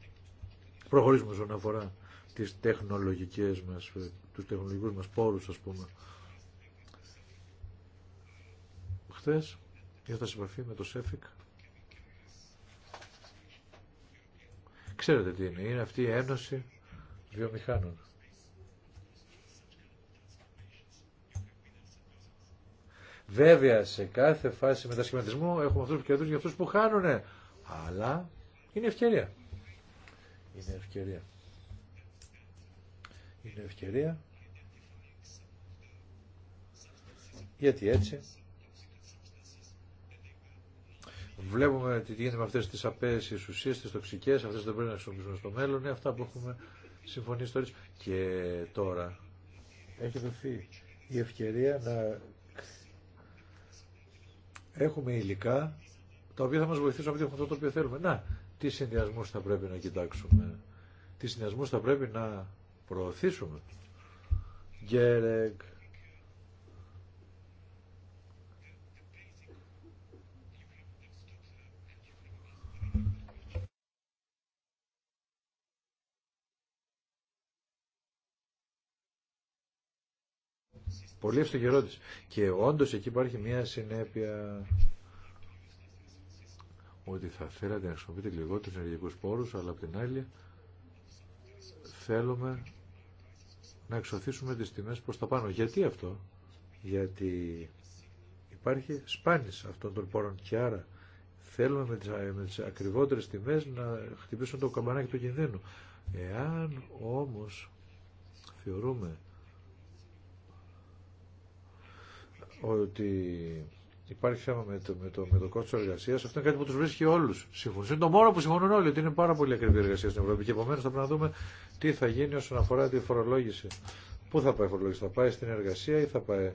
προχωρήσουμε όσον αφορά τις τεχνολογικές μας, τους τεχνολογικούς μας πόρους, ας πούμε. Χθες Ήρθα σε επαφή με το ΣΕΦΙΚ. Ξέρετε τι είναι. Είναι αυτή η ένωση βιομηχάνων. Βέβαια σε κάθε φάση μετασχηματισμού έχουμε αυτούς που κερδίζουν για αυτούς που χάνουνε. Αλλά είναι ευκαιρία. Είναι ευκαιρία. Είναι ευκαιρία. Γιατί έτσι Βλέπουμε τι γίνεται με αυτέ τι απέσει ουσίε, τι τοξικέ, αυτέ δεν πρέπει να χρησιμοποιήσουμε στο μέλλον. Είναι αυτά που έχουμε συμφωνήσει τώρα. Και τώρα έχει δοθεί η ευκαιρία να έχουμε υλικά τα οποία θα μας βοηθήσουν να πετύχουμε αυτό το οποίο θέλουμε. Να, τι συνδυασμού θα πρέπει να κοιτάξουμε, τι συνδυασμού θα πρέπει να προωθήσουμε. Γκέρεκ, Πολύ ευστοχερό ερώτηση. Και όντως εκεί υπάρχει μια συνέπεια ότι θα θέλατε να χρησιμοποιείτε λιγότερου ενεργειακού πόρους, αλλά απ' την άλλη θέλουμε να εξωθήσουμε τις τιμές προς τα πάνω. Γιατί αυτό? Γιατί υπάρχει σπάνιση αυτών των πόρων και άρα θέλουμε με τις, με τις ακριβότερες τιμές να χτυπήσουν το καμπανάκι του κινδύνου. Εάν όμως θεωρούμε ότι υπάρχει θέμα με το, με το, με το κόστο εργασία. Αυτό είναι κάτι που του βρίσκει όλου. Συμφωνούν. Είναι το μόνο που συμφωνούν όλοι, ότι είναι πάρα πολύ ακριβή εργασία στην Ευρώπη. Και επομένω θα πρέπει να δούμε τι θα γίνει όσον αφορά τη φορολόγηση. Πού θα πάει η φορολόγηση, θα πάει στην εργασία ή θα πάει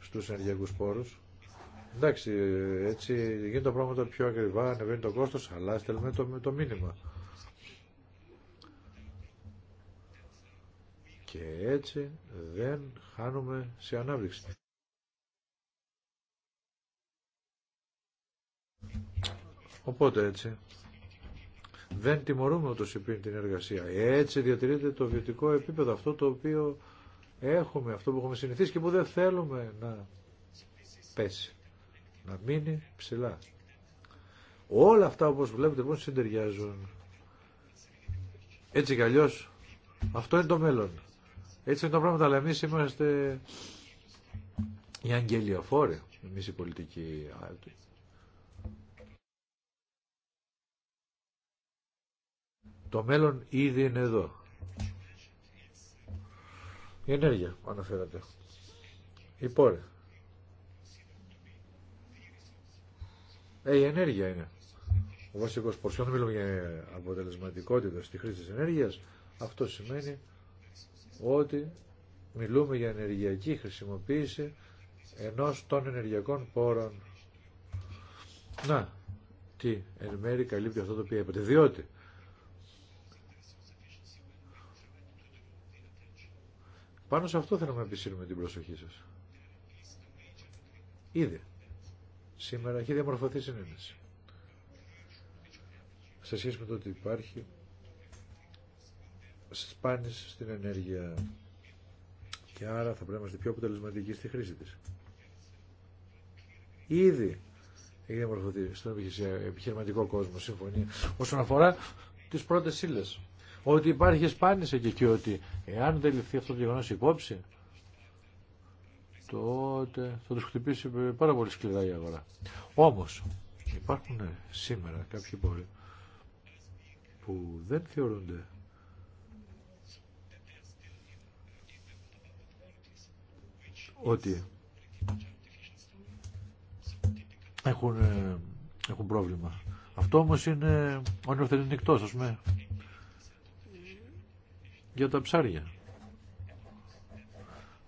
στου ενεργειακού πόρου. Εντάξει, έτσι γίνεται τα πράγματα πιο ακριβά, ανεβαίνει το κόστο, αλλά στέλνουμε το, το μήνυμα. Και έτσι δεν χάνουμε σε ανάπτυξη. Οπότε έτσι δεν τιμωρούμε ούτως υπήρχε την εργασία. Έτσι διατηρείται το βιωτικό επίπεδο, αυτό το οποίο έχουμε, αυτό που έχουμε συνηθίσει και που δεν θέλουμε να πέσει, να μείνει ψηλά. Όλα αυτά όπως βλέπετε λοιπόν, συντεριάζουν. Έτσι κι αλλιώς, αυτό είναι το μέλλον. Έτσι είναι τα πράγματα, αλλά εμείς είμαστε οι αγγελιοφόροι, εμείς οι πολιτικοί. Το μέλλον ήδη είναι εδώ. Η ενέργεια που αναφέρατε. Η πόρη. Ε, η ενέργεια είναι. Ο βασικό ποσό, μιλούμε για αποτελεσματικότητα στη χρήση της ενέργειας. Αυτό σημαίνει ότι μιλούμε για ενεργειακή χρησιμοποίηση ενός των ενεργειακών πόρων. Να, τι εν μέρη καλύπτει αυτό το οποίο είπατε. Διότι Πάνω σε αυτό θέλουμε να επισύρουμε την προσοχή σας. Ήδη. Σήμερα έχει διαμορφωθεί συνένεση. Σε σχέση με το ότι υπάρχει σπάνιση στην ενέργεια και άρα θα πρέπει να είμαστε πιο αποτελεσματικοί στη χρήση της. Ήδη έχει διαμορφωθεί στον επιχειρηματικό κόσμο συμφωνία όσον αφορά τις πρώτες ύλες ότι υπάρχει σπάνιση και εκεί ότι εάν δεν ληφθεί αυτό το γεγονό υπόψη, τότε θα του χτυπήσει πάρα πολύ σκληρά η αγορά. Όμω υπάρχουν σήμερα κάποιοι πόροι που δεν θεωρούνται ότι έχουν, ε, έχουν πρόβλημα. Αυτό όμως είναι ο για τα ψάρια.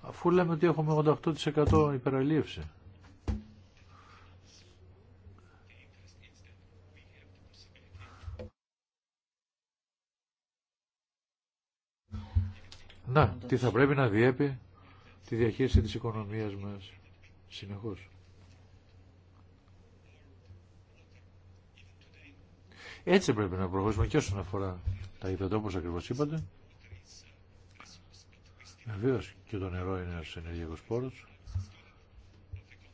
Αφού λέμε ότι έχουμε 88% υπεραλίευση. Να, τι θα πρέπει να διέπει τη διαχείριση της οικονομίας μας συνεχώς. Έτσι πρέπει να προχωρήσουμε και όσον αφορά τα είδατε όπως ακριβώς είπατε. Βεβαίω και το νερό είναι ένα ενεργειακό πόρο.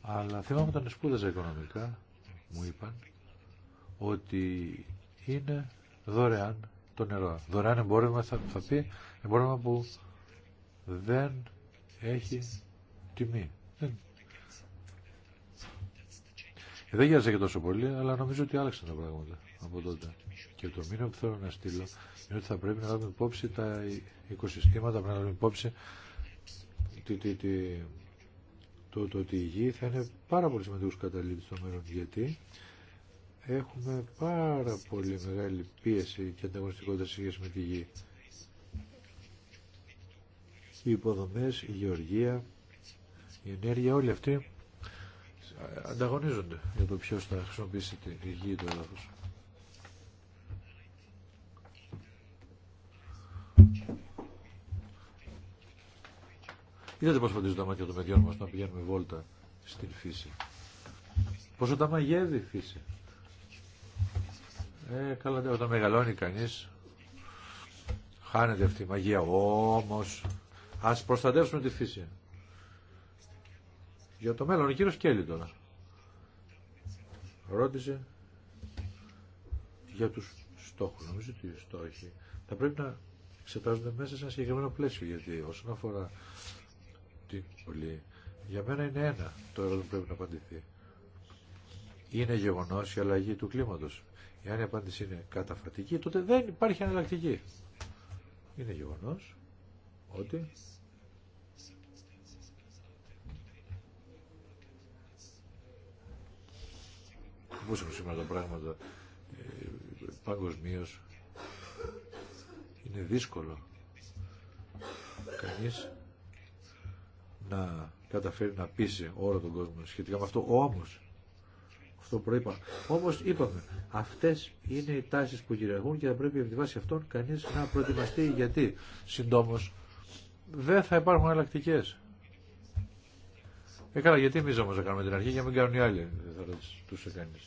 Αλλά θυμάμαι όταν σπούδαζα οικονομικά, μου είπαν ότι είναι δωρεάν το νερό. Δωρεάν εμπόρευμα θα, θα πει εμπόρευμα που δεν έχει τιμή. Δεν, ε, δεν και τόσο πολύ, αλλά νομίζω ότι άλλαξαν τα πράγματα από τότε. Και το μήνυμα που θέλω να στείλω είναι ότι θα πρέπει να λάβουμε υπόψη τα οικοσυστήματα, πρέπει να λάβουμε υπόψη το, το, το, το ότι η γη θα είναι πάρα πολύ σημαντικός καταλήτης στο μέλλον. Γιατί έχουμε πάρα πολύ μεγάλη πίεση και ανταγωνιστικότητα σχέση με τη γη. Οι υποδομές, η γεωργία, η ενέργεια, όλοι αυτοί ανταγωνίζονται για το ποιος θα χρησιμοποιήσει τη γη του έδαφους. Είδατε πώς φωτίζουν τα μάτια των παιδιών μα να πηγαίνουμε βόλτα στην φύση. Πόσο τα μαγεύει η φύση. Ε, καλά, ναι, όταν μεγαλώνει κανείς, χάνεται αυτή η μαγεία. Όμως, ας προστατεύσουμε τη φύση. Για το μέλλον, ο κύριο Κέλλη τώρα. Ρώτησε για τους στόχους. Νομίζω ότι οι στόχοι θα πρέπει να εξετάζονται μέσα σε ένα συγκεκριμένο πλαίσιο. Γιατί όσον αφορά πολύ. Για μένα είναι ένα το ερώτημα που πρέπει να απαντηθεί. Είναι γεγονό η αλλαγή του κλίματο. Εάν η απάντηση είναι καταφατική, τότε δεν υπάρχει αναλλακτική. Είναι γεγονό ότι Πώς έχουν σήμερα τα πράγματα ε, παγκοσμίω. Είναι δύσκολο κανείς να καταφέρει να πείσει όλο τον κόσμο σχετικά με αυτό. Όμω. αυτό προείπα, όμως είπαμε, αυτέ είναι οι τάσει που κυριαρχούν και θα πρέπει επί τη βάση αυτών κανείς να προετοιμαστεί γιατί συντόμω δεν θα υπάρχουν εναλλακτικέ. Ε, καλά, γιατί εμεί όμω να κάνουμε την αρχή για να μην κάνουν οι άλλοι, δεν θα σε κανεί.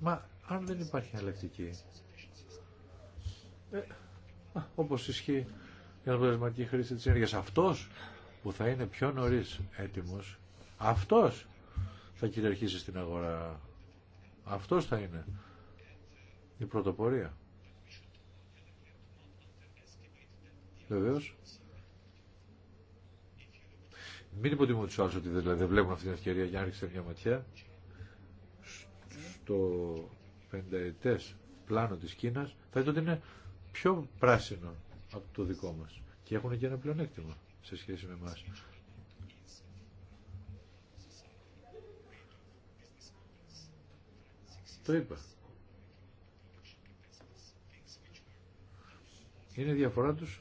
Μα αν δεν υπάρχει εναλλακτική. Ε, Όπω ισχύει για την αποτελεσματική χρήση τη ενέργεια, αυτό που θα είναι πιο νωρί έτοιμο. αυτός θα κυριαρχήσει στην αγορά. Αυτός θα είναι η πρωτοπορία. Βεβαίω, Μην υποτιμώ του άλλου ότι δηλαδή δεν βλέπουν αυτή την ευκαιρία για να ρίξετε μια ματιά στο πενταετές πλάνο της Κίνα, θα δείτε ότι είναι πιο πράσινο από το δικό μας και έχουν και ένα πλεονέκτημα σε σχέση με εμάς. Το είπα. Είναι διαφορά τους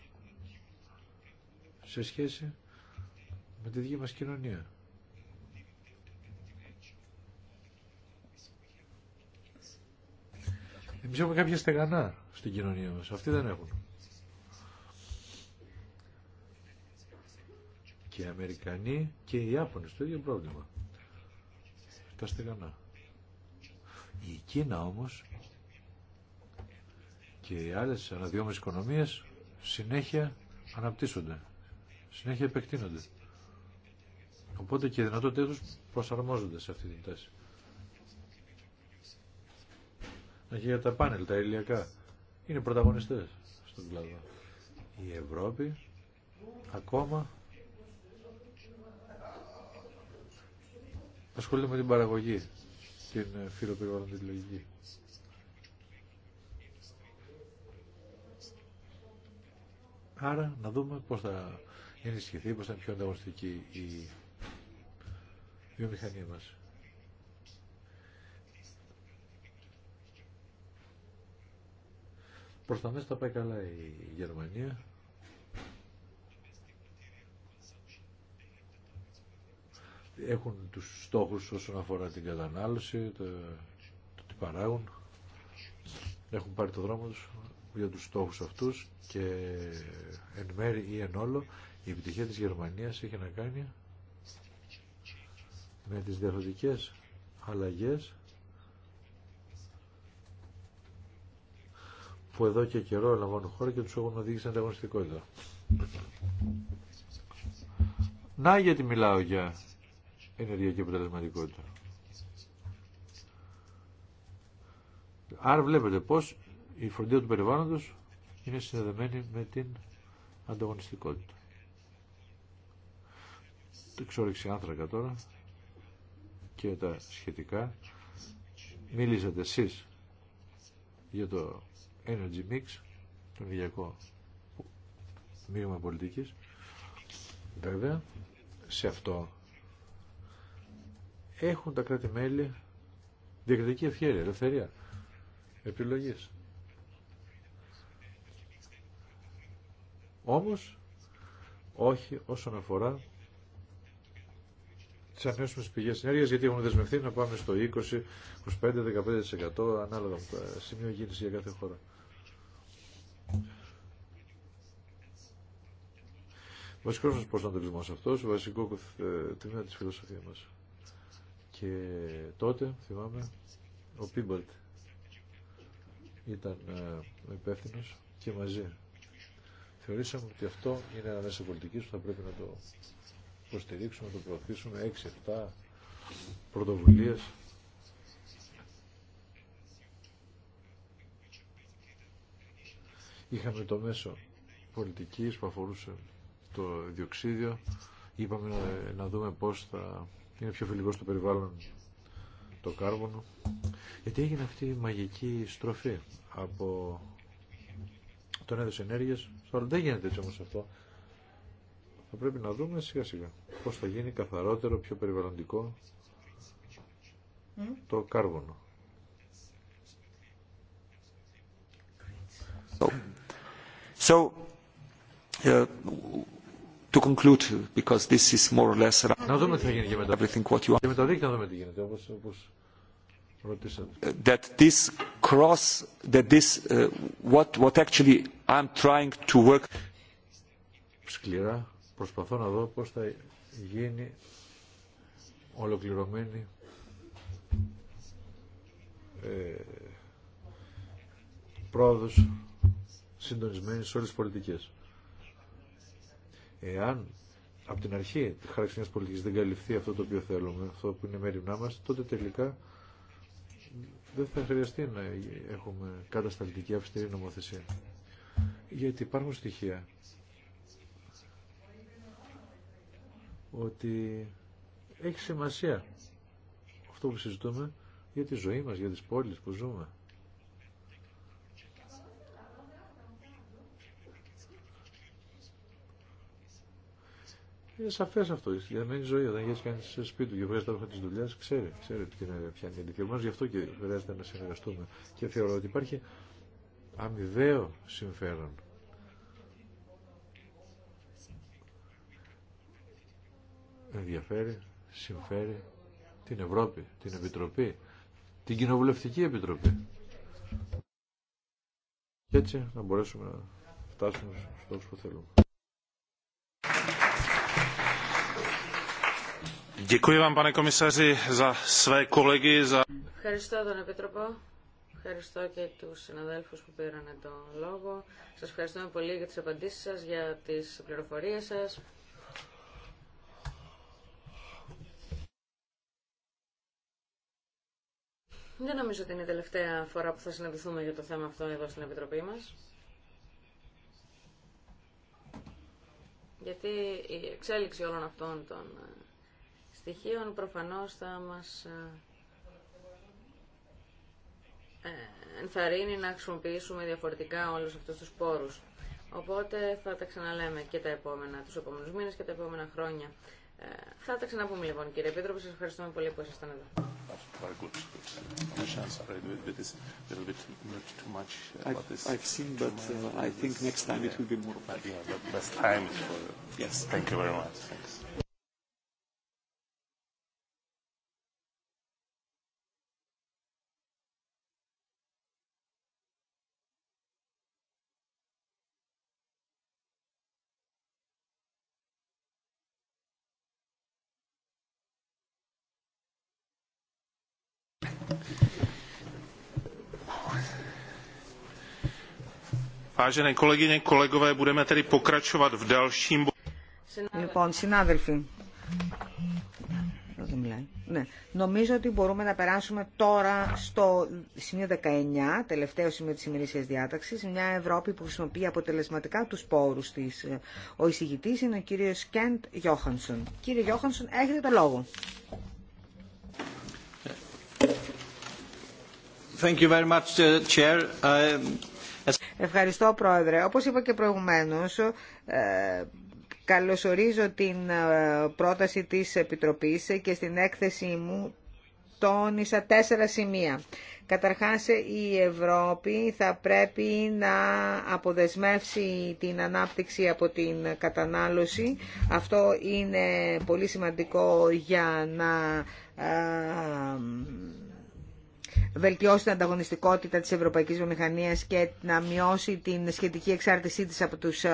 σε σχέση με τη δική μας κοινωνία. Εμείς έχουμε κάποια στεγανά στην κοινωνία μας. Αυτοί δεν έχουν. και οι Αμερικανοί και οι Ιάπωνες το ίδιο πρόβλημα τα στεγανά η Κίνα όμως και οι άλλες αναδυόμενες οικονομίες συνέχεια αναπτύσσονται συνέχεια επεκτείνονται οπότε και οι δυνατότητε τους προσαρμόζονται σε αυτή την τάση να και για τα πάνελ τα ηλιακά είναι πρωταγωνιστές στον κλάδο η Ευρώπη ακόμα ασχολείται με την παραγωγή, την ε, φιλοπεριβαλλοντική λογική. Άρα να δούμε πώς θα ενισχυθεί, πώς θα είναι πιο ανταγωνιστική η βιομηχανία μας. Προς τα μέσα θα πάει καλά η Γερμανία, έχουν τους στόχους όσον αφορά την κατανάλωση, το, τι παράγουν. Έχουν πάρει το δρόμο τους για τους στόχους αυτούς και εν μέρη ή εν όλο η επιτυχία της Γερμανίας έχει να κάνει με τις διαφορετικές αλλαγές που εδώ και καιρό λαμβάνουν χώρα και τους έχουν οδηγήσει στην ανταγωνιστικότητα. Να γιατί μιλάω για ενεργειακή αποτελεσματικότητα. Άρα βλέπετε πως η φροντίδα του περιβάλλοντος είναι συνδεδεμένη με την ανταγωνιστικότητα. Το εξόριξη άνθρακα τώρα και τα σχετικά. Μίλησατε εσείς για το Energy Mix, το ενεργειακό μείγμα πολιτικής. Βέβαια, σε αυτό έχουν τα κράτη-μέλη διακριτική ευχαίρεια, ελευθερία επιλογής. Όμως, όχι όσον αφορά τι ανέσουμε πηγές, ενέργειας, γιατί έχουν δεσμευτεί να πάμε στο 20, 25, 15% ανάλογα με το σημείο γίνηση για κάθε χώρα. Βασικό μα προσανατολισμό αυτός, βασικό ε, τμήμα τη φιλοσοφία μας. Και τότε, θυμάμαι, ο Πίμπολτ ήταν ε, υπεύθυνο και μαζί. Θεωρήσαμε ότι αυτό είναι ένα μέσο πολιτικής που θα πρέπει να το υποστηρίξουμε, να το προωθήσουμε 6-7 πρωτοβουλίε. είχαμε το μέσο πολιτικής που αφορούσε το διοξίδιο είπαμε να, δούμε πώς θα και είναι πιο φιλικό στο περιβάλλον το κάρβονο. Γιατί έγινε αυτή η μαγική στροφή από τον έδωσε ενέργειες. Δεν γίνεται έτσι όμως αυτό. Θα πρέπει να δούμε σιγά σιγά πώς θα γίνει καθαρότερο, πιο περιβαλλοντικό το κάρβονο. So, so ε, to conclude, because this is more or less everything what you θα That this cross, that this, uh, what, what actually I'm trying to work... Σκληρά προσπαθώ να δω πώς θα γίνει ολοκληρωμένη ε, πρόοδος συντονισμένη σε όλες τις πολιτικές. Εάν από την αρχή τη χάραξη μια πολιτικής δεν καλυφθεί αυτό το οποίο θέλουμε, αυτό που είναι μέρημνά μας, τότε τελικά δεν θα χρειαστεί να έχουμε κατασταλτική αυστηρή νομοθεσία. Γιατί υπάρχουν στοιχεία ότι έχει σημασία αυτό που συζητούμε για τη ζωή μας, για τις πόλεις που ζούμε. Είναι σαφέ αυτό. Η συγκεκριμένη ζωή, όταν έχει κάνει σε σπίτι του και βγάζει τα ρούχα τη δουλειά, ξέρει, ξέρει τι είναι, ποια είναι η Γι' αυτό και χρειάζεται να συνεργαστούμε. Και θεωρώ ότι υπάρχει αμοιβαίο συμφέρον. Ενδιαφέρει, συμφέρει την Ευρώπη, την Επιτροπή, την Κοινοβουλευτική Επιτροπή. Και έτσι να μπορέσουμε να φτάσουμε στους στόχους που θέλουμε. Ευχαριστώ τον Επίτροπο. Ευχαριστώ και τους συναδέλφους που πήραν τον λόγο. Σας ευχαριστούμε πολύ για τις απαντήσεις σας, για τις πληροφορίες σας. Δεν νομίζω ότι είναι η τελευταία φορά που θα συναντηθούμε για το θέμα αυτό εδώ στην Επιτροπή μας. Γιατί η εξέλιξη όλων αυτών των στοιχείων προφανώς θα μας ε, ε, ενθαρρύνει να χρησιμοποιήσουμε διαφορετικά όλους αυτούς τους πόρους. Οπότε θα τα ξαναλέμε και τα επόμενα, τους επόμενους μήνες και τα επόμενα χρόνια. Ε, θα τα ξαναπούμε λοιπόν κύριε Επίτροπο, σας ευχαριστούμε πολύ που ήσασταν εδώ. Vážené kolegyně, kolegové, budeme tedy pokračovat v dalším... Λοιπόν, συνάδελφοι, ναι. νομίζω ότι μπορούμε να περάσουμε τώρα στο σημείο 19, τελευταίο σημείο της ημερήσιας διάταξης, μια Ευρώπη που χρησιμοποιεί αποτελεσματικά τους πόρους της. Ο εισηγητής είναι ο κύριος Κέντ Γιώχανσον. Κύριε Γιώχανσον, έχετε το λόγο. Uh, uh, Ευχαριστώ Πρόεδρε. Όπως είπα και προηγουμένως, ε, καλωσορίζω την ε, πρόταση της Επιτροπής και στην έκθεσή μου τόνισα τέσσερα σημεία. Καταρχάς η Ευρώπη θα πρέπει να αποδεσμεύσει την ανάπτυξη από την κατανάλωση. Αυτό είναι πολύ σημαντικό για να ε, βελτιώσει την ανταγωνιστικότητα της ευρωπαϊκής βιομηχανίας και να μειώσει την σχετική εξάρτησή της από, τους, ε,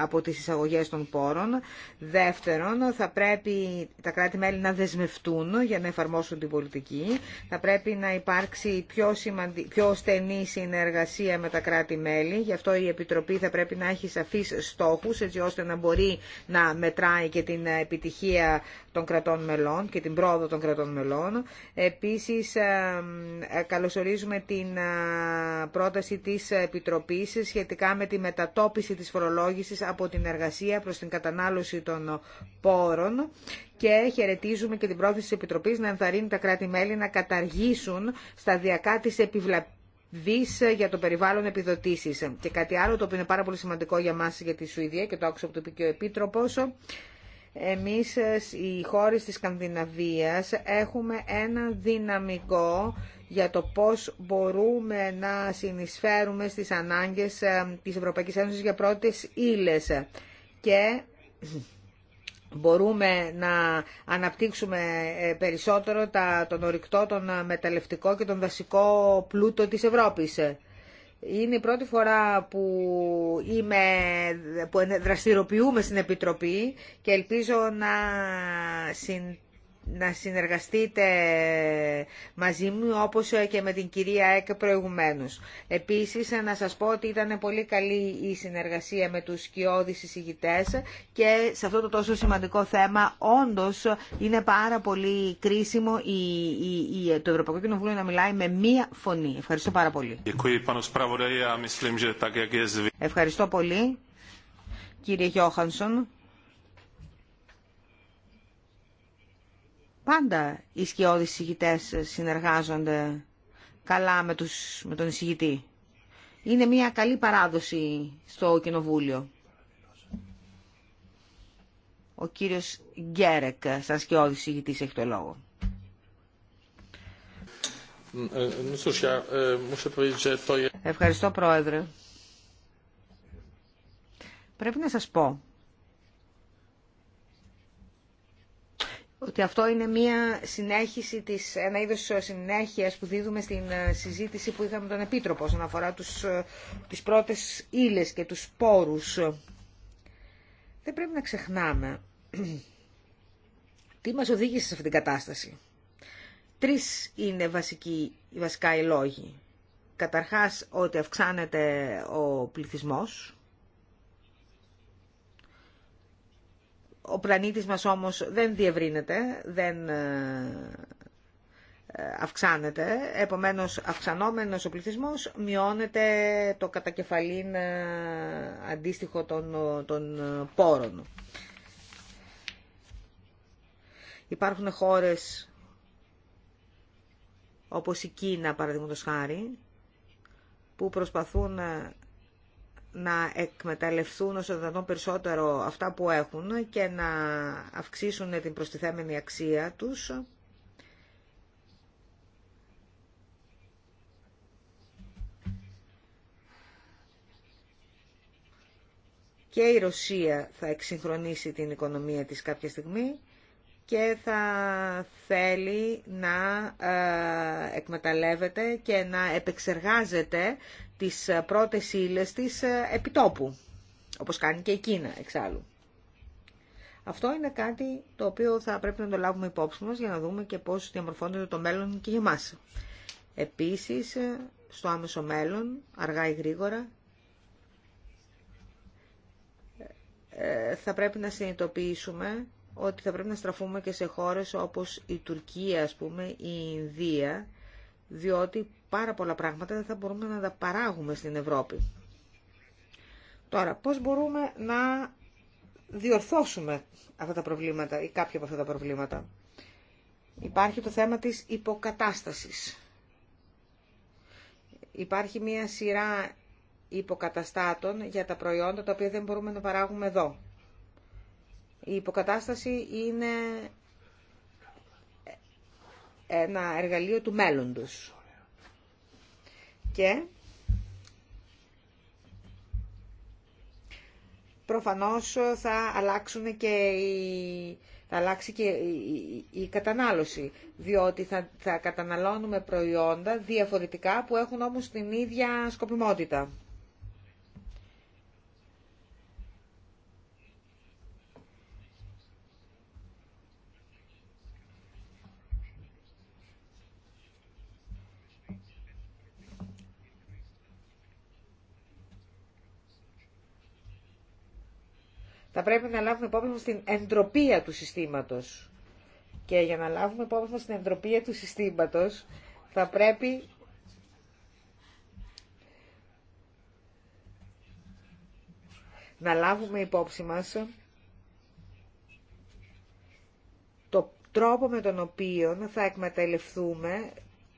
από τις εισαγωγές των πόρων. Δεύτερον, θα πρέπει τα κράτη-μέλη να δεσμευτούν για να εφαρμόσουν την πολιτική. Θα πρέπει να υπάρξει πιο, πιο στενή συνεργασία με τα κράτη-μέλη. Γι' αυτό η Επιτροπή θα πρέπει να έχει σαφείς στόχους, έτσι ώστε να μπορεί να μετράει και την επιτυχία των κρατών μελών και την πρόοδο των κρατών μελών. Επίσης, ε, ε, καλωσορίζουμε την ε, πρόταση της Επιτροπής σχετικά με τη μετατόπιση της φορολόγησης από την εργασία προς την κατανάλωση των πόρων και χαιρετίζουμε και την πρόθεση της Επιτροπής να ενθαρρύνει τα κράτη-μέλη να καταργήσουν σταδιακά τις επιβλαπτικές δις για το περιβάλλον επιδοτήσεις. Και κάτι άλλο το οποίο είναι πάρα πολύ σημαντικό για μας για τη Σουηδία και το άκουσα από το Επίτροπος, εμείς ε, οι χώρες της Σκανδιναβίας έχουμε ένα δυναμικό για το πώς μπορούμε να συνεισφέρουμε στις ανάγκες ε, της Ευρωπαϊκής Ένωσης για πρώτες ύλες και μπορούμε να αναπτύξουμε ε, περισσότερο τον ορυκτό, τον μεταλλευτικό και τον δασικό πλούτο της Ευρώπης. Είναι η πρώτη φορά που, είμαι, που δραστηριοποιούμε στην Επιτροπή και ελπίζω να συν να συνεργαστείτε μαζί μου όπως και με την κυρία Εκ προηγουμένως. Επίσης να σας πω ότι ήταν πολύ καλή η συνεργασία με τους σκιώδεις εισηγητές και σε αυτό το τόσο σημαντικό θέμα όντως είναι πάρα πολύ κρίσιμο η, η, η, το Ευρωπαϊκό Κοινοβούλιο να μιλάει με μία φωνή. Ευχαριστώ πάρα πολύ. Ευχαριστώ πολύ κύριε Γιώχανσον. Πάντα οι σκιώδεις συγητές συνεργάζονται καλά με, τους, με τον εισηγητή. Είναι μια καλή παράδοση στο Κοινοβούλιο. Ο κύριος Γκέρεκ, σαν σκιώδης συγητής, έχει το λόγο. Ευχαριστώ, Πρόεδρε. Πρέπει να σας πω ότι αυτό είναι μια συνέχιση της, ένα είδος συνέχειας που δίδουμε στην ε, συζήτηση που είχαμε τον Επίτροπο όσον αφορά τους, ε, τις πρώτες ύλες και τους σπόρους. Δεν πρέπει να ξεχνάμε τι μας οδήγησε σε αυτήν την κατάσταση. Τρεις είναι βασικοί, βασικά οι λόγοι. Καταρχάς ότι αυξάνεται ο πληθυσμός, Ο πλανήτης μας όμως δεν διευρύνεται, δεν ε, ε, αυξάνεται, επομένως αυξανόμενος ο πληθυσμός μειώνεται το κατακεφαλήν ε, αντίστοιχο των, των πόρων. Υπάρχουν χώρες όπως η Κίνα παραδείγματος χάρη που προσπαθούν να εκμεταλλευτούν όσο δυνατόν περισσότερο αυτά που έχουν και να αυξήσουν την προστιθέμενη αξία τους. Και η Ρωσία θα εξυγχρονίσει την οικονομία της κάποια στιγμή και θα θέλει να ε, εκμεταλλεύεται και να επεξεργάζεται τις ε, πρώτες ύλες της ε, επιτόπου, όπως κάνει και η Κίνα εξάλλου. Αυτό είναι κάτι το οποίο θα πρέπει να το λάβουμε υπόψη μας για να δούμε και πώς διαμορφώνεται το μέλλον και για μας. Επίσης, στο άμεσο μέλλον, αργά ή γρήγορα, θα πρέπει να συνειδητοποιήσουμε ότι θα πρέπει να στραφούμε και σε χώρες όπως η Τουρκία, ας πούμε, η Ινδία, διότι πάρα πολλά πράγματα δεν θα μπορούμε να τα παράγουμε στην Ευρώπη. Τώρα, πώς μπορούμε να διορθώσουμε αυτά τα προβλήματα ή κάποια από αυτά τα προβλήματα. Υπάρχει το θέμα της υποκατάστασης. Υπάρχει μία σειρά υποκαταστάτων για τα προϊόντα τα οποία δεν μπορούμε να παράγουμε εδώ. Η υποκατάσταση είναι ένα εργαλείο του μέλλοντος. Και προφανώς θα αλλάξουν και θα αλλάξει και η, κατανάλωση, διότι θα, θα καταναλώνουμε προϊόντα διαφορετικά που έχουν όμως την ίδια σκοπιμότητα. θα πρέπει να λάβουμε υπόψη μας την εντροπία του συστήματος. Και για να λάβουμε υπόψη μας την εντροπία του συστήματος, θα πρέπει να λάβουμε υπόψη μας το τρόπο με τον οποίο θα εκμεταλλευτούμε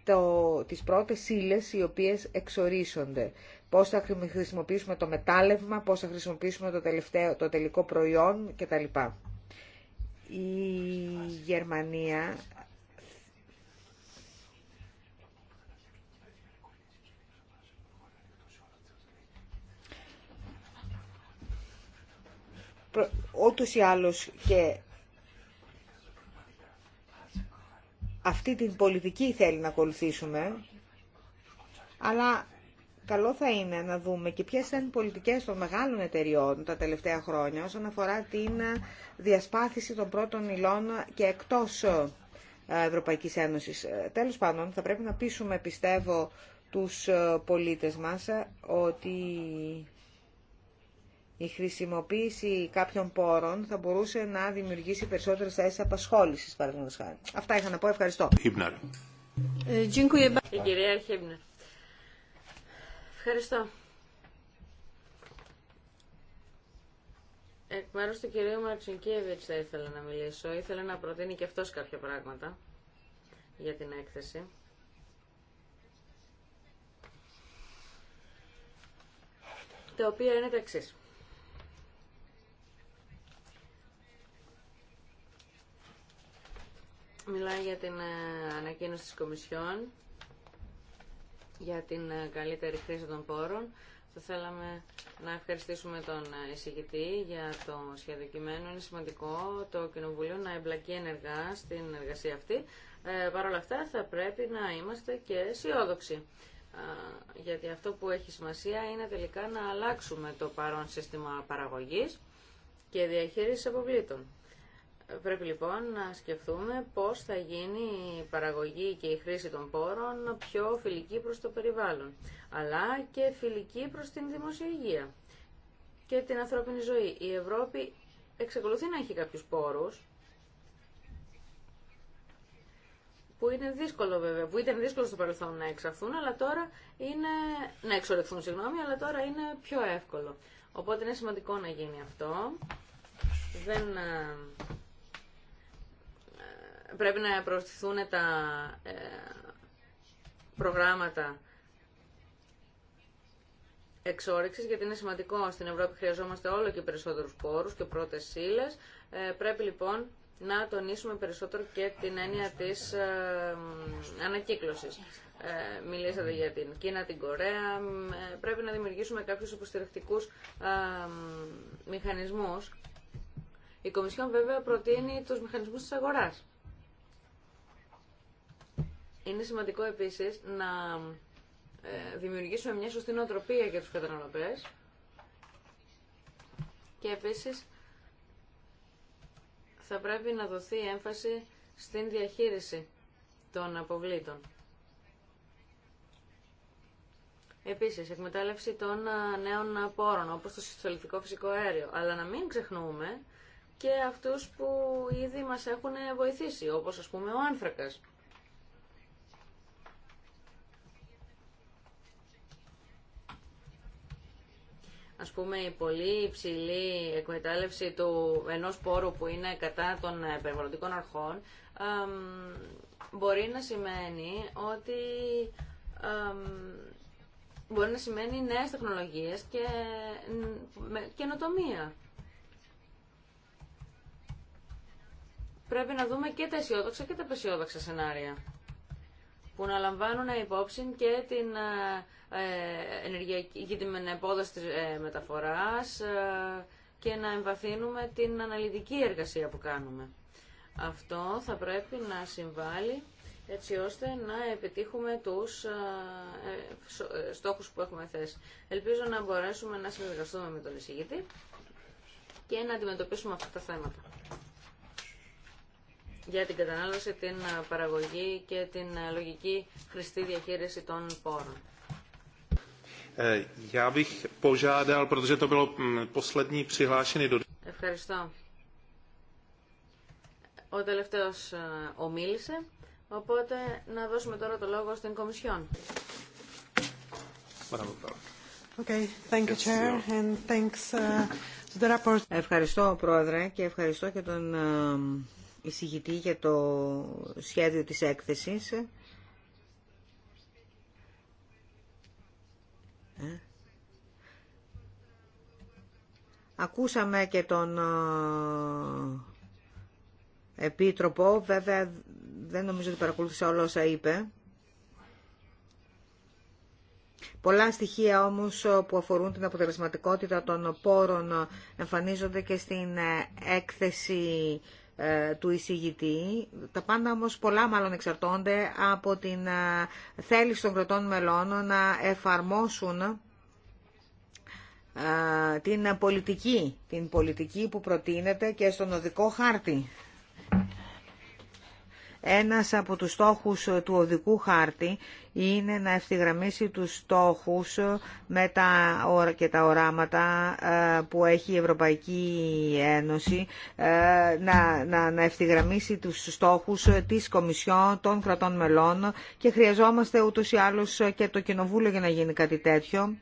το, τις πρώτες ύλες οι οποίες εξορίσονται πώς θα χρησιμοποιήσουμε το μετάλλευμα, πώς θα χρησιμοποιήσουμε το, τελευταίο, το τελικό προϊόν κτλ. Η Γερμανία ούτως ή άλλως και αυτή την πολιτική θέλει να ακολουθήσουμε, αλλά καλό θα είναι να δούμε και ποιες ήταν οι πολιτικές των μεγάλων εταιριών τα τελευταία χρόνια όσον αφορά την διασπάθηση των πρώτων υλών και εκτός ε, Ευρωπαϊκής Ένωσης. Ε, τέλος πάντων, θα πρέπει να πείσουμε, πιστεύω, τους ε, πολίτες μας ότι η χρησιμοποίηση κάποιων πόρων θα μπορούσε να δημιουργήσει περισσότερες θέσεις απασχόλησης, Αυτά είχα να πω. Ευχαριστώ. Η κυρία Ευχαριστώ. Εκ μέρου του κυρίου Μαρτσινκίεβιτ θα ήθελα να μιλήσω. Ήθελα να προτείνει και αυτό κάποια πράγματα για την έκθεση. Τα οποία είναι τα εξή. Μιλάει για την ε, ανακοίνωση της Κομισιόν για την ε, καλύτερη χρήση των πόρων. Θα θέλαμε να ευχαριστήσουμε τον ε, εισηγητή για το σχέδιο Είναι σημαντικό το Κοινοβουλίο να εμπλακεί ενεργά στην εργασία αυτή. Ε, Παρ' όλα αυτά θα πρέπει να είμαστε και αισιόδοξοι. γιατί αυτό που έχει σημασία είναι τελικά να αλλάξουμε το παρόν σύστημα παραγωγής και διαχείρισης αποβλήτων. Πρέπει λοιπόν να σκεφτούμε πώς θα γίνει η παραγωγή και η χρήση των πόρων πιο φιλική προς το περιβάλλον, αλλά και φιλική προς την δημόσια και την ανθρώπινη ζωή. Η Ευρώπη εξακολουθεί να έχει κάποιους πόρους, που είναι δύσκολο βέβαια, που ήταν δύσκολο στο παρελθόν να εξαφθούν αλλά τώρα είναι, να εξορεχθούν, συγγνώμη, αλλά τώρα είναι πιο εύκολο. Οπότε είναι σημαντικό να γίνει αυτό. Δεν πρέπει να προωθηθούν τα ε, προγράμματα εξόρυξης, γιατί είναι σημαντικό. Στην Ευρώπη χρειαζόμαστε όλο και περισσότερους πόρους και πρώτες σύλλες. Ε, πρέπει λοιπόν να τονίσουμε περισσότερο και την έννοια της ε, ανακύκλωσης. μιλήσατε για την Κίνα, την Κορέα. πρέπει να δημιουργήσουμε κάποιους υποστηρικτικούς μηχανισμούς. Η Κομισιόν βέβαια προτείνει τους μηχανισμούς της αγοράς. Είναι σημαντικό επίσης να ε, δημιουργήσουμε μια σωστή νοοτροπία για τους καταναλωτέ. και επίσης θα πρέπει να δοθεί έμφαση στην διαχείριση των αποβλήτων. Επίσης, εκμετάλλευση των ε, νέων πόρων, όπως το συστολιστικό φυσικό αέριο. Αλλά να μην ξεχνούμε και αυτούς που ήδη μας έχουν βοηθήσει, όπως ας πούμε ο άνθρακας. ας πούμε η πολύ υψηλή εκμετάλλευση του ενός πόρου που είναι κατά των περιβαλλοντικών αρχών μπορεί να σημαίνει ότι μπορεί να σημαίνει νέες τεχνολογίες και καινοτομία. Πρέπει να δούμε και τα αισιόδοξα και τα πεσιόδοξα σενάρια που να λαμβάνουν υπόψη και την, ε, ε, ενεργειακή, και την επόδοση της ε, μεταφοράς και να εμβαθύνουμε την αναλυτική εργασία που κάνουμε. Αυτό θα πρέπει να συμβάλλει έτσι ώστε να επιτύχουμε τους στόχους που έχουμε θέσει. Ελπίζω να μπορέσουμε να συνεργαστούμε με τον εισηγητή και να αντιμετωπίσουμε αυτά τα θέματα για την κατανάλωση, την ε, παραγωγή και την ε, λογική χρηστή διαχείριση των πόρων. Ε, hm, ευχαριστώ. Ο τελευταίος ομίλησε, οπότε να δώσουμε τώρα το λόγο στην Κομισιόν. Okay, thank Ευχαριστώ, Πρόεδρε, και ευχαριστώ και τον εισηγητή για το σχέδιο της έκθεσης. Ε. Ακούσαμε και τον ε, Επίτροπο, βέβαια δεν νομίζω ότι παρακολούθησα όλα όσα είπε. Πολλά στοιχεία όμως που αφορούν την αποτελεσματικότητα των πόρων εμφανίζονται και στην ε, έκθεση ε, του εισηγητή. Τα πάντα όμως πολλά μάλλον εξαρτώνται από την ε, θέληση των κρατών μελών να εφαρμόσουν ε, την πολιτική, την πολιτική που προτείνεται και στον οδικό χάρτη. Ένας από τους στόχους του οδικού χάρτη είναι να ευθυγραμμίσει τους στόχους με τα, και τα οράματα ε, που έχει η Ευρωπαϊκή Ένωση, ε, να, να, να ευθυγραμμίσει τους στόχους της Κομισιόν των κρατών μελών και χρειαζόμαστε ούτως ή άλλως και το Κοινοβούλιο για να γίνει κάτι τέτοιο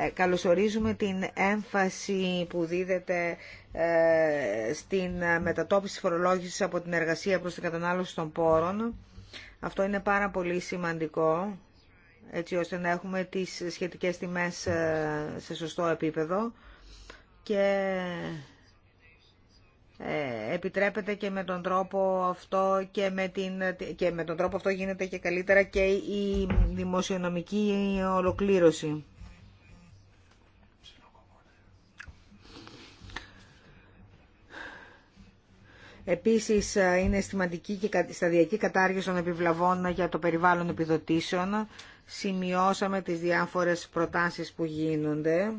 ε, καλωσορίζουμε την έμφαση που δίδεται ε, στην μετατόπιση φορολόγησης από την εργασία προς την κατανάλωση των πόρων. Αυτό είναι πάρα πολύ σημαντικό, έτσι ώστε να έχουμε τις σχετικές τιμές ε, σε σωστό επίπεδο και επιτρέπεται και με τον τρόπο αυτό και με, την, και με τον τρόπο αυτό γίνεται και καλύτερα και η δημοσιονομική ολοκλήρωση. Επίσης ε, είναι σημαντική και σταδιακή κατάργηση των επιβλαβών για το περιβάλλον επιδοτήσεων. Σημειώσαμε τις διάφορες προτάσεις που γίνονται.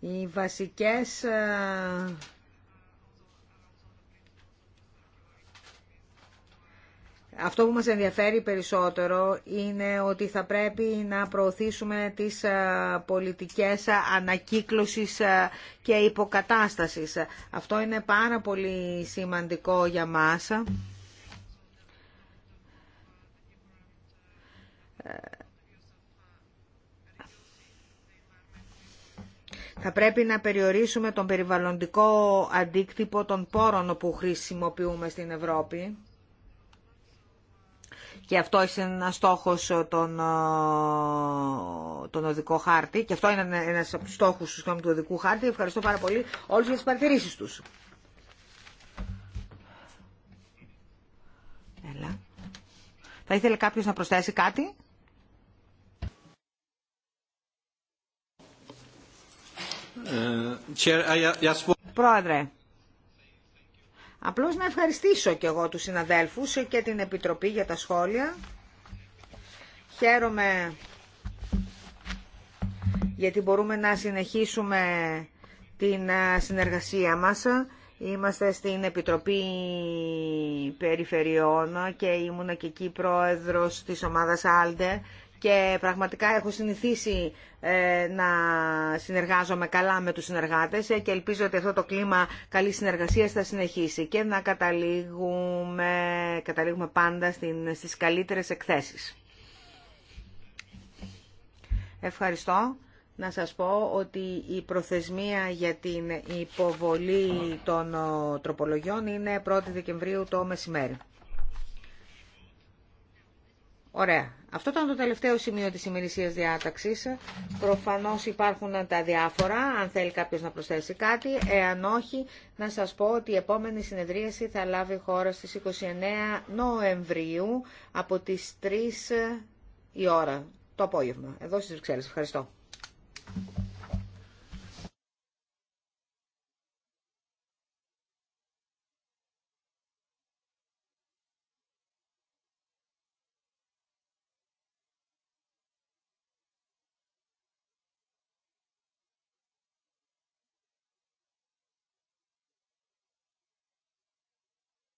Οι βασικές ε, Αυτό που μας ενδιαφέρει περισσότερο είναι ότι θα πρέπει να προωθήσουμε τις ε, πολιτικές ανακύκλωσης ε, και υποκατάστασης. Αυτό είναι πάρα πολύ σημαντικό για μας. Ε, θα πρέπει να περιορίσουμε τον περιβαλλοντικό αντίκτυπο των πόρων που χρησιμοποιούμε στην Ευρώπη και αυτό είναι ένα στόχος ε, τον, ε, τον οδικό χάρτη και αυτό είναι ένας από του οδικού χάρτη. Ευχαριστώ πάρα πολύ όλου για τι παρατηρήσει τους. Έλα. Θα ήθελε κάποιο να προσθέσει κάτι. Ε, Πρόεδρε, Απλώς να ευχαριστήσω και εγώ τους συναδέλφους και την Επιτροπή για τα σχόλια. Χαίρομαι γιατί μπορούμε να συνεχίσουμε την συνεργασία μας. Είμαστε στην Επιτροπή Περιφερειών και ήμουν και εκεί πρόεδρος της ομάδας Άλντε και πραγματικά έχω συνηθίσει ε, να συνεργάζομαι καλά με τους συνεργάτες ε, και ελπίζω ότι αυτό το κλίμα καλή συνεργασίας θα συνεχίσει και να καταλήγουμε, καταλήγουμε πάντα στην, στις καλύτερες εκθέσεις. Ευχαριστώ. Να σας πω ότι η προθεσμία για την υποβολή των ε, τροπολογιών είναι 1η Δεκεμβρίου το μεσημέρι. Ωραία. Αυτό ήταν το τελευταίο σημείο της ημερησίας διάταξης. Προφανώς υπάρχουν τα διάφορα, αν θέλει κάποιος να προσθέσει κάτι. Εάν όχι, να σας πω ότι η επόμενη συνεδρίαση θα λάβει χώρα στις 29 Νοεμβρίου από τις 3 η ώρα το απόγευμα. Εδώ στις Βρυξέλλες. Ευχαριστώ.